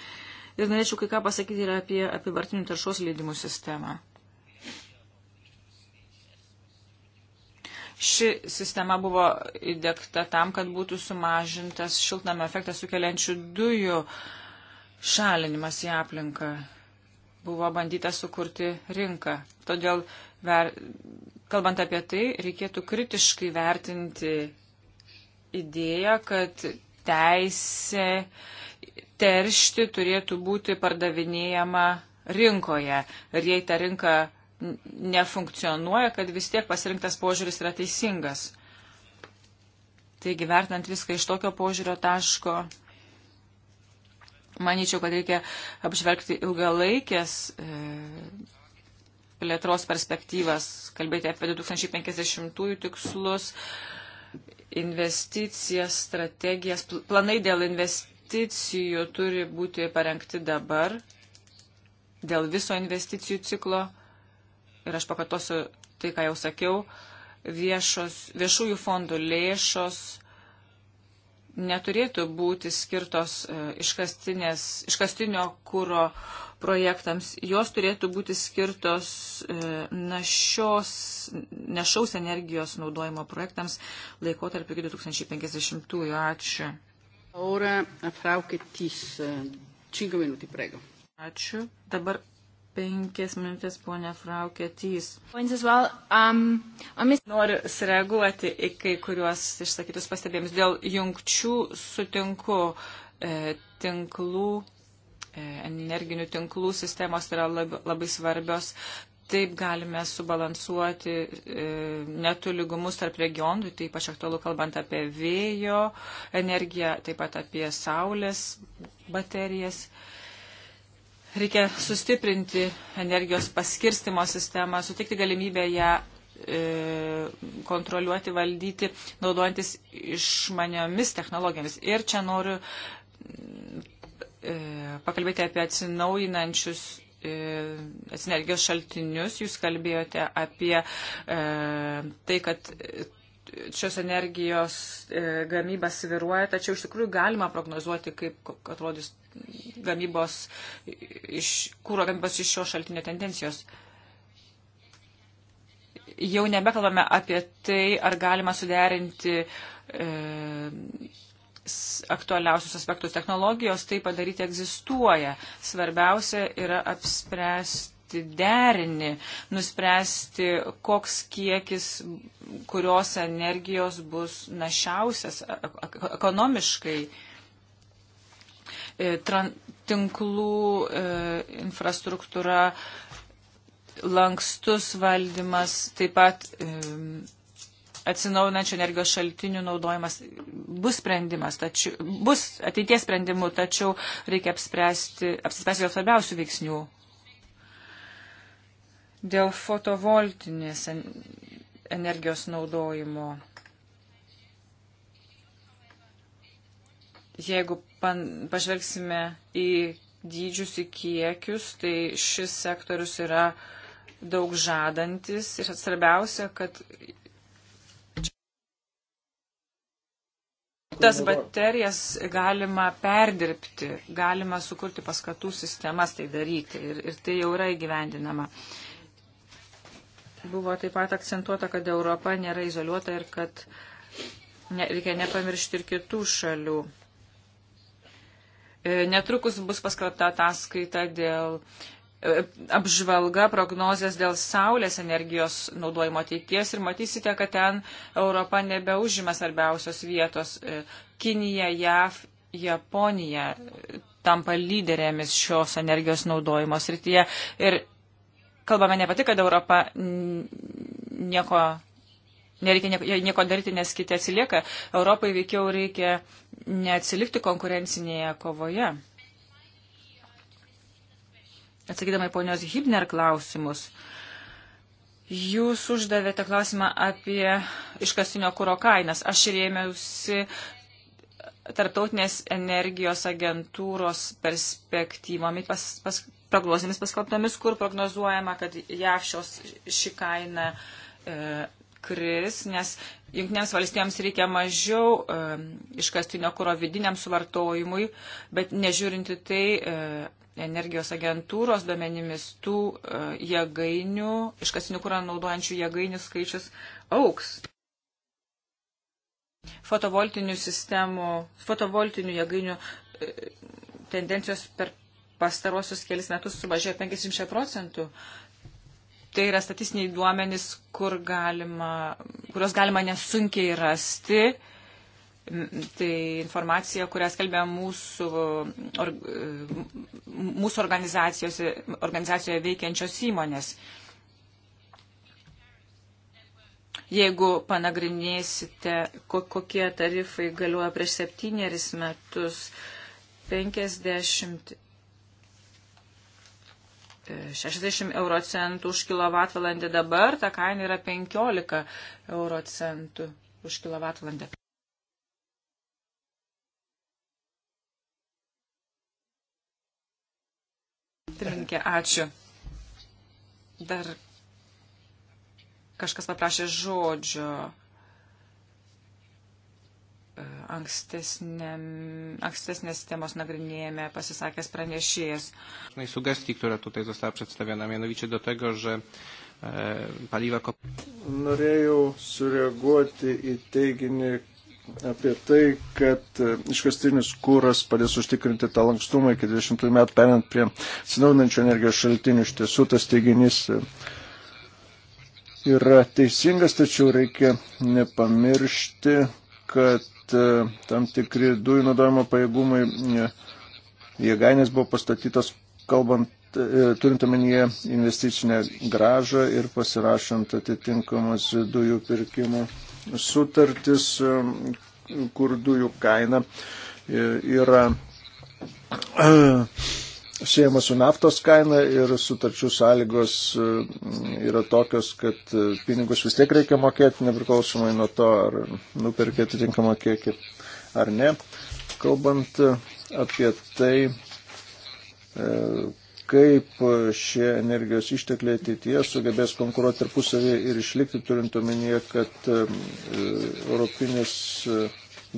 ir norėčiau kai ką pasakyti ir apie apivartinių taršos leidimų sistemą. Ši sistema buvo įdėkta tam, kad būtų sumažintas šiltnamio efektą sukeliančių dujų uh, šalinimas į aplinką. Buvo bandyta sukurti rinką. Todėl, ver, kalbant apie tai, reikėtų kritiškai vertinti idėją, kad teisė teršti turėtų būti pardavinėjama rinkoje. Ir jei ta rinka nefunkcionuoja, kad vis tiek pasirinktas požiūris yra teisingas. Taigi, vertinant viską iš tokio požiūrio taško, Manyčiau, kad reikia apžvelgti ilgalaikės e, plėtros perspektyvas, kalbėti apie 2050 tikslus, investicijas, strategijas. Planai dėl investicijų turi būti parengti dabar, dėl viso investicijų ciklo. Ir aš pakatosiu tai, ką jau sakiau, viešos, viešųjų fondų lėšos neturėtų būti skirtos e, iškastinio kūro projektams. Jos turėtų būti skirtos e, našios, nešaus energijos naudojimo projektams laikotarpį iki 2050-ųjų. Ačiū. Ora, Frau Ketis, 5 e, minutai, prego. Ačiū. Dabar penkias minutės ponia Fraukėtys. Well, um, mis... Noriu sureaguoti į kai kuriuos išsakytus pastebėjimus. Dėl jungčių sutinku e, tinklų, e, energinių tinklų sistemos yra lab, labai svarbios. Taip galime subalansuoti e, netolygumus tarp regionų, tai ypač aktualu kalbant apie vėjo energiją, taip pat apie saulės baterijas. E, Reikia sustiprinti energijos paskirstimo sistemą, sutikti galimybę ją e, kontroliuoti, valdyti, naudojantis išmaniomis technologijomis. Ir čia noriu e, pakalbėti apie atsinaujinančius e, energijos šaltinius. Jūs kalbėjote apie tai, kad šios energijos gamyba sviruoja, tačiau iš tikrųjų galima prognozuoti, kaip atrodys gamybos iš, kūro gamybos iš šio šaltinio tendencijos. Jau nebekalbame apie tai, ar galima suderinti e, aktualiausius aspektus technologijos, tai padaryti egzistuoja. Svarbiausia yra apspręsti rasti derinį, nuspręsti, koks kiekis, kurios energijos bus našiausias ekonomiškai. E, tinklų e, infrastruktūra, lankstus valdymas, taip pat e, atsinaujinančių energijos šaltinių naudojimas bus sprendimas, tačiau, bus ateities sprendimų, tačiau reikia apspręsti, apsispręsti dėl svarbiausių veiksnių. Dėl fotovoltinės energijos naudojimo. Jeigu pan, pažvelgsime į dydžius, į kiekius, tai šis sektorius yra daug žadantis ir svarbiausia, kad tas baterijas galima perdirbti, galima sukurti paskatų sistemas tai daryti ir, ir tai jau yra įgyvendinama. Buvo taip pat akcentuota, kad Europa nėra izoliuota ir kad ne, reikia nepamiršti ir kitų šalių. E, netrukus bus paskelbta ataskaita dėl e, apžvalga prognozijas dėl Saulės energijos naudojimo ateities ir matysite, kad ten Europa nebeužima svarbiausios vietos. E, Kinija, JAV, Japonija tampa lyderėmis šios energijos naudojimo srityje. Ir kalbame ne pati, kad Europa nieko nereikia nieko, nieko daryti, nes kiti atsilieka. Europai veikiau reikia neatsilikti konkurencinėje kovoje. Atsakydama į ponios Hibner klausimus, jūs uždavėte klausimą apie iškasinio kūro kainas. Aš rėmiausi Tartautinės energijos agentūros perspektyvomis, pas, pas, prognozėmis paskelbtomis, kur prognozuojama, kad JAV šios, ši kaina e, kris, nes jungtinėms valstijoms reikia mažiau e, iškastinio kūro vidiniam suvartojimui, bet nežiūrinti tai. E, Energijos agentūros duomenimis tų e, jėgainių, iškasinių kūrą naudojančių jėgainių skaičius auks. Fotovoltinių sistemų, fotovoltinių jėgainių e, tendencijos per pastaruosius kelis metus sumažėjo 500 procentų. E, tai yra statistiniai duomenys, kur galima, kurios galima nesunkiai rasti. Tai informacija, kurią skelbia mūsų, or, mūsų organizacijoje veikiančios įmonės. Jeigu panagrinėsite, kokie tarifai galioja prieš septynerius metus, 50 60 euro centų už kilovatvalandę dabar, ta kaina yra 15 euro centų už kilovatvalandę. Pirminkė, ačiū. Dar kažkas paprašė žodžio ankstesnės temos nagrinėjame pasisakęs pranešėjas. Sugestii, która tutaj została przedstawiona, mianowicie do tego, że e, paliwa... Norėjau sureaguoti į teiginį apie tai, kad e, iškastinis kūras padės užtikrinti tą lankstumą iki 20 metų perinant prie atsinaujinančių energijos šaltinių. Iš tiesų tas teiginys e, yra teisingas, tačiau reikia nepamiršti, kad kad e, tam tikri dujų naudojimo pajėgumai e, jėgainės buvo pastatytos, kalbant, e, turint omenyje investicinę gražą ir pasirašant atitinkamas dujų pirkimų sutartis, kur dujų kaina yra siejama su naftos kaina ir sutarčių sąlygos e, yra tokios, kad e, pinigus vis tiek reikia mokėti, nepriklausomai nuo to, ar nuperkė atitinkamą kiekį ar ne. Kalbant e, apie tai, kaip šie energijos ištekliai ateityje sugebės konkuruoti tarpusavį ir išlikti, turint omenyje, kad europinės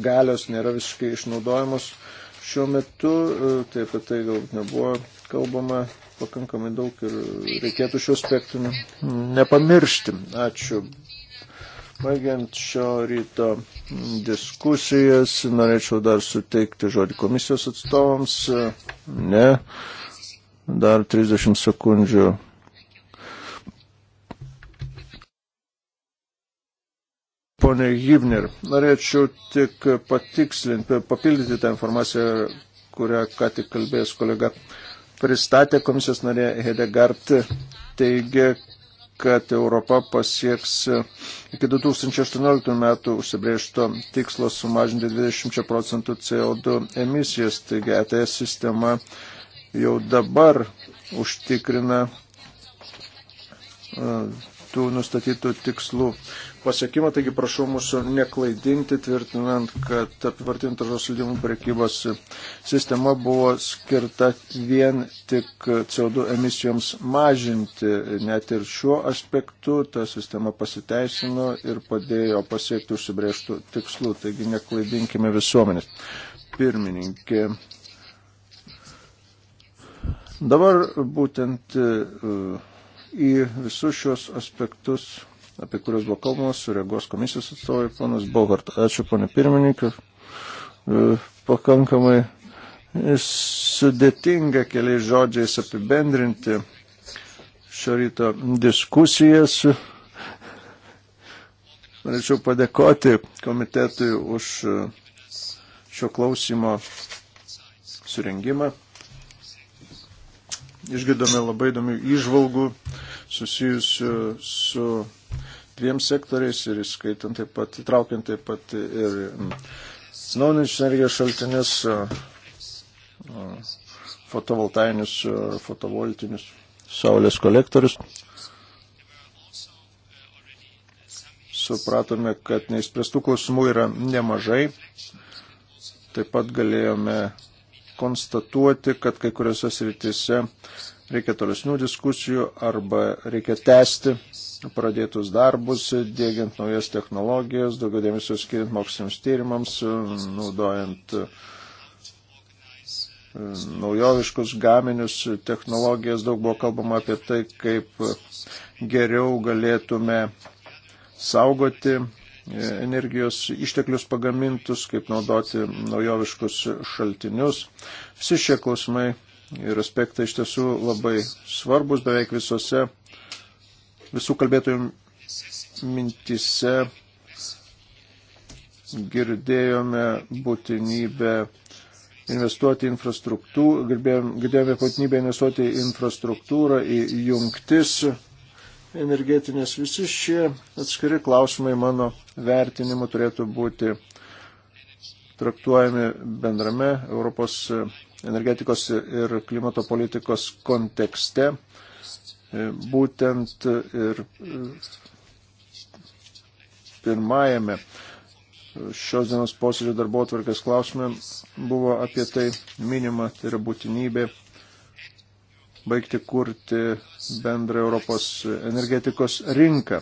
galios nėra visiškai išnaudojamos. E, šiuo metu, e, tai apie tai galbūt nebuvo kalbama pakankamai daug ir reikėtų šių aspektų nepamiršti. Ačiū. Baigiant šio ryto diskusijas, norėčiau dar suteikti žodį komisijos atstovams. Ne. Dar 30 sekundžių ponė Hivner. Norėčiau tik patikslinti, papildyti tą informaciją, kurią ką tik kalbėjęs kolega pristatė. Komisijos narė Hedegard teigia, kad Europa pasieks iki 2018 metų užsibrėžto tikslo sumažinti 20 procentų CO2 emisijas. Taigi ETS sistema jau dabar užtikrina e, tų nustatytų tikslų pasiekimą, taigi prašau mūsų neklaidinti, tvirtinant, kad apivartinių taršos leidimų prekybos sistema buvo skirta vien tik CO2 emisijoms mažinti. Net ir šiuo aspektu ta sistema pasiteisino ir padėjo pasiekti užsibrėžtų tikslų, taigi neklaidinkime visuomenės. Pirmininkė. Dabar būtent e, į visus šios aspektus apie kurios buvo kalbamos, sureagos komisijos atstovai, ponas Bogart. Ačiū, ponė pirmininkė. E, pakankamai sudėtinga keliais žodžiais apibendrinti šio ryto diskusijas. Norėčiau padėkoti komitetui už šio klausimo surengimą. Išgirdome labai įdomių įžvalgų susijusių su dviem sektoriais ir įskaitant taip pat, įtraukiant taip pat ir mm, atsinaujinančius energijos šaltinius, fotovoltainius, fotovoltinius saulės kolektorius. Supratome, kad neįspręstų klausimų yra nemažai. Taip pat galėjome konstatuoti, kad kai kuriuose sritise reikia tolesnių diskusijų arba reikia tęsti pradėtus darbus, dėgiant naujas technologijas, daugiau dėmesio skiriant moksliniams tyrimams, naudojant e, naujoviškus gaminius, technologijas, daug buvo kalbama apie tai, kaip geriau galėtume saugoti e, energijos išteklius pagamintus, kaip naudoti naujoviškus šaltinius. Visi šie klausimai ir aspektai iš tiesų labai svarbus beveik visose, visų kalbėtojų mintise girdėjome būtinybę investuoti infrastruktūrą, girdėjome būtinybę investuoti į infrastruktūrą, į jungtis energetinės. Visi šie atskiri klausimai mano vertinimu turėtų būti traktuojami bendrame Europos energetikos ir klimato politikos kontekste. E, būtent ir e, pirmajame šios dienos posėdžio darbo atvarkės klausime buvo apie tai minima, tai yra būtinybė baigti kurti bendrą Europos energetikos rinką.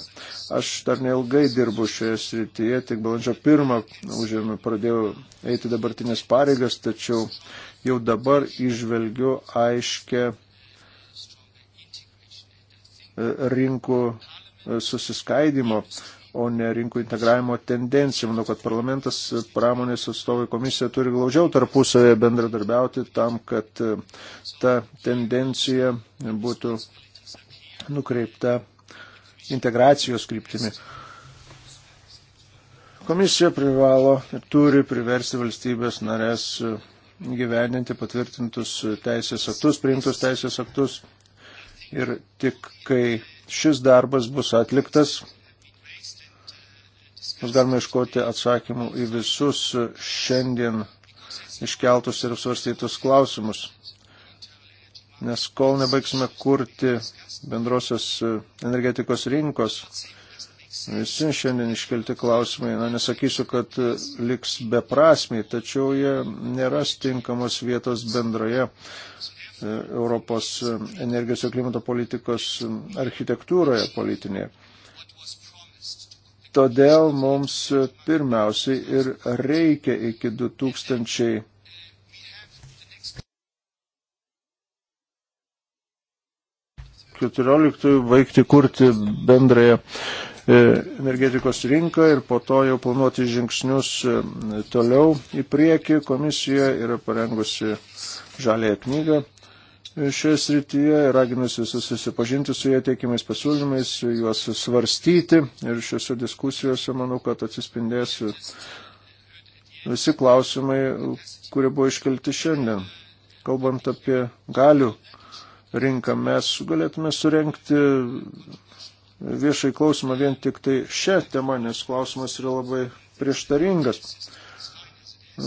Aš dar neilgai dirbu šioje srityje, tik balandžio pirmą užėmė, pradėjau eiti dabartinės pareigas, tačiau jau dabar išvelgiu aiškę e, rinkų e, susiskaidimo o ne rinkų integravimo tendencijų. Manau, kad parlamentas, pramonės atstovai komisija turi glaudžiau tarpusavėje bendradarbiauti tam, kad e, ta tendencija būtų nukreipta integracijos kryptimi. Komisija privalo ir turi priversti valstybės narės e, gyveninti patvirtintus teisės aktus, priimtus teisės aktus. Ir tik kai šis darbas bus atliktas, Mes galime iškoti atsakymų į visus šiandien iškeltus ir svarstytus klausimus. Nes kol nebaigsime kurti bendrosios energetikos rinkos, visi šiandien iškelti klausimai, na nesakysiu, kad liks beprasmiai, tačiau jie nėra tinkamos vietos bendroje e, Europos e, energijos ir klimato politikos e, architektūroje politinėje. Todėl mums pirmiausiai ir reikia iki 2000. keturioliktųjų baigti kurti bendrąją e, energetikos rinką ir po to jau planuoti žingsnius e, toliau į priekį. Komisija yra parengusi žalėją knygą šioje srityje ir raginus visus susipažinti su jie teikimais pasiūlymais, juos svarstyti ir šiuose diskusijose manau, kad atsispindės visi klausimai, kurie buvo iškelti šiandien. Kalbant apie galių rinką, mes galėtume surenkti viešai klausimą vien tik tai šią temą, nes klausimas yra labai prieštaringas.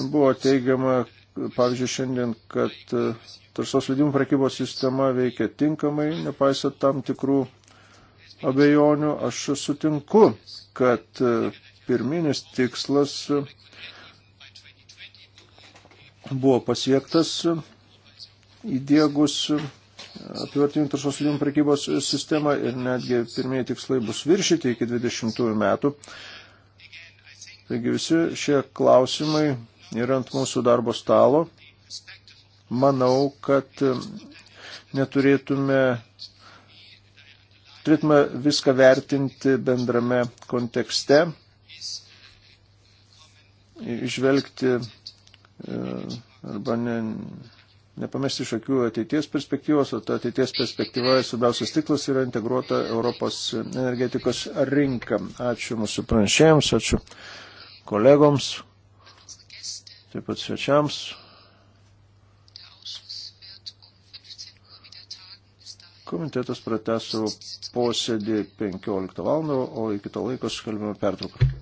Buvo teigiama, pavyzdžiui, šiandien, kad taršos leidimų prekybos sistema veikia tinkamai, nepaisant tam tikrų abejonių. Aš sutinku, kad e, pirminis tikslas e, buvo pasiektas e, įdėgus apivartinių taršos leidimų prekybos sistemą ir netgi pirmieji tikslai bus viršyti iki 20 metų. Taigi visi šie klausimai yra ant mūsų darbo stalo manau, kad um, neturėtume, turėtume viską vertinti bendrame kontekste, išvelgti uh, arba ne, nepamesti iš akių ateities perspektyvos, o ta ateities perspektyva ir svarbiausias tiklas yra integruota Europos energetikos rinka. Ačiū mūsų pranešėjams, ačiū kolegoms, taip pat svečiams. Komitetas prates savo posėdį 15 val. o iki to laiko skalbime pertrauką.